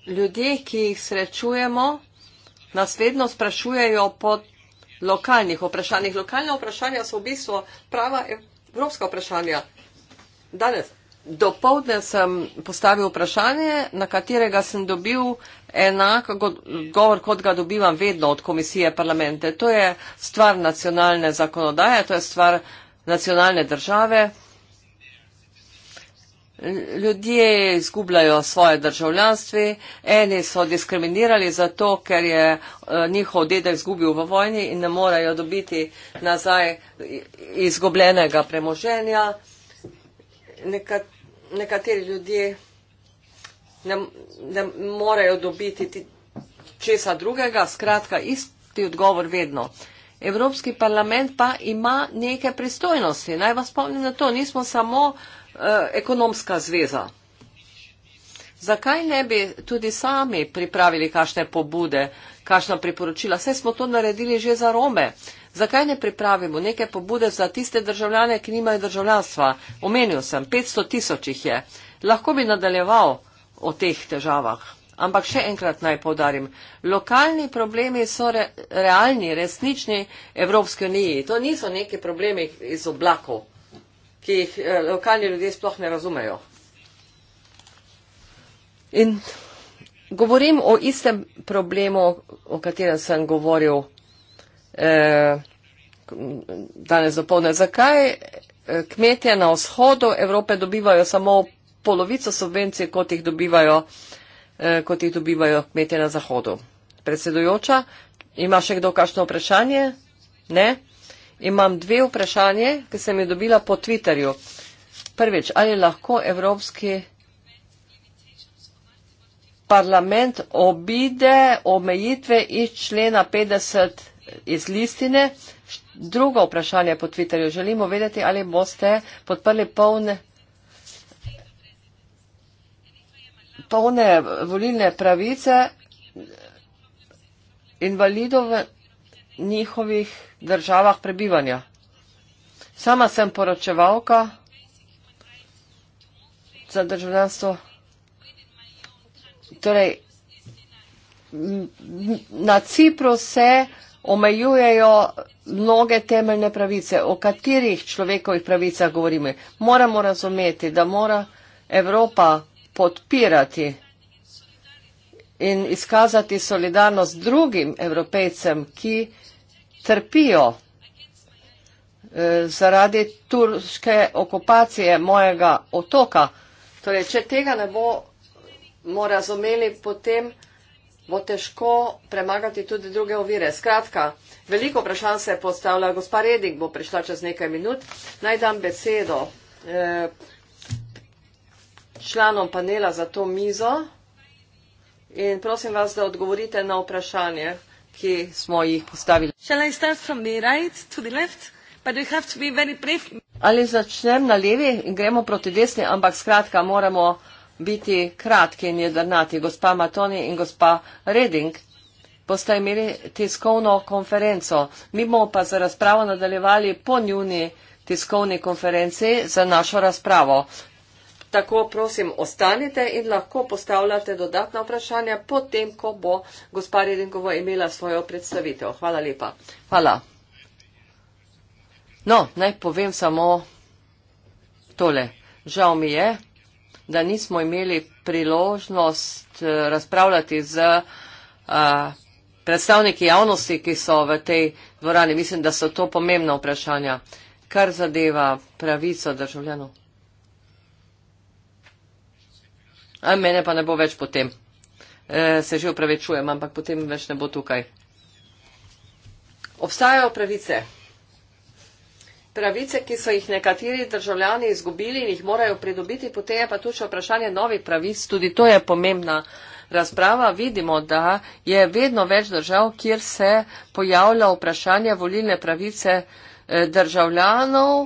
Ljudje, ki jih srečujemo, nas vedno sprašujejo po lokalnih vprašanjih. Lokalne vprašanja so v bistvu prava evropska vprašanja. Danes. Dopoldne sem postavil vprašanje, na katerega sem dobil enak govor, kot ga dobivam vedno od komisije parlamente. To je stvar nacionalne zakonodaje, to je stvar nacionalne države. Ljudje izgubljajo svoje državljanstvi, eni so diskriminirali zato, ker je eh, njihov dedek izgubil v vojni in ne morajo dobiti nazaj izgubljenega premoženja nekat, nekateri ljudje ne, ne morejo dobiti česa drugega, skratka, isti odgovor vedno. Evropski parlament pa ima neke pristojnosti. Naj vas spomnim na to, nismo samo eh, ekonomska zveza. Zakaj ne bi tudi sami pripravili kakšne pobude, kakšna priporočila? Vse smo to naredili že za Rome. Eh, zakaj ne pripravimo neke pobude za tiste državljane, ki nimajo državljanstva. Omenil sem, 500 tisoč jih je. Lahko bi nadaljeval o teh težavah. Ampak še enkrat naj povdarim, lokalni problemi so re, realni, resnični Evropske unije. To niso neki problemi iz oblakov, ki jih eh, lokalni ljudje sploh ne razumejo. In govorim o istem problemu, o katerem sem govoril Eh, danes dopolne. Zakaj eh, kmetje na vzhodu Evrope dobivajo samo polovico subvencije, kot jih dobivajo, eh, kot jih dobivajo kmetje na zahodu? Predsedujoča, ima še kdo kakšno vprašanje? Ne? Imam dve vprašanje, ki sem jih dobila po Twitterju. Prvič, ali lahko Evropski parlament obide omejitve iz člena 50 iz listine. Drugo vprašanje po Twitterju. Želimo vedeti, ali boste podprli polne, polne volilne pravice invalidov v njihovih državah prebivanja. Sama sem poročevalka za državljanstvo. Torej, na Cipru se omejujejo mnoge temeljne pravice, o katerih človekovih pravicah govorimo. Moramo razumeti, da mora Evropa podpirati in izkazati solidarnost drugim evropejcem, ki trpijo eh, zaradi turške okupacije mojega otoka. Torej, če tega ne bomo razumeli, potem bo težko premagati tudi druge ovire. Skratka, veliko vprašanj se je postavila. Gospa Reding bo prišla čez nekaj minut. Naj dam besedo eh, članom panela za to mizo in prosim vas, da odgovorite na vprašanje, ki smo jih postavili. Ali začnem na levi in gremo proti desni, ampak skratka moramo biti kratki in jedrnati. Gospa Matoni in gospa Reding boste imeli tiskovno konferenco. Mi bomo pa za razpravo nadaljevali po njuni tiskovni konferenci za našo razpravo. Tako prosim, ostanite in lahko postavljate dodatna vprašanja potem, ko bo gospa Redingova imela svojo predstavitev. Hvala lepa. Hvala. No, naj povem samo tole. Žal mi je, da nismo imeli priložnost eh, razpravljati z eh, predstavniki javnosti, ki so v tej dvorani. Mislim, da so to pomembna vprašanja, kar zadeva pravico državljanov. A mene pa ne bo več potem. E, se že upravičujem, ampak potem več ne bo tukaj. Obstajajo pravice pravice, ki so jih nekateri državljani izgubili in jih morajo pridobiti, potem je pa tu še vprašanje novih pravic, tudi to je pomembna razprava. Vidimo, da je vedno več držav, kjer se pojavlja vprašanje volilne pravice eh, državljanov,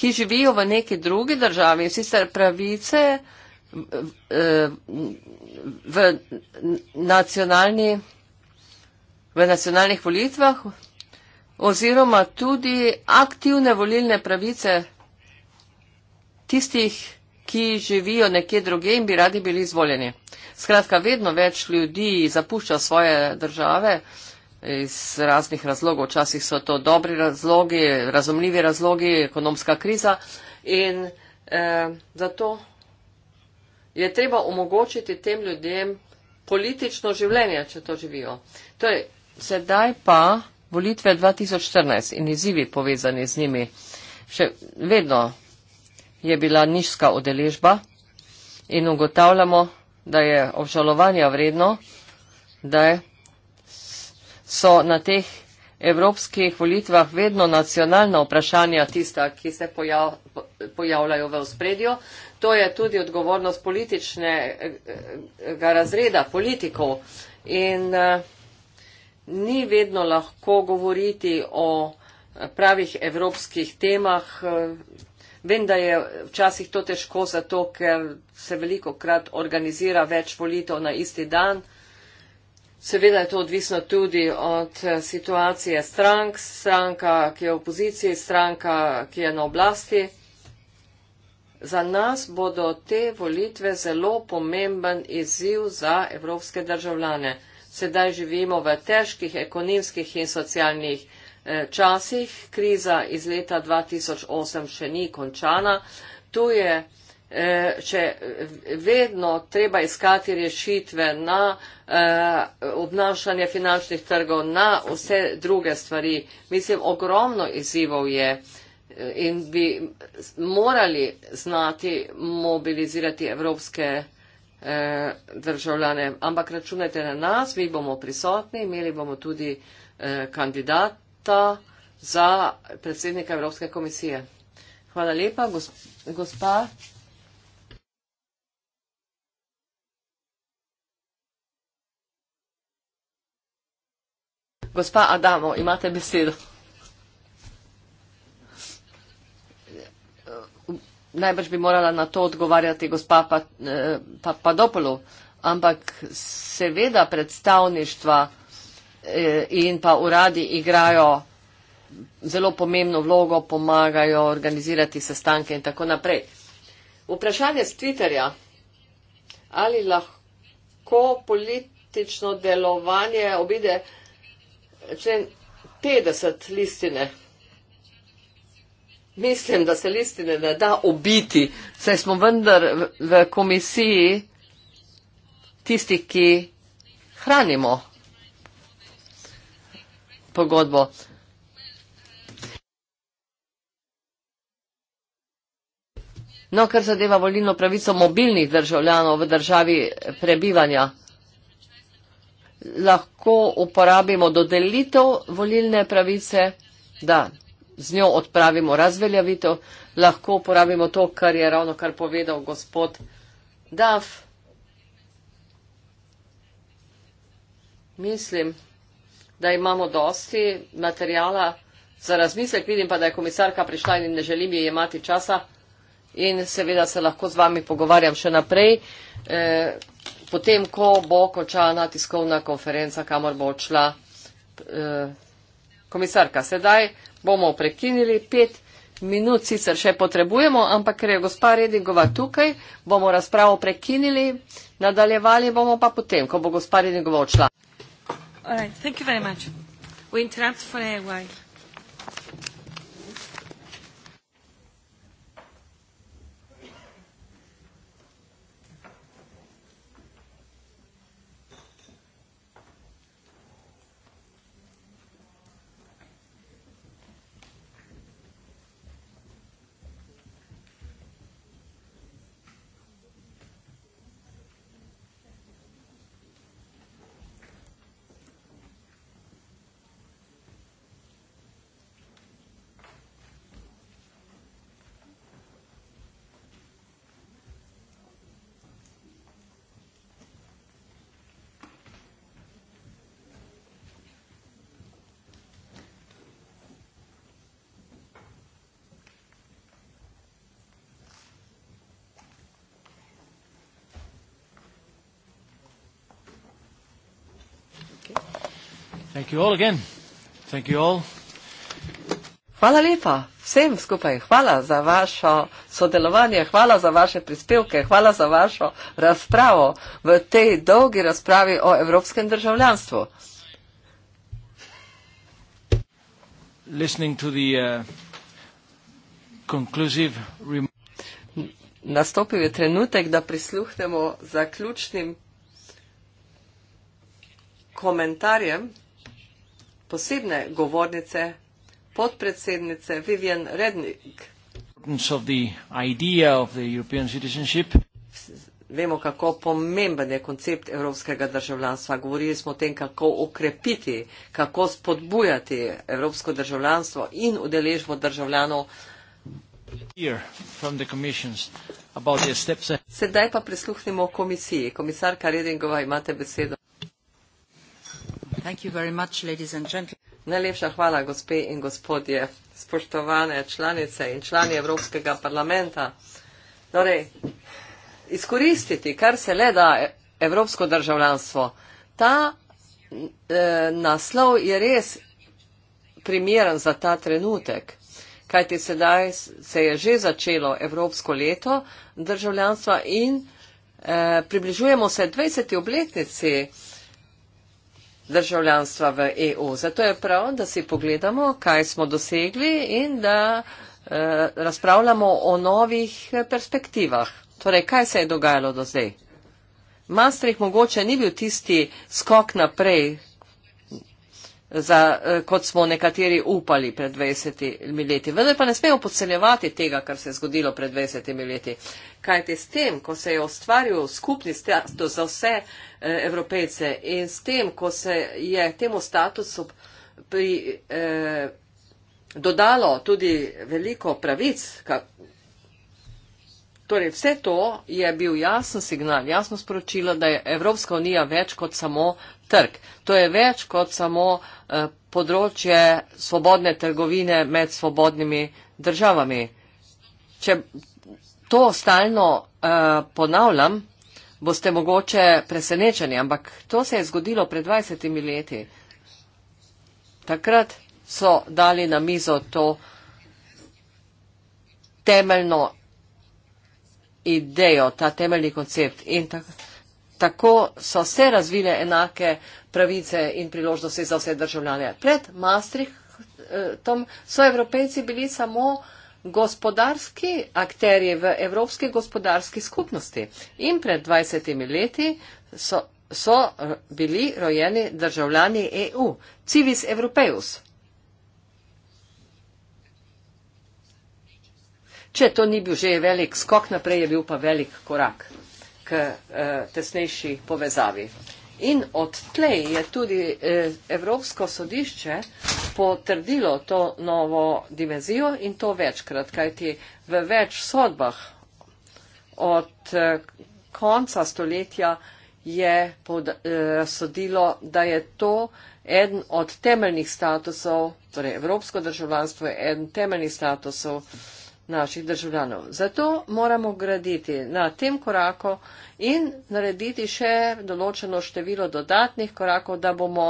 ki živijo v neki drugi državi in sicer pravice eh, v, v, nacionalni, v nacionalnih volitvah oziroma tudi aktivne volilne pravice tistih, ki živijo nekje druge in bi radi bili izvoljeni. Skratka, vedno več ljudi zapušča svoje države iz raznih razlogov. Včasih so to dobri razlogi, razumljivi razlogi, ekonomska kriza in eh, zato je treba omogočiti tem ljudem politično življenje, če to živijo. To je, sedaj pa volitve 2014 in izzivi povezani z njimi. Še vedno je bila nizka odeležba in ugotavljamo, da je obžalovanja vredno, da so na teh evropskih volitvah vedno nacionalna vprašanja tista, ki se pojav, pojavljajo v spredju. To je tudi odgovornost političnega razreda, politikov. In, uh, ni vedno lahko govoriti o eh, pravih evropskih temah. Eh, vem, da je včasih to težko zato, ker se veliko krat organizira več volitev na isti dan. Seveda je to odvisno tudi od eh, situacije strank, stranka, ki je v opoziciji, stranka, ki je na oblasti. Za nas bodo te volitve zelo pomemben izziv za evropske državljane sedaj živimo v težkih ekonomskih in socialnih eh, časih. Kriza iz leta 2008 še ni končana. Tu je če eh, eh, vedno treba iskati rešitve na obnašanje finančnih trgov, na vse druge stvari. Mislim, ogromno izzivov je in bi morali znati mobilizirati evropske Eh, državljane. Ampak računajte na nas, mi bomo prisotni, imeli bomo tudi eh, kandidata za predsednika Evropske komisije. Hvala lepa, gospa. Gospa Adamo, imate besedo. najbrž bi morala na to odgovarjati gospa eh, Papadopolu, ampak seveda predstavništva eh, in pa uradi igrajo zelo pomembno vlogo, pomagajo organizirati sestanke in tako naprej. Vprašanje z Twitterja, ali lahko politično delovanje obide člen 50 listine. Mislim, da se listine ne da obiti, saj smo vendar v komisiji tisti, ki hranimo pogodbo. No, kar zadeva volilno pravico mobilnih državljanov v državi prebivanja, lahko uporabimo dodelitev volilne pravice, da z njo odpravimo razveljavitev, lahko uporabimo to, kar je ravno kar povedal gospod Daf. Mislim, da imamo dosti materijala za razmislek, vidim pa, da je komisarka prišla in ne želim ji imati časa in seveda se lahko z vami pogovarjam še naprej, eh, potem, ko bo končana tiskovna konferenca, kamor bo odšla. Eh, komisarka, sedaj bomo prekinili pet minut, sicer še potrebujemo, ampak ker je gospa Redingova tukaj, bomo razpravo prekinili, nadaljevali bomo pa potem, ko bo gospa Redingova odšla. All right, thank you very much. We interrupt for a while. Hvala lepa vsem skupaj. Hvala za vašo sodelovanje, hvala za vaše prispevke, hvala za vašo razpravo v tej dolgi razpravi o evropskem državljanstvu. Uh, Nastopil je trenutek, da prisluhnemo zaključnim komentarjem posebne govornice, podpredsednice Vivian Rednik. Vemo, kako pomemben je koncept evropskega državljanstva. Govorili smo o tem, kako okrepiti, kako spodbujati evropsko državljanstvo in udeležbo državljanov. Sedaj pa prisluhnimo komisiji. Komisarka Redingova, imate besedo. Najlepša hvala, gospe in gospodje, spoštovane članice in člani Evropskega parlamenta. Torej, izkoristiti, kar se le da evropsko državljanstvo, ta eh, naslov je res primeren za ta trenutek. Kajti sedaj se je že začelo Evropsko leto državljanstva in eh, približujemo se 20. obletnici eh, državljanstva v EU. Zato je prav, da si pogledamo, kaj smo dosegli in da eh, razpravljamo o novih eh, perspektivah. Torej, kaj se je dogajalo do zdaj? Maastricht mogoče ni bil tisti skok naprej, za, eh, kot smo nekateri upali pred 20 leti. Vendar pa ne smemo podcenjevati tega, kar se je zgodilo pred 20 leti. Kaj te s tem, ko se je ustvaril skupni status za vse eh, evropejce in s tem, ko se je temu statusu pri, eh, dodalo tudi veliko pravic, ka, Torej, vse to je bil jasen signal, jasno sporočilo, da je Evropska unija več kot samo trg. To je več kot samo eh, področje svobodne trgovine med svobodnimi državami. Če to stalno eh, ponavljam, boste mogoče presenečeni, ampak to se je zgodilo pred 20 leti. Takrat so dali na mizo to temeljno idejo, ta temeljni koncept. In tako, tako so se razvile enake pravice in priložnosti za vse državljane. Pred Maastrichtom so evropejci bili samo gospodarski akterji v evropski gospodarski skupnosti in pred 20 leti so, so eh, bili rojeni državljani EU, civis europeus. Če to ni bil že velik skok naprej, je bil pa velik korak k eh, tesnejši povezavi. In od tlej je tudi eh, Evropsko sodišče potrdilo to novo dimenzijo in to večkrat, kajti v več sodbah od eh, konca stoletja je sodilo, da je to eden od temeljnih statusov, torej Evropsko državljanstvo je eden temeljnih statusov naših državljanov. Zato moramo graditi na tem koraku in narediti še določeno število dodatnih korakov, da bomo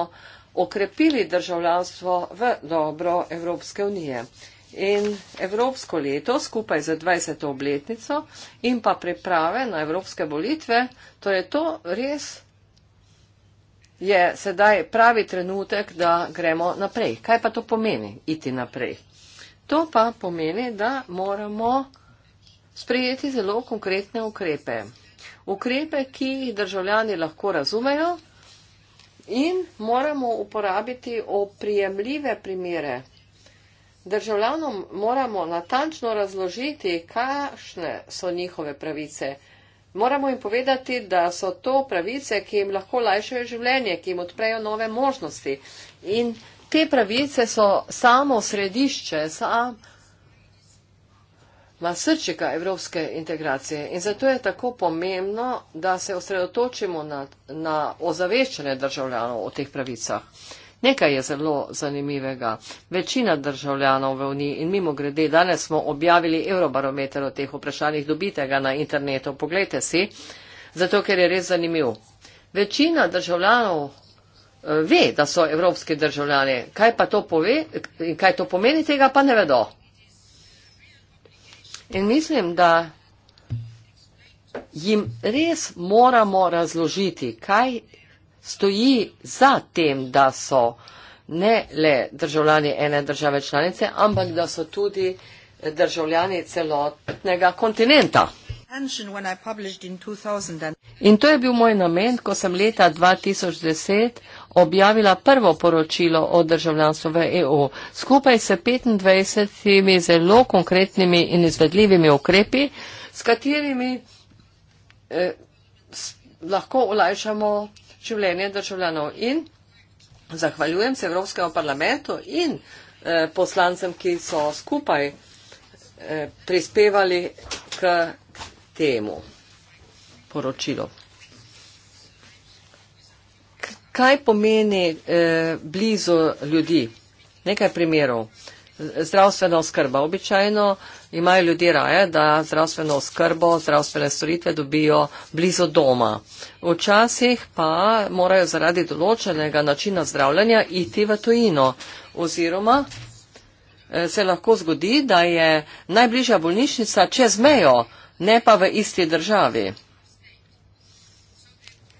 okrepili državljanstvo v dobro Evropske unije. In Evropsko leto skupaj za 20. obletnico in pa priprave na Evropske volitve, to je to res je sedaj pravi trenutek, da gremo naprej. Kaj pa to pomeni, iti naprej? To pa pomeni, da moramo sprejeti zelo konkretne ukrepe. Ukrepe, ki jih državljani lahko razumejo in moramo uporabiti oprijemljive primere. Državljanom moramo natančno razložiti, kakšne so njihove pravice. Moramo jim povedati, da so to pravice, ki jim lahko lajšajo življenje, ki jim odprejo nove možnosti. In te pravice so samo središče, sam ma srčika evropske integracije. In zato je tako pomembno, da se osredotočimo na, na ozaveščanje državljanov o teh pravicah. Nekaj je zelo zanimivega. Večina državljanov v Uniji in mimo grede, danes smo objavili eurobarometer o teh vprašanjih, dobite ga na internetu, pogledajte si, zato ker je res zanimiv. Večina državljanov ve, da so evropski državljani. Kaj pa to pove in kaj to pomeni, tega pa ne vedo. In mislim, da jim res moramo razložiti, kaj stoji za tem, da so ne le državljani ene države članice, ampak da so tudi državljani celotnega kontinenta. In to je bil moj namen, ko sem leta 2010 objavila prvo poročilo o državljanstvu v EU. Skupaj se 25 zelo konkretnimi in izvedljivimi ukrepi, s katerimi eh, s, lahko olajšamo življenje državljanov. In zahvaljujem se Evropskemu parlamentu in eh, poslancem, ki so skupaj eh, prispevali k temu poročilu kaj pomeni eh, blizu ljudi. Nekaj primerov. Zdravstvena oskrba. Običajno imajo ljudje raje, da zdravstveno oskrbo, zdravstvene storitve dobijo blizu doma. Včasih pa morajo zaradi določenega načina zdravljanja iti v tujino. Oziroma eh, se lahko zgodi, da je najbližja bolnišnica čez mejo, ne pa v isti državi.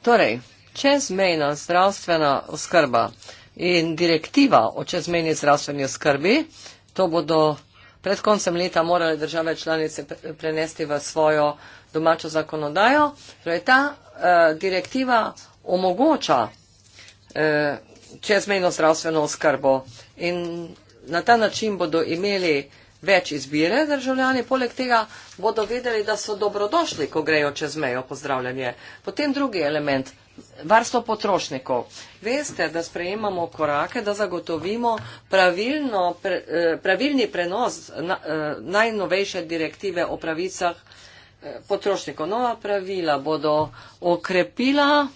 Torej, čezmejna zdravstvena oskrba in direktiva o čezmejni zdravstveni oskrbi, to bodo pred koncem leta morali države članice prenesti v svojo domačo zakonodajo. Torej, ta eh, direktiva omogoča eh, čezmejno zdravstveno oskrbo in na ta način bodo imeli več izbire državljani, poleg tega bodo vedeli, da so dobrodošli, ko grejo čez mejo pozdravljanje. Potem drugi element, Varstvo potrošnikov. Veste, da sprejemamo korake, da zagotovimo pravilno, pre, eh, pravilni prenos na, eh, najnovejše direktive o pravicah eh, potrošnikov. Nova pravila bodo okrepila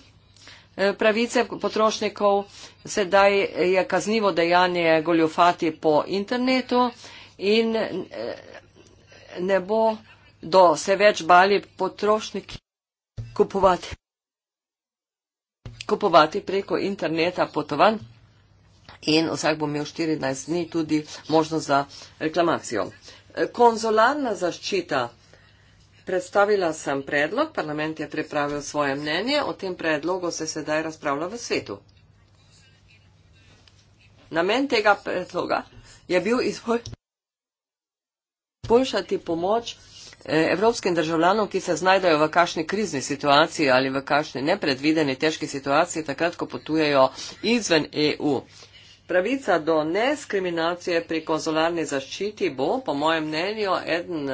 pravice potrošnikov. Sedaj je kaznivo dejanje goljofati po internetu in ne bo do se več bali potrošniki kupovati kupovati preko interneta potovanj in vsak bo imel 14 dni tudi možnost za reklamacijo. Konzularna zaščita. Predstavila sem predlog, parlament je pripravil svoje mnenje, o tem predlogu se sedaj razpravlja v svetu. Namen tega predloga je bil izboljšati pomoč evropskim državljanom, ki se znajdejo v kakšni krizni situaciji ali v kakšni nepredvideni težki situaciji, takrat, ko potujejo izven EU. Pravica do neskriminacije pri konzularni zaščiti bo, po mojem mnenju, eden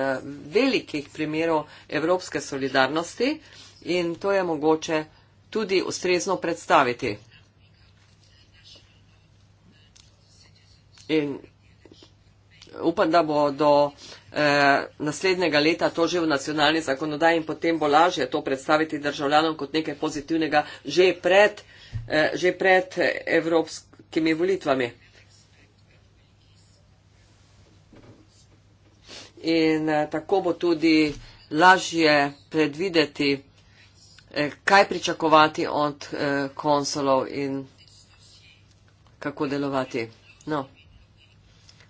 velikih primerov evropske solidarnosti in to je mogoče tudi ustrezno predstaviti. In upam, da bo do Eh, naslednjega leta to že v nacionalni zakonodaji in potem bo lažje to predstaviti državljanom kot nekaj pozitivnega že pred, eh, že pred evropskimi volitvami. In eh, tako bo tudi lažje predvideti, eh, kaj pričakovati od eh, konsolov in kako delovati. No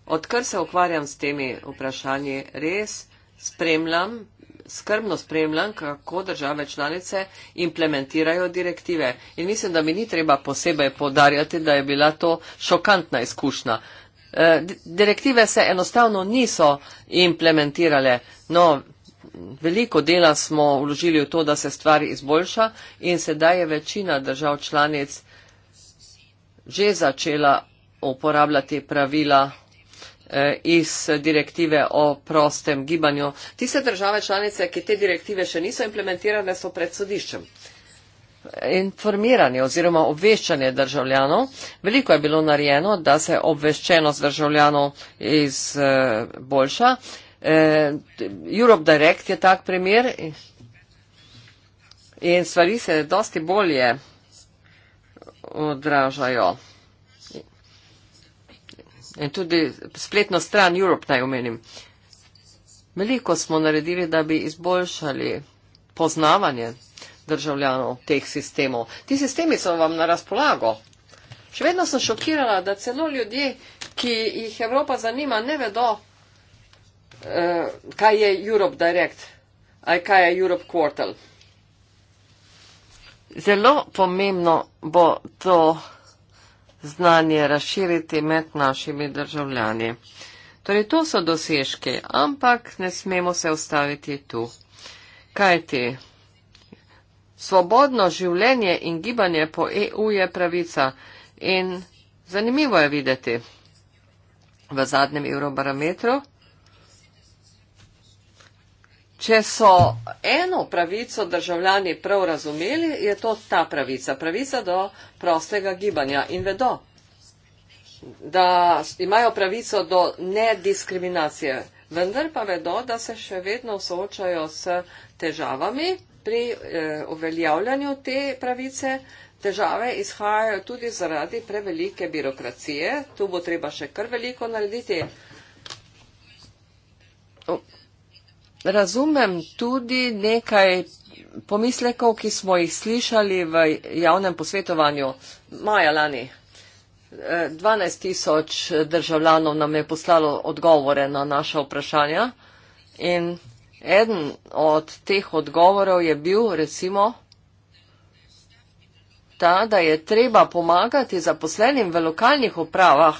odkar se ukvarjam s temi vprašanji, res spremljam, skrbno spremljam, kako države članice implementirajo direktive. In mislim, da mi ni treba posebej podarjati, da je bila to šokantna izkušnja. E, direktive se enostavno niso implementirale. No, veliko dela smo vložili v to, da se stvari izboljša in sedaj je večina držav članic že začela uporabljati pravila Eh, iz direktive o prostem gibanju. Tiste države članice, ki te direktive še niso implementirane, so pred sodiščem. Informiranje oziroma obveščanje državljanov. Veliko je bilo narejeno, da se obveščenost državljanov izboljša. Eh, eh, Europe Direct je tak primer in stvari se dosti bolje odražajo in tudi spletno stran Europe naj omenim. Veliko smo naredili, da bi izboljšali poznavanje državljanov teh sistemov. Ti sistemi so vam na razpolago. Še vedno sem šokirala, da celo ljudje, ki jih Evropa zanima, ne vedo, eh, kaj je Europe Direct ali kaj je Europe Quartal. Zelo pomembno bo to znanje razširiti med našimi državljani. Torej, to so dosežki, ampak ne smemo se ustaviti tu. Kaj ti? Svobodno življenje in gibanje po EU je pravica in zanimivo je videti. V zadnjem eurobarometru Če so eno pravico državljani prav razumeli, je to ta pravica, pravica do prostega gibanja in vedo, da imajo pravico do nediskriminacije, vendar pa vedo, da se še vedno soočajo s težavami pri eh, uveljavljanju te pravice. Težave izhajajo tudi zaradi prevelike birokracije. Tu bo treba še kar veliko narediti razumem tudi nekaj pomislekov, ki smo jih slišali v javnem posvetovanju maja lani. 12 e, tisoč državljanov nam je poslalo odgovore na naša vprašanja in eden od teh odgovorov je bil recimo ta, da je treba pomagati zaposlenim v lokalnih upravah,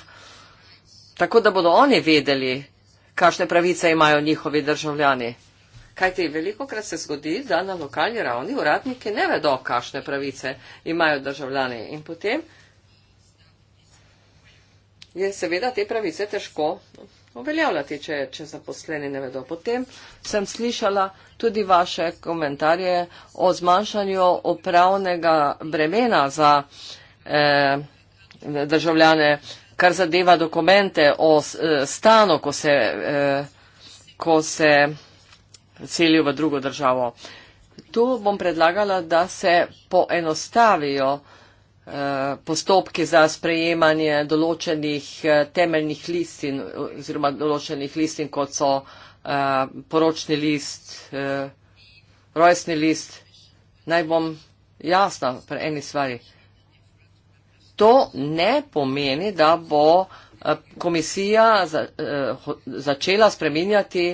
tako da bodo oni vedeli, kakšne pravice imajo njihovi državljani. Kaj ti veliko krat se zgodi, da na lokalni ravni uradniki ne vedo, kakšne pravice imajo državljani in potem je seveda te pravice težko uveljavljati, če, če zaposleni ne vedo. Potem sem slišala tudi vaše komentarje o zmanjšanju upravnega bremena za eh, državljane eh, kar zadeva dokumente o eh, stanu, ko se, eh, ko se celijo v drugo državo. Tu bom predlagala, da se poenostavijo eh, postopki za sprejemanje določenih temeljnih listin oziroma določenih listin, kot so poročni list, rojstni list. Naj bom jasna pri eni stvari. To ne pomeni, da bo eh, komisija eh, začela spreminjati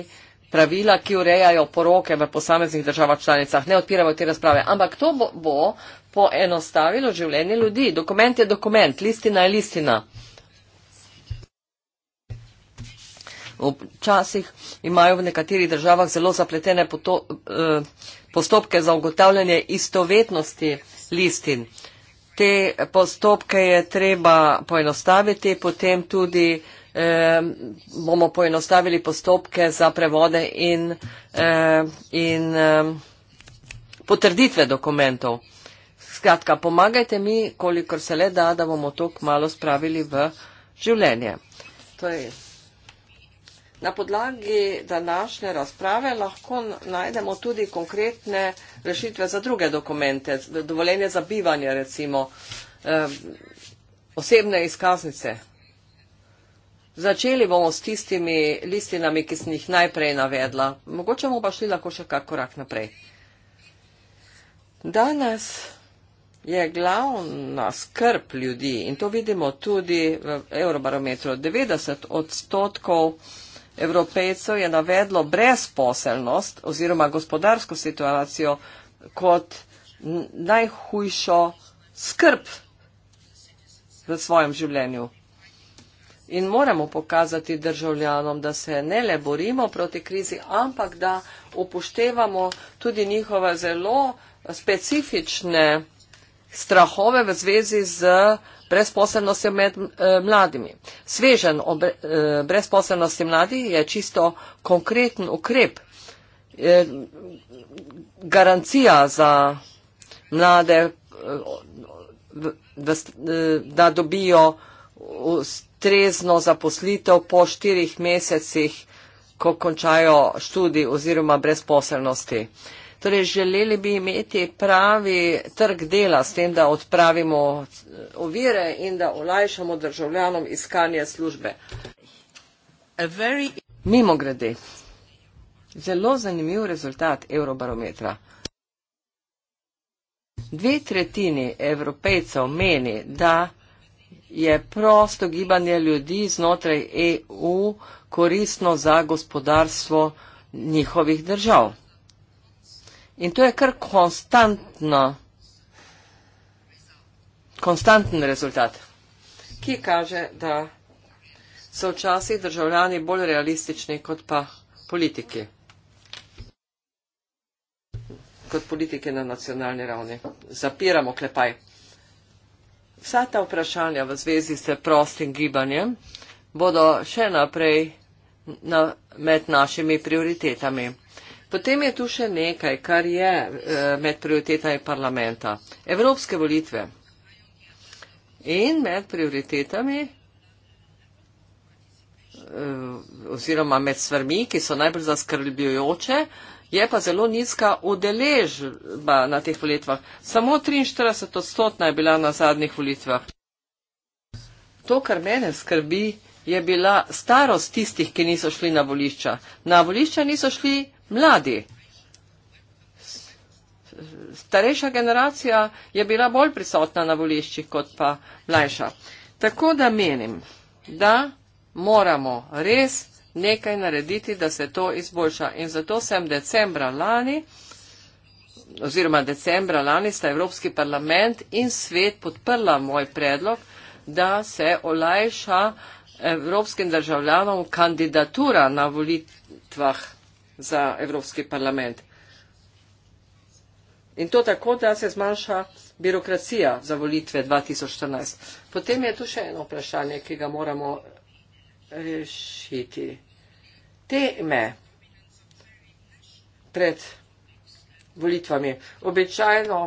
pravila, ki urejajo poroke v posameznih državah članicah. Ne odpiramo te razprave, ampak to bo poenostavilo življenje ljudi. Dokument je dokument, listina je listina. Včasih imajo v nekaterih državah zelo zapletene poto, eh, postopke za ugotavljanje istovetnosti listin te postopke je treba poenostaviti, potem tudi eh, bomo poenostavili postopke za prevode in, eh, in eh, potrditve dokumentov. Skratka, pomagajte mi, kolikor se le da, da bomo to malo spravili v življenje. To je. Na podlagi današnje razprave lahko najdemo tudi konkretne rešitve za druge dokumente, dovoljenje za bivanje recimo, osebne izkaznice. Začeli bomo s tistimi listinami, ki sem jih najprej navedla. Mogoče bomo pa šli lahko še kak korak naprej. Danes je glavna skrb ljudi in to vidimo tudi v Eurobarometru. 90 odstotkov ljudi evropejcev je navedlo brezposelnost oziroma gospodarsko situacijo kot najhujšo skrb v svojem življenju. In moramo pokazati državljanom, da se ne le borimo proti krizi, ampak da upoštevamo tudi njihove zelo specifične strahove v zvezi z brezposelnostjo med eh, mladimi. Svežen o eh, brezposelnosti mladi je čisto konkreten ukrep, eh, garancija za mlade, da dobijo ustrezno zaposlitev po štirih mesecih, ko končajo študij oziroma brezposelnosti. Torej, želeli bi imeti pravi trg dela s tem, da odpravimo ovire in da olajšamo državljanom iskanje službe. Mimo grede, zelo zanimiv rezultat Eurobarometra. Dve tretjini evropejcev meni, da je prosto gibanje ljudi znotraj EU koristno za gospodarstvo njihovih držav. In to je kar konstantno, konstanten rezultat, ki kaže, da so včasih državljani bolj realistični kot pa politiki. Kot politike na nacionalni ravni. Zapiramo klepaj. Vsa ta vprašanja v zvezi s prostim gibanjem bodo še naprej na, med našimi prioritetami. Potem je tu še nekaj, kar je eh, med prioritetami parlamenta. Evropske volitve. In med prioritetami eh, oziroma med svrmi, ki so najbolj zaskrbljujoče, je pa zelo nizka udeležba na teh volitvah. Samo 43 odstotna je bila na zadnjih volitvah. To, kar mene skrbi, je bila starost tistih, ki niso šli na volišča. Na volišča niso šli mladi. Starejša generacija je bila bolj prisotna na voliščih kot pa mlajša. Tako da menim, da moramo res nekaj narediti, da se to izboljša. In zato sem decembra lani, oziroma decembra lani sta Evropski parlament in svet podprla moj predlog, da se olajša uh, evropskim državljanom kandidatura na volitvah za Evropski parlament. In to tako, da se zmanjša birokracija za volitve 2014. Potem je tu še eno vprašanje, ki ga moramo rešiti. Teme pred volitvami. Običajno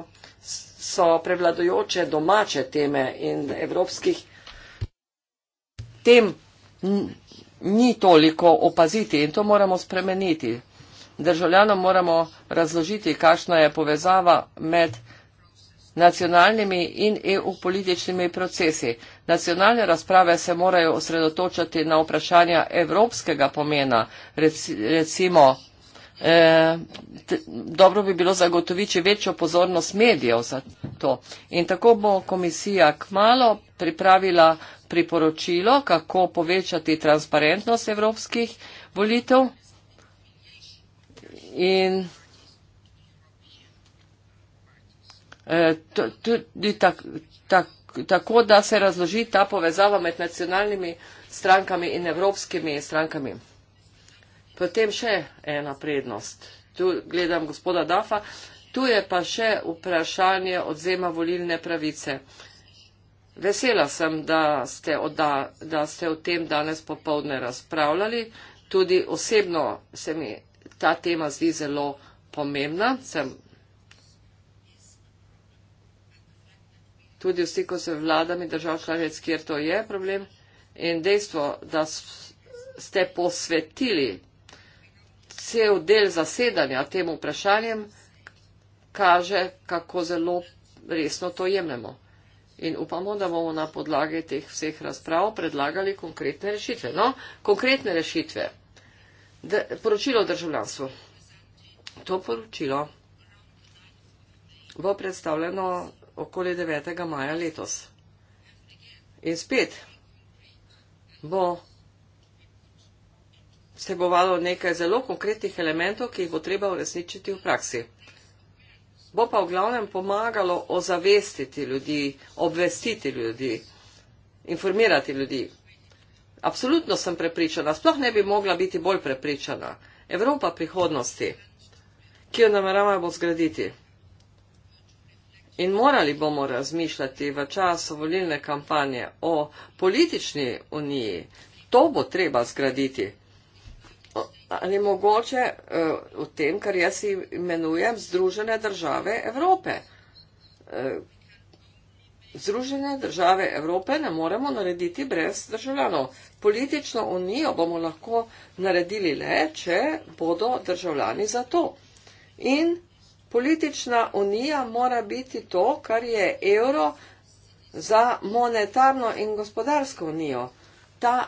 so prevladojoče domače teme in evropskih tem ni toliko opaziti in to moramo spremeniti. Državljanom moramo razložiti, kakšna je povezava med nacionalnimi in EU političnimi procesi. Nacionalne razprave se morajo osredotočati na vprašanja evropskega pomena, recimo eh, dobro bi bilo zagotoviti še večjo pozornost medijev za to. In tako bo komisija kmalo pripravila priporočilo, kako povečati transparentnost evropskih volitev. In eh, Tudi tak, tak, tako, da se razloži ta povezava med nacionalnimi strankami in evropskimi strankami. Potem še ena prednost. Tu gledam gospoda Dafa. Tu je pa še vprašanje odzema volilne pravice. Vesela sem, da ste, oda, da ste o tem danes popovdne razpravljali. Tudi osebno se mi ta tema zdi zelo pomembna. Sem tudi v stiku z vladami držav članic, kjer to je problem. In dejstvo, da ste posvetili cel del zasedanja tem vprašanjem, kaže, kako zelo resno to jemljemo. In upamo, da bomo na podlage teh vseh razprav predlagali konkretne rešitve. No, konkretne rešitve. De, poročilo državljanstvu. To poročilo bo predstavljeno okoli 9. maja letos. In spet bo vsebovalo nekaj zelo konkretnih elementov, ki jih bo treba uresničiti v praksi. Bo pa v glavnem pomagalo ozavestiti ljudi, obvestiti ljudi, informirati ljudi. Absolutno sem prepričana, sploh ne bi mogla biti bolj prepričana. Evropa prihodnosti, ki jo nameravamo zgraditi. In morali bomo razmišljati v času volilne kampanje o politični uniji. To bo treba zgraditi ali mogoče uh, v tem, kar jaz imenujem Združene države Evrope. Uh, Združene države Evrope ne moremo narediti brez državljanov. Politično unijo bomo lahko naredili le, če bodo državljani za to. In politična unija mora biti to, kar je evro za monetarno in gospodarsko unijo. Ta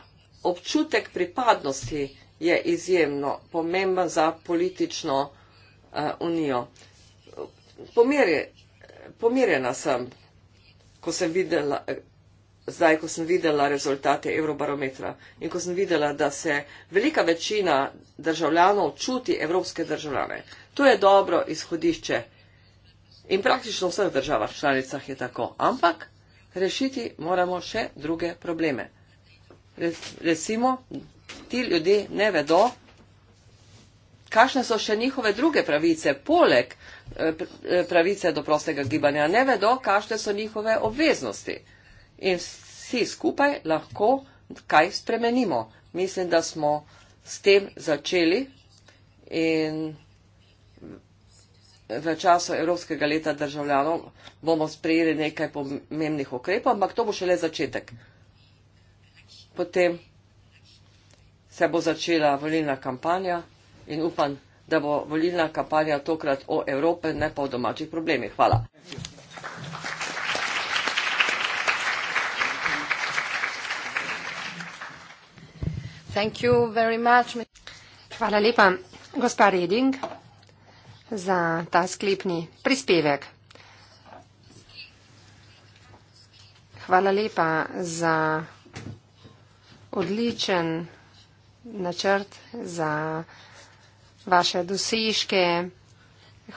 občutek pripadnosti je izjemno pomemben za politično uh, unijo. Pomirje, pomirjena sem, ko sem videla, eh, zdaj, ko sem videla rezultate Eurobarometra in ko sem videla, da se velika večina državljanov čuti evropske državljane. To je dobro izhodišče in praktično v vseh državah članicah je tako. Ampak rešiti moramo še druge probleme. Recimo, ti ljudje ne vedo, kakšne so še njihove druge pravice, poleg eh, eh, pravice do prostega gibanja, ne vedo, kakšne so njihove obveznosti. In vsi skupaj lahko kaj spremenimo. Mislim, da smo s tem začeli in v času Evropskega leta državljanov bomo sprejeli nekaj pomembnih ukrepov, ampak to bo šele začetek. Potem se bo začela volilna kampanja in upam, da bo volilna kampanja tokrat o Evropi, ne pa o domačih problemih. Hvala. Hvala lepa, gospa Reding, za ta sklepni prispevek. Hvala lepa za odličen načrt, za vaše dosežke.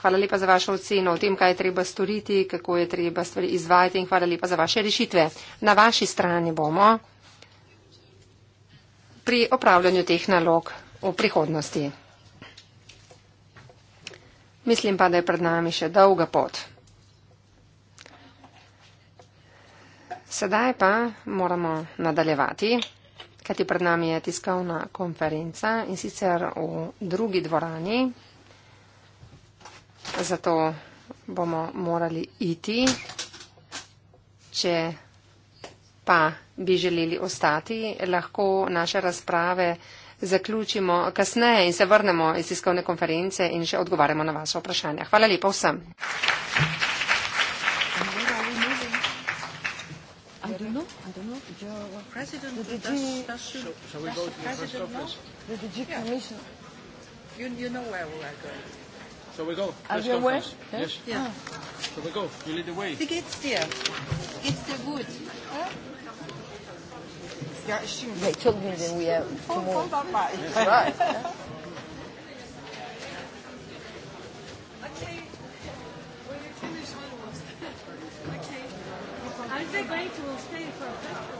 Hvala lepa za vašo oceno o tem, kaj je treba storiti, kako je treba stvari izvajati in hvala lepa za vaše rešitve. Na vaši strani bomo pri opravljanju teh nalog v prihodnosti. Mislim pa, da je pred nami še dolga pot. Sedaj pa moramo nadaljevati kajti pred nami je tiskovna konferenca in sicer v drugi dvorani. Zato bomo morali iti. Če pa bi želeli ostati, lahko naše razprave zaključimo kasneje in se vrnemo iz tiskovne konference in še odgovarjamo na vaše vprašanja. Hvala lepa vsem. Mr. President, the DG, does, does, shall, shall does we go the, to the President know? The DG yeah. Commission. You, you know where we are going. Shall we go? Are you aware? Yes. yes. Yeah. Ah. Shall we go? You lead the way. The gates there. It's the wood. Huh? They told me that we have two more. That's yes. right. Yeah? Okay, are they going to stay for a festival?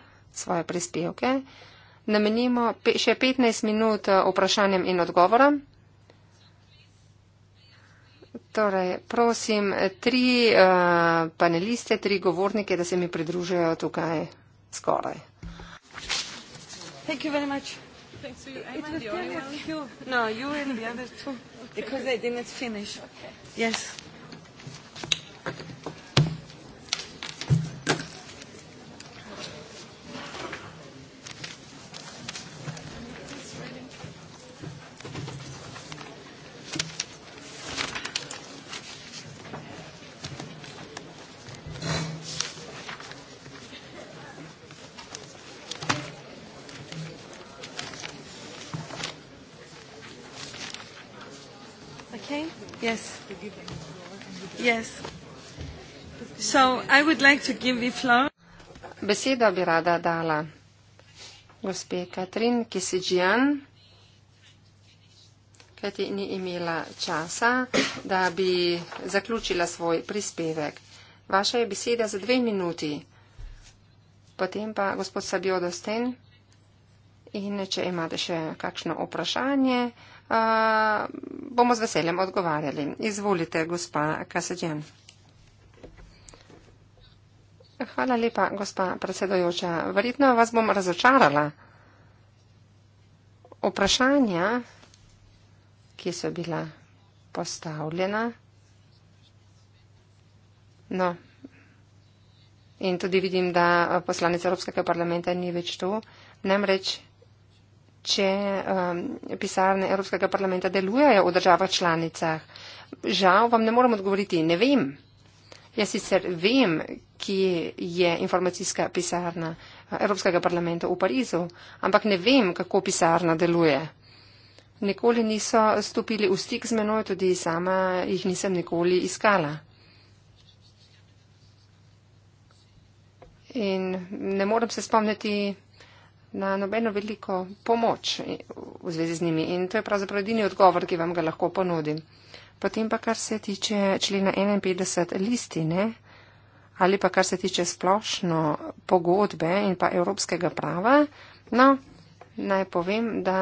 svoje prispevke. Namenimo še 15 minut eh, vprašanjem in odgovorom. Torej, prosim tri uh, paneliste, tri govornike, da se mi pridružijo tukaj skoraj. Thank you very much. Thanks for you. It was very good. No, you and the other two. Okay. Because they didn't finish. Okay. Yes. Besedo bi rada dala gospe Katrin Kisidžian, kajti ni imela časa, da bi zaključila svoj prispevek. Vaša je beseda za dve minuti, potem pa gospod Sabijo Dosten. In če imate še kakšno vprašanje, uh, bomo z veseljem odgovarjali. Izvolite, gospa Kasadjan. Hvala lepa, gospa predsedojoča. Verjetno vas bom razočarala. Vprašanja, ki so bila postavljena. No. In tudi vidim, da poslanec Evropskega parlamenta ni več tu. Namreč, če um, pisarne Evropskega parlamenta delujejo v državah članicah, žal vam ne morem odgovoriti. Ne vem. Jaz sicer vem, kje je informacijska pisarna eh, Evropskega parlamenta v Parizu, ampak ne vem, kako pisarna deluje. Nikoli niso stopili v stik z menoj, tudi sama jih nisem nikoli iskala. In ne moram se spomniti na nobeno veliko pomoč v zvezi z njimi. In to je pravzaprav edini odgovor, ki vam ga lahko ponudim. Potem pa kar se tiče člena 51 listine ali pa kar se tiče splošno pogodbe in pa evropskega prava, no, naj povem, da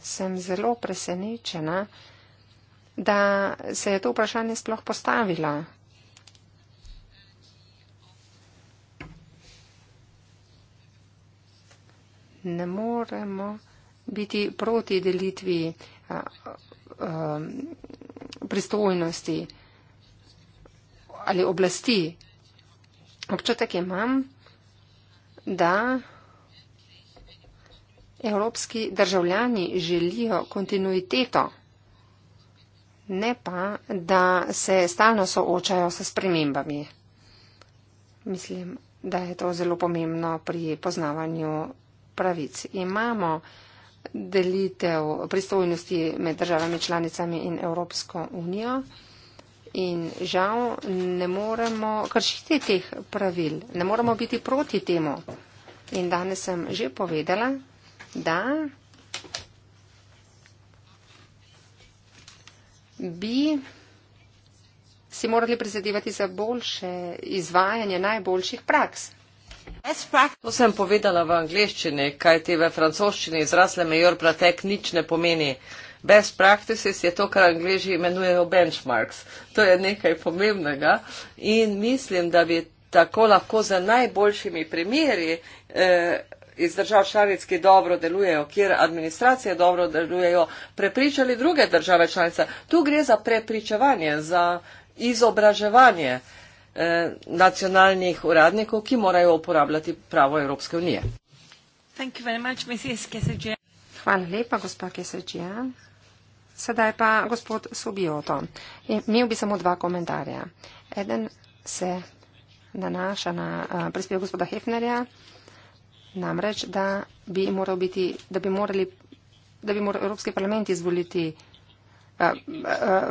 sem zelo presenečena, da se je to vprašanje sploh postavilo. Ne moremo biti proti delitvi. A, a, pristojnosti ali oblasti. Občutek imam, da evropski državljani želijo kontinuiteto, ne pa, da se stalno soočajo s spremembami. Mislim, da je to zelo pomembno pri poznavanju pravic. Imamo delitev pristojnosti med državami članicami in Evropsko unijo. In žal ne moremo kršiti teh pravil, ne moremo biti proti temu. In danes sem že povedala, da bi si morali prizadevati za boljše izvajanje najboljših praks. To sem povedala v angleščini, kaj ti v francoščini izrasle major pratek nič ne pomeni. Best practices je to, kar angleži imenujejo benchmarks. To je nekaj pomembnega in mislim, da bi tako lahko z najboljšimi primeri eh, iz držav članic, ki dobro delujejo, kjer administracije dobro delujejo, prepričali druge države članice. Tu gre za prepričevanje, za izobraževanje. Eh, Eh, nacionalnih uradnikov, ki morajo uporabljati pravo Evropske unije. Hvala lepa, gospa Kesečijan. Sedaj pa gospod Subioto. Imel bi samo dva komentarja. Eden se nanaša na eh, prispevek gospoda Hefnerja, namreč, da bi, moral biti, da bi morali da bi moral Evropski parlament izvoliti eh,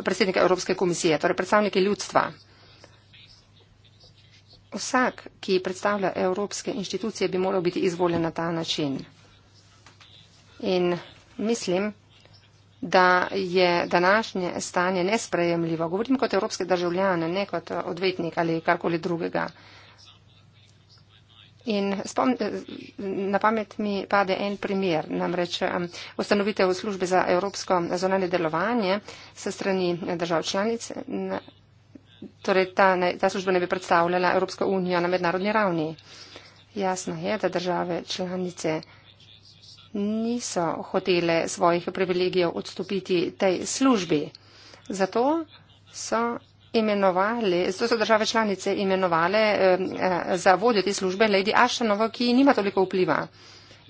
predsednika Evropske komisije, torej predstavnike ljudstva. Vsak, ki predstavlja evropske inštitucije, bi moral biti izvoljen na ta način. In mislim, da je današnje stanje nesprejemljivo. Govorim kot evropske državljane, ne kot odvetnik ali karkoli drugega. In na pamet mi pade en primer, namreč um, ustanovitev službe za evropsko zonanje delovanje se strani eh, držav članic torej ta, ne, ta služba ne bi predstavljala Evropska unija na mednarodni ravni. Jasno je, da države članice niso hotele svojih privilegijev odstopiti tej službi. Zato so, zato so države članice imenovali eh, za vodjo te službe Lady Ashtonovo, ki nima toliko vpliva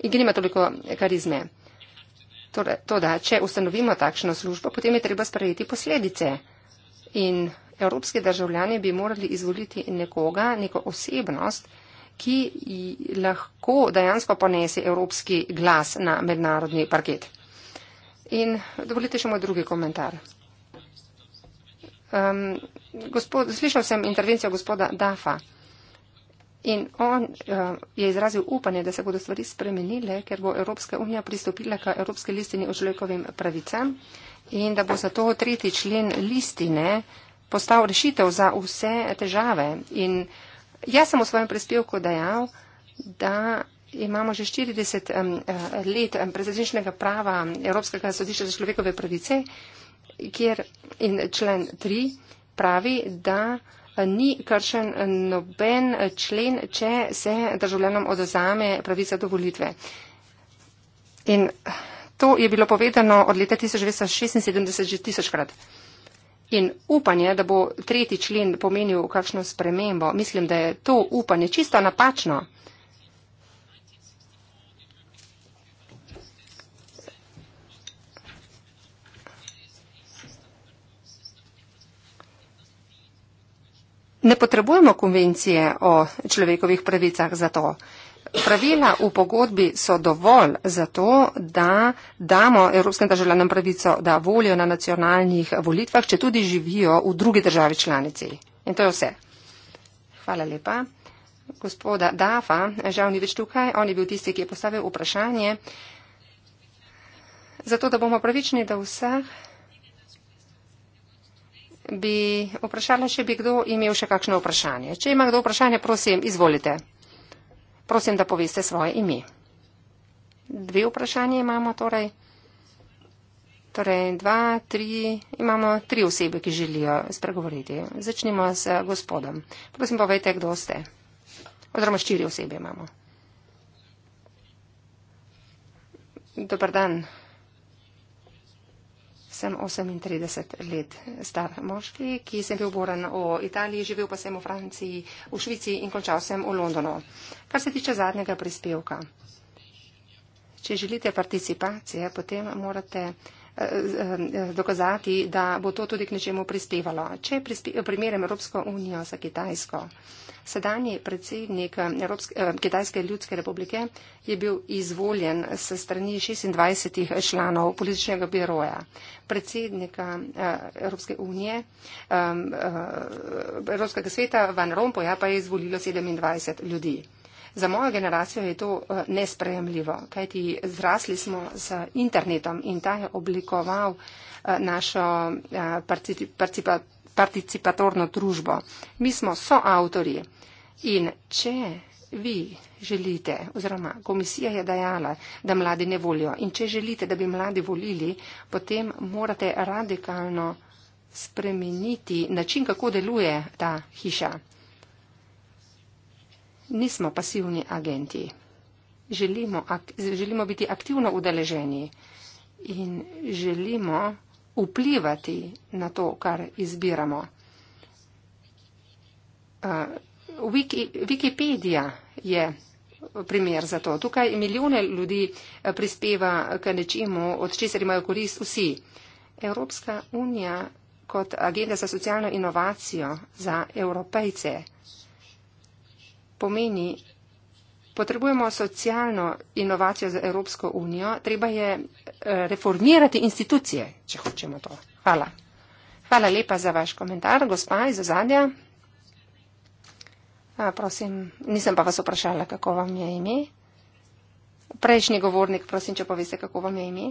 in ki nima toliko karizme. Torej, to, da če ustanovimo takšno službo, potem je treba sprejeti posledice. In evropski državljani bi morali izvoliti nekoga, neko osebnost, ki lahko dejansko ponese evropski glas na mednarodni parket. In dovolite še moj drugi komentar. Um, gospod, slišal sem intervencijo gospoda Dafa in on um, je izrazil upanje, da se bodo stvari spremenile, ker bo Evropska unija pristopila k Evropske listini o človekovim pravicam in da bo zato tretji člen listine postal rešitev za vse težave. In jaz sem v svojem prispevku dejal, da imamo že 40 eh, let prezidenčnega prava Evropskega sodišča za človekove pravice, kjer in člen 3 pravi, da eh, ni kršen eh, noben člen, če se državljanom odozame pravica do volitve. In to je bilo povedano od leta 1976 že tisočkrat. In upanje, da bo tretji člen pomenil kakšno spremembo, mislim, da je to upanje čisto napačno. Ne potrebujemo konvencije o človekovih pravicah za to. Pravila v pogodbi so dovolj za to, da damo evropskim državljanom pravico, da volijo na nacionalnih volitvah, če tudi živijo v drugi državi članici. In to je vse. Hvala lepa. Gospoda Dafa, žal ni več tukaj, on je bil tisti, ki je postavil vprašanje. Zato, da bomo pravični do vseh, bi vprašala, če bi kdo imel še kakšno vprašanje. Če ima kdo vprašanje, prosim, izvolite. Prosim, da poveste svoje ime. Dve vprašanje imamo torej. Torej, dva, tri, imamo tri osebe, ki želijo spregovoriti. Začnimo s gospodom. Prosim, povejte, kdo ste. Oziroma štiri osebe imamo. Dobar dan sem 38 let star moški, ki sem bil boren v Italiji, živel pa sem v Franciji, v Švici in končal sem v Londonu. Kar se tiče zadnjega prispevka, če želite participacije, potem morate. Eh, dokazati, da bo to tudi k nečemu prispevalo. Če primerjam Evropsko unijo za Kitajsko, sedanji predsednik eh, Evropske, eh, Kitajske ljudske republike je bil izvoljen s strani 26 članov političnega biroja. Predsednika eh, Evropske unije, eh, eh Evropskega sveta Van Rompoja pa je izvolilo 27 ljudi. Za mojo generacijo je to eh, nesprejemljivo, kajti zrasli smo z internetom in ta je oblikoval eh, našo eh, participatorno družbo. Mi smo soautori in če vi želite, oziroma komisija je dajala, da mladi ne volijo in če želite, da bi mladi volili, potem morate radikalno spremeniti način, kako deluje ta hiša nismo pasivni agenti. Želimo, ak, želimo biti aktivno udeleženi in želimo vplivati na to, kar izbiramo. Uh, Wiki, Wikipedia je primer za to. Tukaj milijone ljudi eh, prispeva k nečemu, od česar imajo korist vsi. Evropska unija kot agenda za socialno inovacijo za evropejce pomeni, potrebujemo socialno inovacijo za Evropsko unijo, treba je eh, reformirati institucije, če hočemo to. Hvala. Hvala lepa za vaš komentar, gospa iz zadnja. A, prosim, nisem pa vas vprašala, kako vam je ime. Prejšnji govornik, prosim, če poveste, kako vam je ime.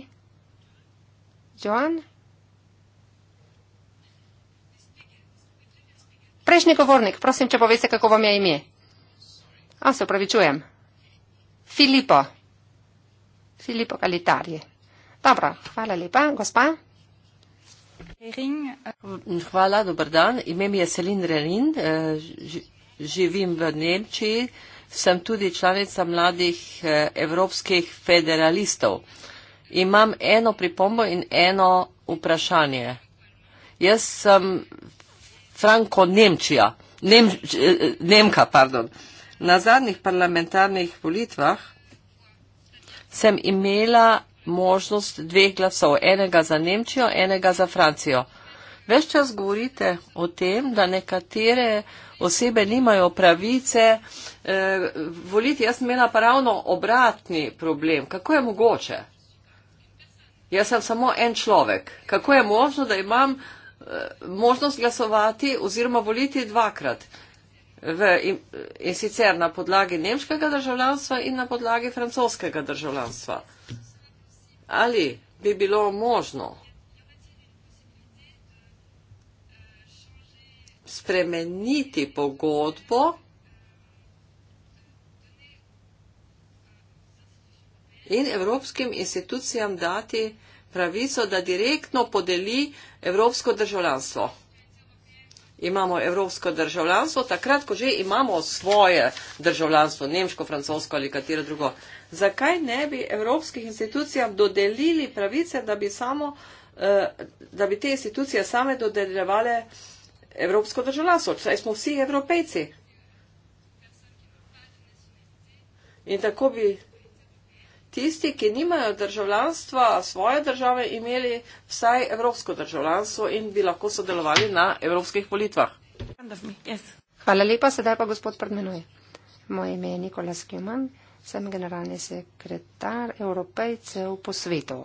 Joan? Prejšnji govornik, prosim, če poveste, kako vam je ime. A se upravičujem. Filipo. Filipo Kalitarji. Dobro, hvala lepa, gospa. Hvala, dober dan. Ime mi je Selin Renin, eh, živim v Nemčiji, sem tudi članica mladih eh, evropskih federalistov. Imam eno pripombo in eno vprašanje. Jaz sem Franko Nemčija, Nemč, eh, Nemka, pardon. Na zadnjih parlamentarnih volitvah sem imela možnost dveh glasov, enega za Nemčijo, enega za Francijo. Ves čas govorite o tem, da nekatere osebe nimajo pravice eh, voliti. Jaz sem imela pa ravno obratni problem. Kako je mogoče? Jaz sem samo en človek. Kako je možno, da imam eh, možnost glasovati oziroma voliti dvakrat? v, in, in sicer na podlagi nemškega državljanstva in na podlagi francoskega državljanstva. Ali bi bilo možno spremeniti pogodbo, In evropskim institucijam dati pravico, da direktno podeli evropsko državljanstvo imamo evropsko državljanstvo, takrat, ko že imamo svoje državljanstvo, nemško, francosko ali katero drugo, zakaj ne bi evropskih institucijam dodelili pravice, da bi, samo, eh, da bi te institucije same dodeljevale evropsko državljanstvo? Saj smo vsi evropejci. In tako bi tisti, ki nimajo državljanstva svoje države, imeli vsaj evropsko državljanstvo in bi lahko sodelovali na evropskih volitvah. Hvala lepa, sedaj pa gospod predmenuj. Moje ime je Nikola Skjuman, sem generalni sekretar evropejcev po svetu.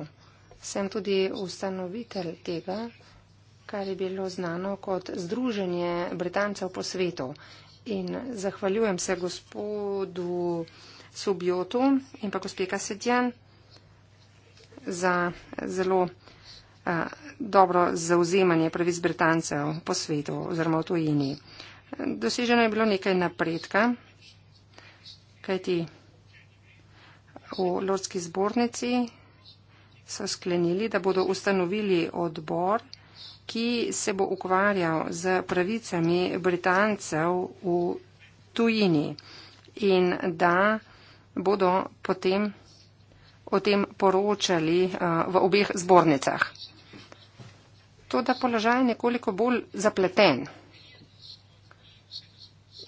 Sem tudi ustanovitelj tega, kar je bilo znano kot Združenje Britancev po svetu. In zahvaljujem se gospodu. Subjotu in pa gospe Kasetjan za zelo a, eh, dobro zauzemanje pravic Britancev po svetu oziroma v tujini. Doseženo je bilo nekaj napredka, kajti v Lordski zbornici so sklenili, da bodo ustanovili odbor, ki se bo ukvarjal z pravicami Britancev v tujini in da bodo potem o tem poročali eh, v obeh zbornicah. Toda položaj je nekoliko bolj zapleten.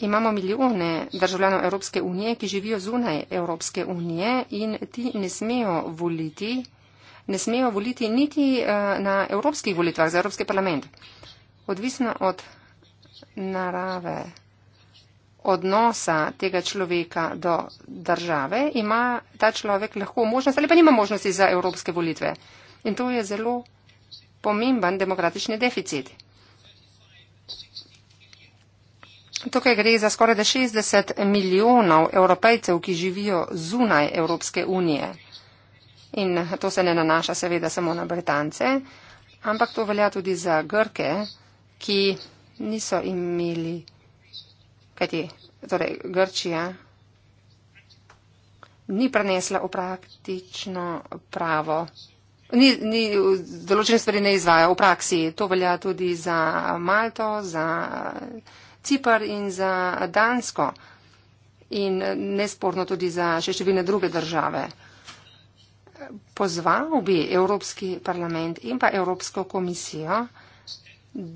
Imamo milijone državljanov Evropske unije, ki živijo zunaj Evropske unije in ti ne smejo voliti, ne smejo voliti niti eh, na evropskih volitvah za Evropski parlament. Odvisno od narave odnosa tega človeka do države, ima ta človek lahko možnost ali pa nima možnosti za evropske volitve. In to je zelo pomemben demokratični deficit. Tukaj gre za skoraj 60 milijonov evropejcev, ki živijo zunaj Evropske unije. In to se ne nanaša seveda samo na Britance, ampak to velja tudi za Grke, ki niso imeli kajti torej, Grčija ni prenesla v praktično pravo, ni, ni določene stvari ne izvaja v praksi. To velja tudi za Malto, za Cipr in za Dansko in nesporno tudi za še številne druge države. Pozval bi Evropski parlament in pa Evropsko komisijo,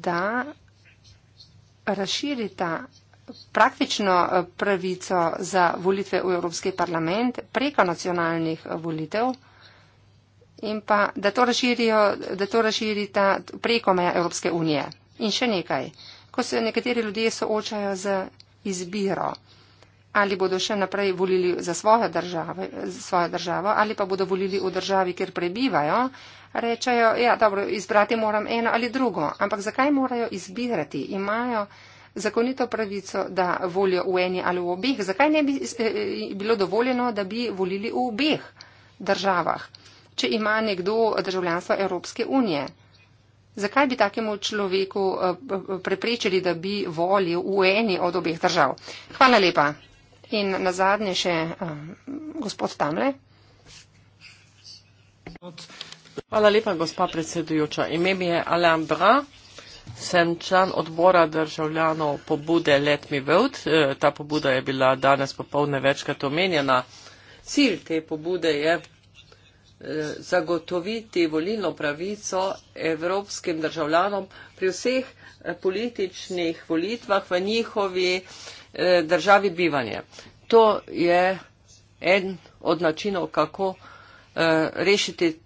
da razširita praktično eh, pravico za volitve v Evropski parlament preko nacionalnih eh, volitev in pa, da to razširijo, da to razširita preko meja Evropske unije. In še nekaj, ko se nekateri ljudje soočajo z izbiro, ali bodo še naprej volili za svojo državo, za svojo državo ali pa bodo volili v državi, kjer prebivajo, rečejo, ja, dobro, izbrati moram eno ali drugo, ampak zakaj morajo izbirati? Imajo zakonito pravico, da volijo v eni ali v obeh. Zakaj ne bi eh, eh, bilo dovoljeno, da bi volili v obeh državah, če ima nekdo državljanstvo Evropske unije? Zakaj bi takemu človeku eh, preprečili, da bi volil v eni od obeh držav? Hvala lepa. In na zadnje še uh, gospod Tamle. Hvala lepa, gospa predsedujoča. Ime mi je Alain Bra. Sem član odbora državljanov pobude Let Me Vote. E, ta pobuda je bila danes popolne večkrat omenjena. Cilj te pobude je e, zagotoviti volilno pravico evropskim državljanom pri vseh e, političnih volitvah v njihovi državi bivanje. To je en od načinov, kako rešiti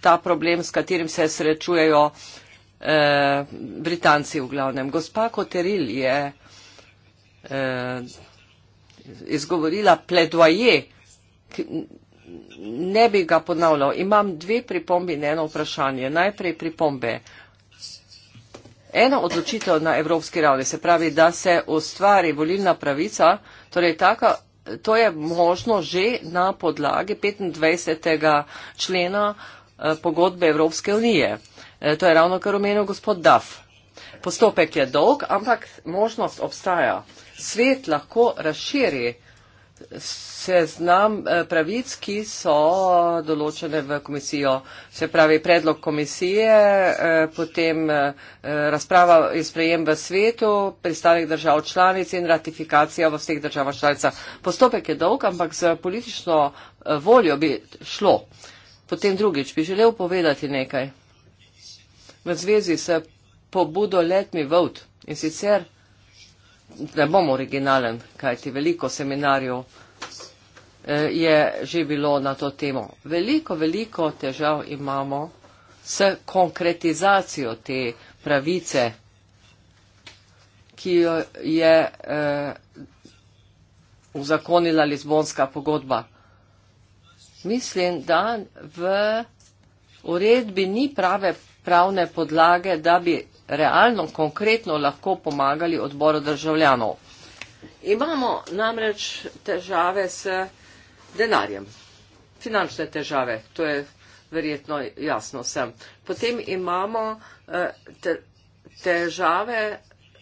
ta problem, s katerim se srečujejo eh, Britanci v glavnem. Gospa Koteril je eh, izgovorila pledoje, ne bi ga ponavljal. Imam dve pripombi na eno vprašanje. Najprej pripombe. Eno odločitev na evropski ravni se pravi, da se ustvari volilna pravica, torej taka, to je možno že na podlagi 25. člena eh, pogodbe Evropske unije. E, to je ravno kar omenil gospod Duff. Postopek je dolg, ampak možnost obstaja. Svet lahko razširi seznam e, pravic, ki so določene v komisijo. Se pravi, predlog komisije, e, potem razprava in sprejem v svetu, pristanek držav članic in ratifikacija v vseh državah članicah. Postopek je dolg, ampak z politično voljo bi šlo. Potem drugič bi želel povedati nekaj v zvezi s pobudo Let Me Vote. In sicer ne bom originalen, kajti veliko seminarjev eh, je že bilo na to temo. Veliko, veliko težav imamo s konkretizacijo te pravice, ki jo je eh, uzakonila Lizbonska pogodba. Mislim, da v uredbi ni prave pravne podlage, da bi realno, konkretno lahko pomagali odboru državljanov. Imamo namreč težave s denarjem, finančne težave, to je verjetno jasno vsem. Potem imamo eh, te, težave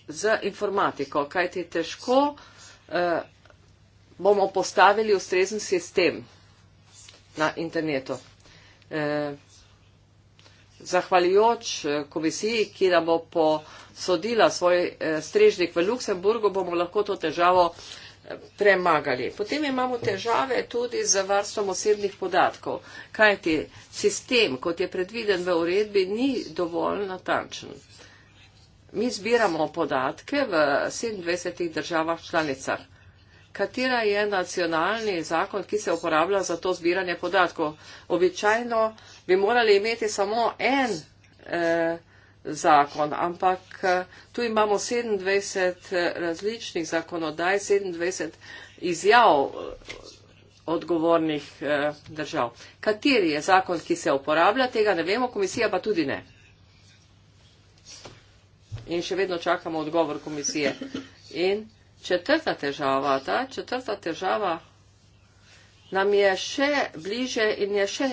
z informatiko, kajti težko eh, bomo postavili ustrezen sistem na internetu. Eh, zahvaljujoč eh, komisiji, ki nam bo posodila svoj eh, strežnik v Luksemburgu, bomo lahko to težavo eh, premagali. Potem imamo težave tudi z varstvom osebnih podatkov, kajti sistem, kot je predviden v uredbi, ni dovolj natančen. Mi zbiramo podatke v 27 državah članicah katera je nacionalni zakon, ki se uporablja za to zbiranje podatkov. Običajno bi morali imeti samo en eh, zakon, ampak eh, tu imamo 27 eh, različnih zakonodaj, 27 izjav eh, odgovornih eh, držav. Kateri je zakon, ki se uporablja, tega ne vemo, komisija pa tudi ne. In še vedno čakamo odgovor komisije. In četrta težava, ta četrta težava nam je še bliže in je še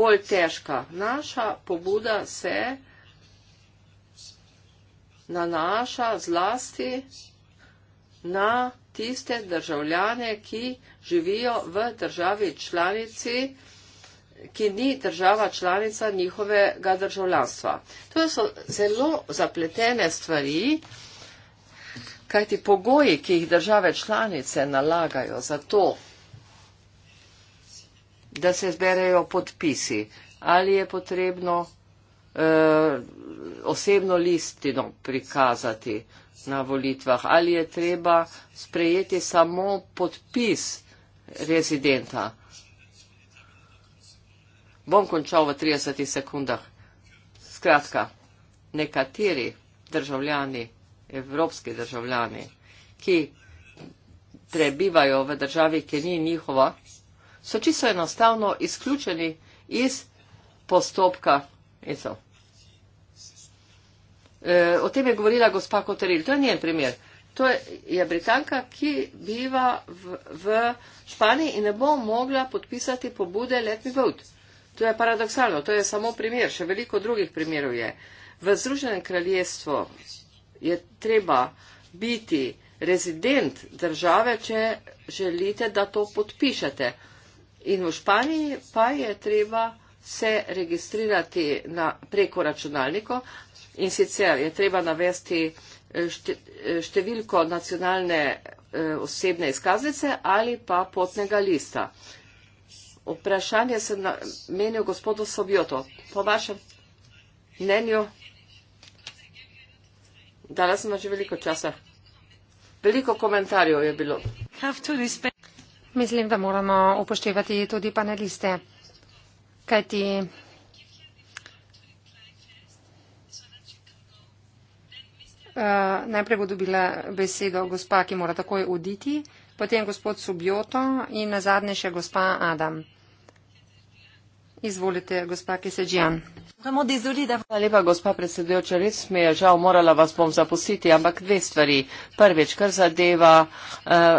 bolj težka. Naša pobuda se nanaša zlasti na tiste državljane, ki živijo v državi članici, ki ni država članica njihovega državljanstva. To so zelo zapletene stvari. Kajti pogoji, ki jih države članice nalagajo za to, da se zberejo podpisi, ali je potrebno eh, osebno listino prikazati na volitvah, ali je treba sprejeti samo podpis rezidenta. Bom končal v 30 sekundah. Skratka, nekateri državljani evropske državljane, ki prebivajo v državi, ki ni njihova, so čisto enostavno izključeni iz postopka. E, o tem je govorila gospa Koteril. To je njen primer. To je Britanka, ki biva v, v Španiji in ne bo mogla podpisati pobude Let me vote. To je paradoksalno, to je samo primer, še veliko drugih primerov je. V Združenem kraljestvu je treba biti rezident države, če želite, da to podpišete. In v Španiji pa je treba se registrirati na, preko računalnika in sicer je treba navesti eh, šte, eh, številko nacionalne eh, osebne izkaznice ali pa potnega lista. Vprašanje sem namenil gospodu Sobjoto. Po vašem mnenju Danes ima že veliko časa. Veliko komentarjev je bilo. Mislim, da moramo upoštevati tudi paneliste, kajti uh, najprej bo dobila besedo gospa, ki mora takoj oditi, potem gospod Subjoto in na zadnje še gospa Adam. Izvolite, gospa Kesedžjan. Ja. Hvala lepa, gospa predsedujoča. Res mi je žal, morala vas bom zapustiti, ampak dve stvari. Prvič, kar zadeva uh,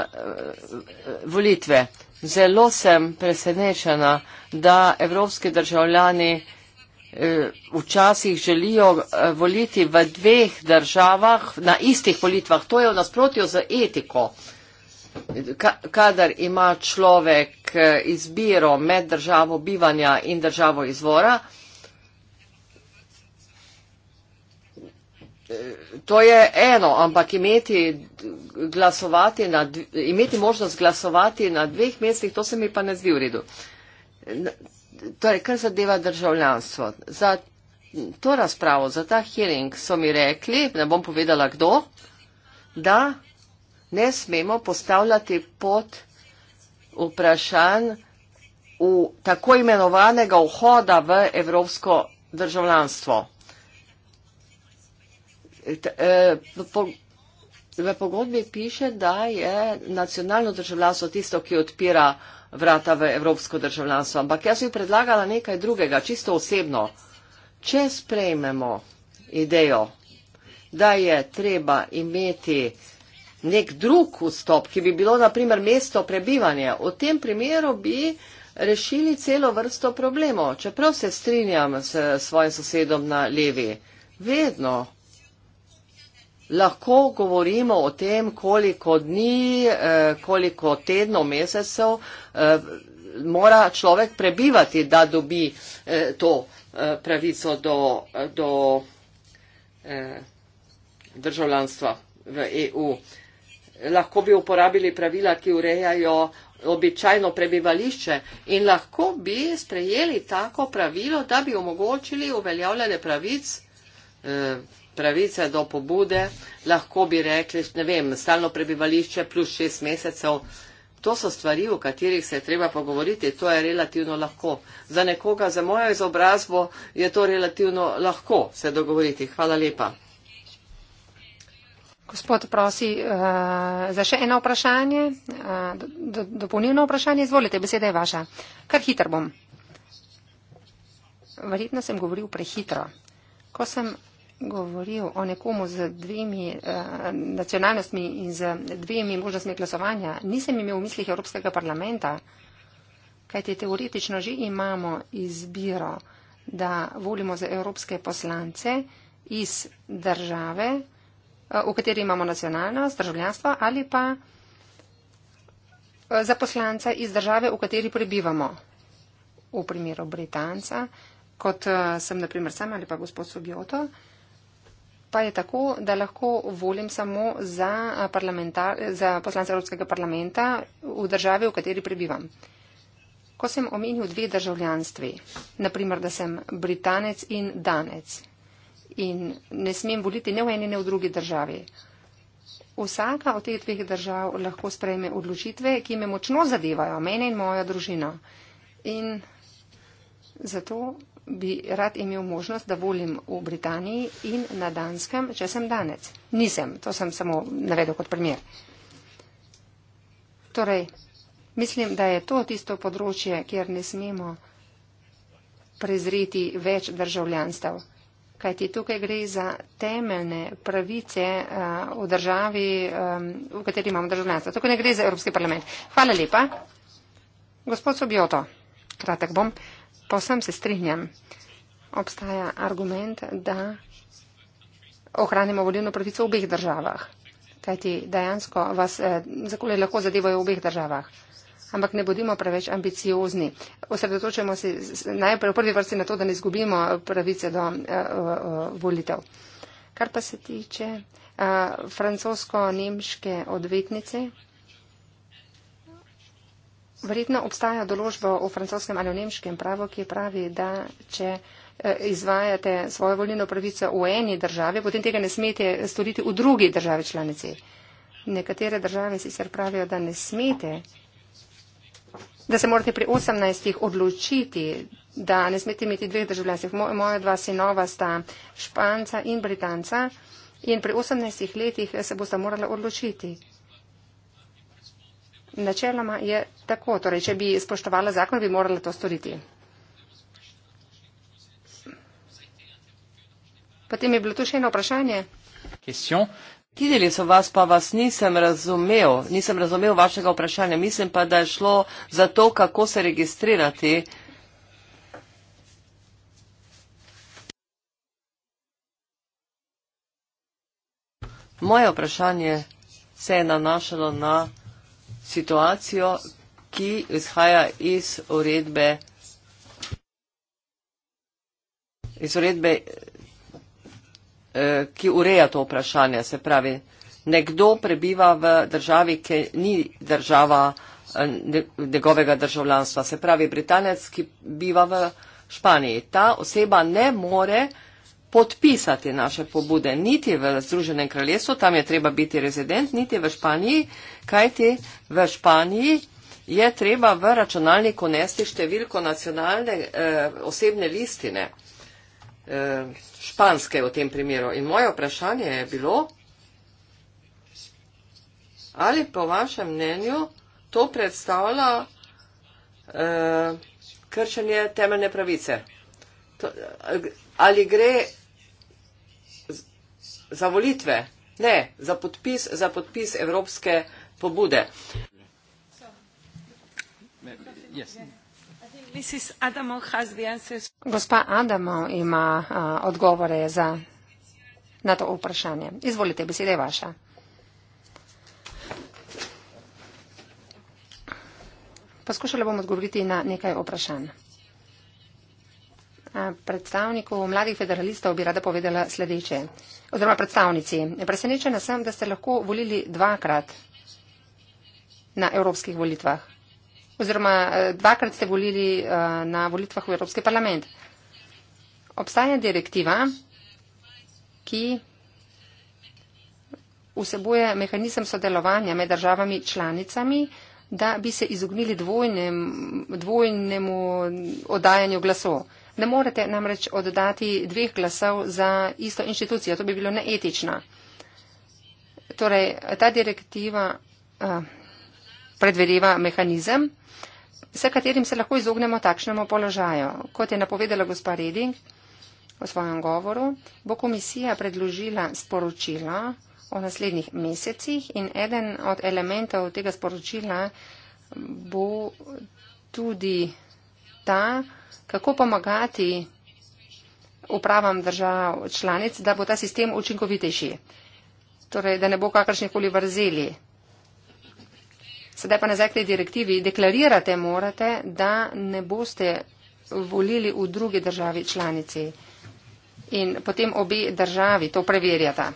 volitve. Zelo sem presenečena, da evropski državljani eh, včasih želijo eh, voliti v dveh državah na istih volitvah. To je v nasprotju z etiko. Kadar ima človek izbiro med državo bivanja in državo izvora, To je eno, ampak imeti, glasovati na, imeti možnost glasovati na dveh mestih, to se mi pa ne zdi v redu. Torej, kar zadeva državljanstvo. Za to razpravo, za ta hearing so mi rekli, ne bom povedala kdo, da ne smemo postavljati pod vprašanj tako imenovanega vhoda v evropsko državljanstvo. E, v pogodbi piše, da je nacionalno državljanstvo tisto, ki odpira vrata v evropsko državljanstvo. Ampak jaz bi predlagala nekaj drugega, čisto osebno. Če sprejmemo idejo, da je treba imeti nek drug vstop, ki bi bilo naprimer mesto prebivanja, v tem primeru bi rešili celo vrsto problemov. Čeprav se strinjam s svojim sosedom na levi, vedno Lahko govorimo o tem, koliko dni, eh, koliko tednov, mesecev eh, mora človek prebivati, da dobi eh, to pravico do, do državljanstva v EU. Lahko bi uporabili pravila, ki urejajo običajno prebivališče in lahko bi sprejeli tako pravilo, da bi omogočili uveljavljanje pravic pravice do pobude, lahko bi rekli, ne vem, stalno prebivališče plus šest mesecev. To so stvari, o katerih se je treba pogovoriti, to je relativno lahko. Za nekoga, za mojo izobrazbo je to relativno lahko se dogovoriti. Hvala lepa. Gospod, prosi uh, za še eno vprašanje, uh, do, do, dopolnilno vprašanje. Izvolite, beseda je vaša. Kar hiter bom. Verjetno sem govoril prehitro. Ko sem govoril o nekomu z dvemi uh, nacionalnostmi in z dvemi možnostmi glasovanja. Nisem imel v mislih Evropskega parlamenta, kajti teoretično že imamo izbiro, da volimo za evropske poslance iz države, uh, v kateri imamo nacionalnost, državljanstvo ali pa uh, za poslance iz države, v kateri prebivamo. V primeru Britanca, kot uh, sem naprimer sama ali pa gospod Sobjoto, uh, pa je tako, da lahko volim samo za, za poslance Evropskega parlamenta v državi, v kateri prebivam. Ko sem omenil dve državljanstvi, naprimer, da sem Britanec in Danec in ne smem voliti ne v eni, ne v drugi državi, vsaka od teh dveh držav lahko sprejme odločitve, ki me močno zadevajo, mene in moja družina. In zato bi rad imel možnost, da volim v Britaniji in na Danskem, če sem danec. Nisem, to sem samo navedel kot primer. Torej, mislim, da je to tisto področje, kjer ne smemo prezreti več državljanstv. Kajti tukaj gre za temeljne pravice uh, v državi, um, v kateri imamo državljanstvo. Tukaj ne gre za Evropski parlament. Hvala lepa. Gospod Sobjoto, kratek bom. Uh, Posem se strinjam. Obstaja argument, da ohranimo volilno pravico v obeh državah. Kajti dejansko vas eh, zakole lahko zadevajo v obeh državah. Ampak ne bodimo preveč ambiciozni. Osredotočamo se najprej v prvi vrsti na to, da ne izgubimo pravice do eh, eh, volitev. Kar pa se tiče eh, francosko-nemške odvetnice. Verjetno obstaja doložba v francoskem ali v nemškem pravu, ki pravi, da če eh, izvajate svojo volilno pravico v eni državi, potem tega ne smete storiti v drugi državi članici. Nekatere države sicer pravijo, da ne smete, da se morate pri 18 odločiti, da ne smete imeti dveh državljanstv. Moja dva sinova sta španca in britanca in pri 18 letih se boste morali odločiti. Načeloma je tako, torej, če bi spoštovala zakon, bi morala to storiti. Potem je bilo tu še eno vprašanje. Question. Kideli so vas, pa vas nisem razumel, nisem razumel vašega vprašanja. Mislim pa, da je šlo za to, kako se registrirati. Moje vprašanje se je nanašalo na situacijo, ki izhaja iz uredbe, iz uredbe, eh, ki ureja to vprašanje. Se pravi, nekdo prebiva v državi, ki ni država eh, njegovega državljanstva. Se pravi, Britanec, ki biva v Španiji. Ta oseba ne more podpisati naše pobude, niti v Združenem kraljestvu, tam je treba biti rezident, niti v Španiji, kajti v Španiji je treba v računalniku nesti številko nacionalne eh, osebne listine, eh, španske v tem primeru. In moje vprašanje je bilo, ali po vašem mnenju to predstavlja eh, kršenje temeljne pravice. To, eh, ali gre za volitve, ne, za podpis, za podpis evropske pobude. Gospa Adamo ima odgovore na to vprašanje. Izvolite, beseda je vaša. Poskušala bom odgovoriti na nekaj vprašanj. Predstavniku mladih federalistov bi rada povedala sledeče. Oziroma predstavnici, presenečena sem, da ste lahko volili dvakrat na evropskih volitvah. Oziroma e, dvakrat ste volili e, na volitvah v Evropski parlament. Obstaja direktiva, ki vsebuje mehanizem sodelovanja med državami članicami, da bi se izognili dvojnem, dvojnemu oddajanju glasov. Ne morete namreč oddati dveh glasov za isto inštitucijo, to bi bilo neetično. Torej, ta direktiva uh, eh, predvedeva mehanizem, s katerim se lahko izognemo takšnemu položaju. Kot je napovedala gospa Reding v svojem govoru, bo komisija predložila sporočila o naslednjih mesecih in eden od elementov tega sporočila bo tudi ta, kako pomagati upravam držav članic, da bo ta sistem učinkovitejši, torej da ne bo kakršnihkoli vrzeli. Sedaj pa nazaj k tej direktivi. Deklarirate morate, da ne boste volili v drugi državi članici in potem obe državi to preverjata.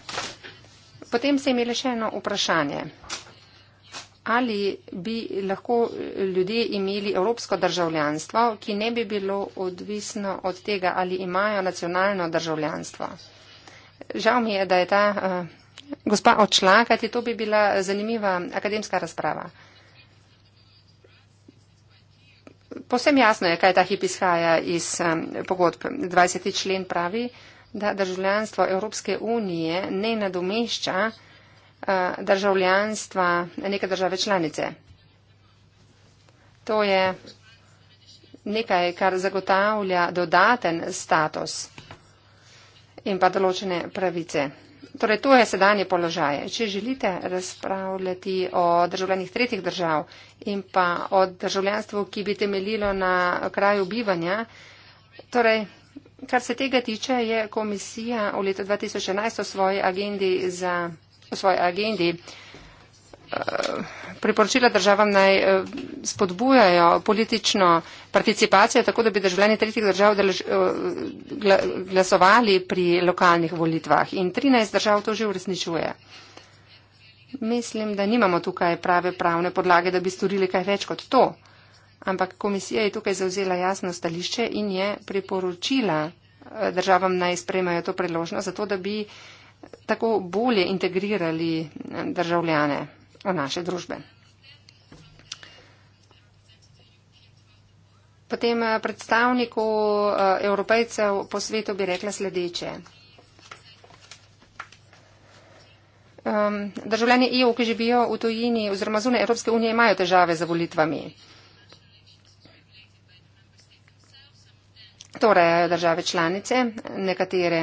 Potem ste imeli še eno vprašanje ali bi lahko eh, ljudje imeli evropsko državljanstvo, ki ne bi bilo odvisno od tega, ali imajo nacionalno državljanstvo. Žal mi je, da je ta uh, gospa odšla, kajti to bi bila zanimiva akademska razprava. Posem jasno je, kaj ta hip izhaja iz um, pogodb. 20. člen pravi, da državljanstvo Evropske unije ne nadomešča uh, Eh, državljanstva neke države članice. To je nekaj, kar zagotavlja dodaten status in pa določene pravice. Torej, to je sedanje položaje. Če želite razpravljati o državljanih tretjih držav in pa o državljanstvu, ki bi temeljilo na kraju bivanja, torej, kar se tega tiče, je komisija v letu 2011 v svoji agendi za v svoji agendi. Eh, priporočila državam naj eh, spodbujajo politično participacijo, tako da bi državljani tretjih držav delž, eh, glasovali pri lokalnih volitvah. In 13 držav to že uresničuje. Mislim, da nimamo tukaj prave pravne podlage, da bi storili kaj več kot to. Ampak komisija je tukaj zauzela jasno stališče in je priporočila državam naj spremajo to priložnost, zato da bi tako bolje integrirali eh, državljane v naše družbe. Potem eh, predstavniku eh, evropejcev po svetu bi rekla sledeče. Um, državljani EU, ki živijo v tujini oziroma zunaj Evropske unije, imajo težave za volitvami. Torej, države članice, nekatere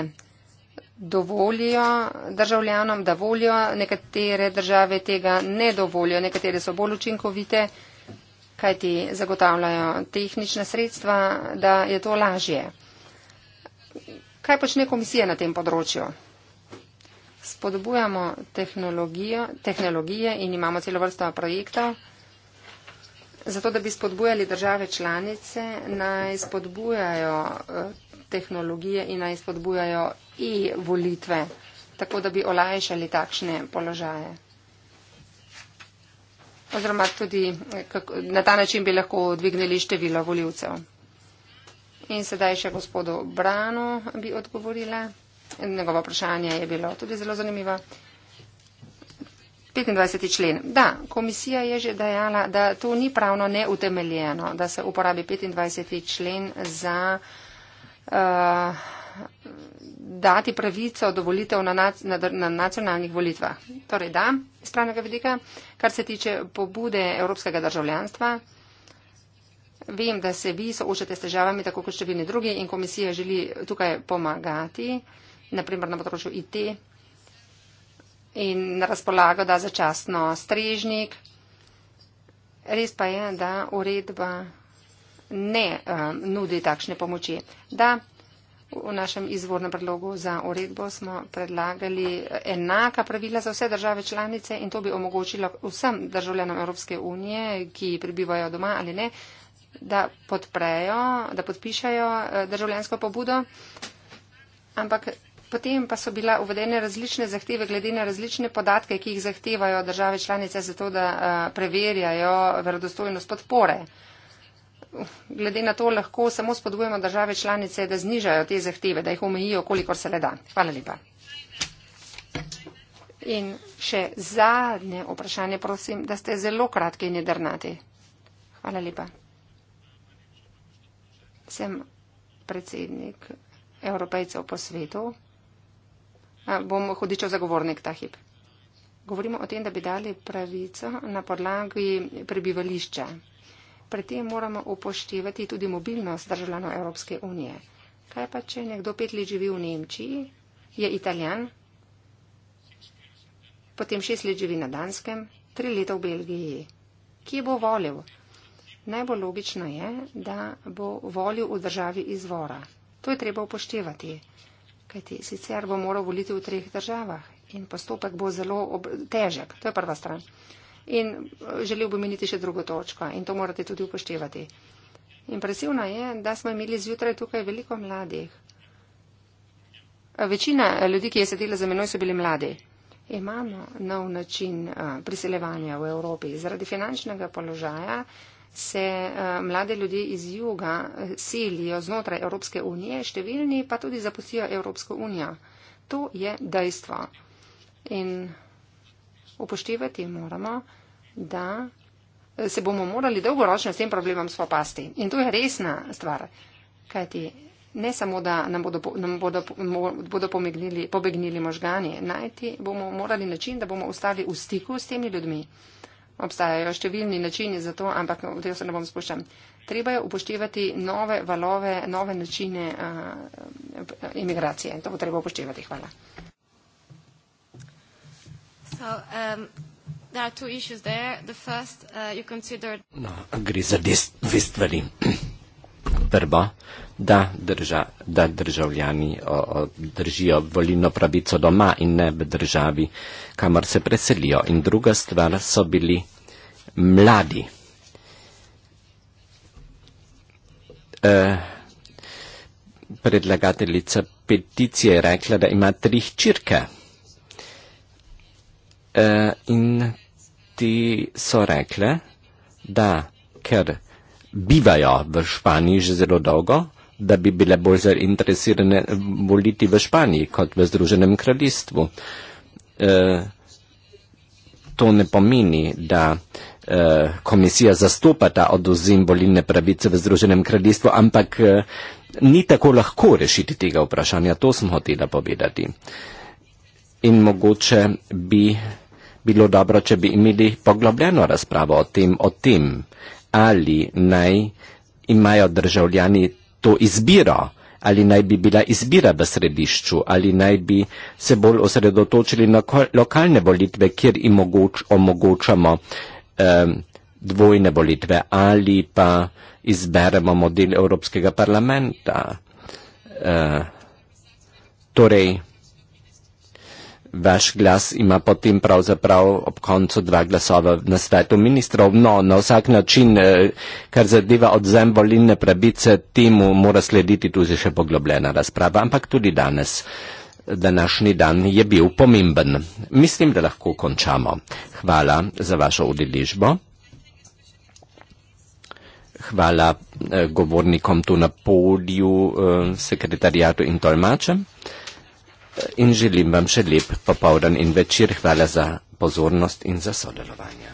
dovolijo državljanom, da volijo, nekatere države tega ne dovolijo, nekatere so bolj učinkovite, kajti zagotavljajo tehnična sredstva, da je to lažje. Kaj počne komisija na tem področju? Spodobujamo tehnologije in imamo celo vrsto projektov, zato da bi spodbujali države članice, naj spodbujajo eh, tehnologije in naj spodbujajo e-volitve, tako da bi olajšali takšne položaje. Oziroma tudi kako, na ta način bi lahko dvignili število voljivcev. In sedaj še gospodu Branu bi odgovorila. Njegovo vprašanje je bilo tudi zelo zanimivo. 25. člen. Da, komisija je že dejala, da to ni pravno neutemeljeno, da se uporabi 25. člen za. Uh, dati pravico do volitev na, na, na nacionalnih volitvah. Torej da, iz pravnega vidika, kar se tiče pobude evropskega državljanstva, vem, da se vi soočate s težavami, tako kot številni drugi in komisija želi tukaj pomagati, naprimer na področju IT in na razpolago da začasno strežnik. Res pa je, da uredba ne um, nudi takšne pomoči. Da, V našem izvornem predlogu za uredbo smo predlagali enaka pravila za vse države članice in to bi omogočilo vsem državljanom Evropske unije, ki prebivajo doma ali ne, da podprejo, da podpišajo eh, državljansko pobudo. Ampak potem pa so bila uvedene različne zahteve glede na različne podatke, ki jih zahtevajo države članice za to, da eh, preverjajo verodostojnost podpore glede na to lahko samo spodbujamo države članice, da znižajo te zahteve, da jih omejijo, kolikor se le da. Hvala lepa. In še zadnje vprašanje, prosim, da ste zelo kratki in jedrnati. Hvala lepa. Sem predsednik Evropejcev po svetu. A, bom hodičo zagovornik ta hip. Govorimo o tem, da bi dali pravico na podlagi prebivališča pri tem moramo upoštevati tudi mobilnost državljanov Evropske unije. Kaj pa, če nekdo pet let živi v Nemčiji, je italijan, potem šest let živi na Danskem, tri leta v Belgiji. Kje bo volil? Najbolj logično je, da bo volil v državi izvora. To je treba upoštevati, kajti sicer bo moral voliti v treh državah in postopek bo zelo ob... težek. To je prva stran. In eh, želel bi imeti še drugo točko in to morate tudi upoštevati. Impresivno je, da smo imeli zjutraj tukaj veliko mladih. Eh, večina eh, ljudi, ki je sedela za menoj, so bili mladi. Imamo nov način priseljevanja v Evropi. Zaradi finančnega položaja se mlade ljudje iz juga silijo znotraj Evropske unije, številni pa tudi zapustijo Evropsko unijo. To je dejstvo. In upoštevati moramo, da eh, se bomo morali dolgoročno s tem problemom spopasti. In to je resna stvar, kajti ne samo, da nam bodo, nam bodo, bodo pomegnili, pobegnili možgani, najti bomo morali način, da bomo ostali v stiku s temi ljudmi. Obstajajo številni načini za to, ampak v eh, tem se ne bom spuščal. Treba je upoštevati nove valove, nove načine uh, eh, imigracije. To bo treba upoštevati. Hvala. So, um, there are two issues there. The first, uh, you considered. No, gre za dve stvari. Prvo, da, drža, da državljani o, o, držijo volilno pravico doma in ne v državi, kamor se preselijo. In druga stvar so bili mladi. E, predlagateljica peticije je rekla, da ima tri hčirke. Eh, in ti so rekle, da ker bivajo v Španiji že zelo dolgo, da bi bile bolj zainteresirane voliti v Španiji kot v Združenem kraljestvu. E, to ne pomeni, da e, komisija zastopa ta odozim volilne pravice v Združenem kraljestvu, ampak e, ni tako lahko rešiti tega vprašanja, to sem hotela povedati. In mogoče bi bilo dobro, če bi imeli poglobljeno razpravo o tem, o tem ali naj imajo državljani to izbiro, ali naj bi bila izbira v središču, ali naj bi se bolj osredotočili na lokalne volitve, kjer jim omogoč, omogočamo eh, dvojne volitve, ali pa izberemo model Evropskega parlamenta. Eh, torej, vaš glas ima potem pravzaprav ob koncu dva glasova na svetu ministrov. No, na vsak način, eh, kar zadeva odzem volilne pravice, temu mora slediti tudi še poglobljena razprava, ampak tudi danes. Današnji dan je bil pomemben. Mislim, da lahko končamo. Hvala za vašo udeležbo. Hvala eh, govornikom tu na podiju, eh, sekretarijatu in tolmačem in želim vam še lep popovdan in večer. Hvala za pozornost in za sodelovanje.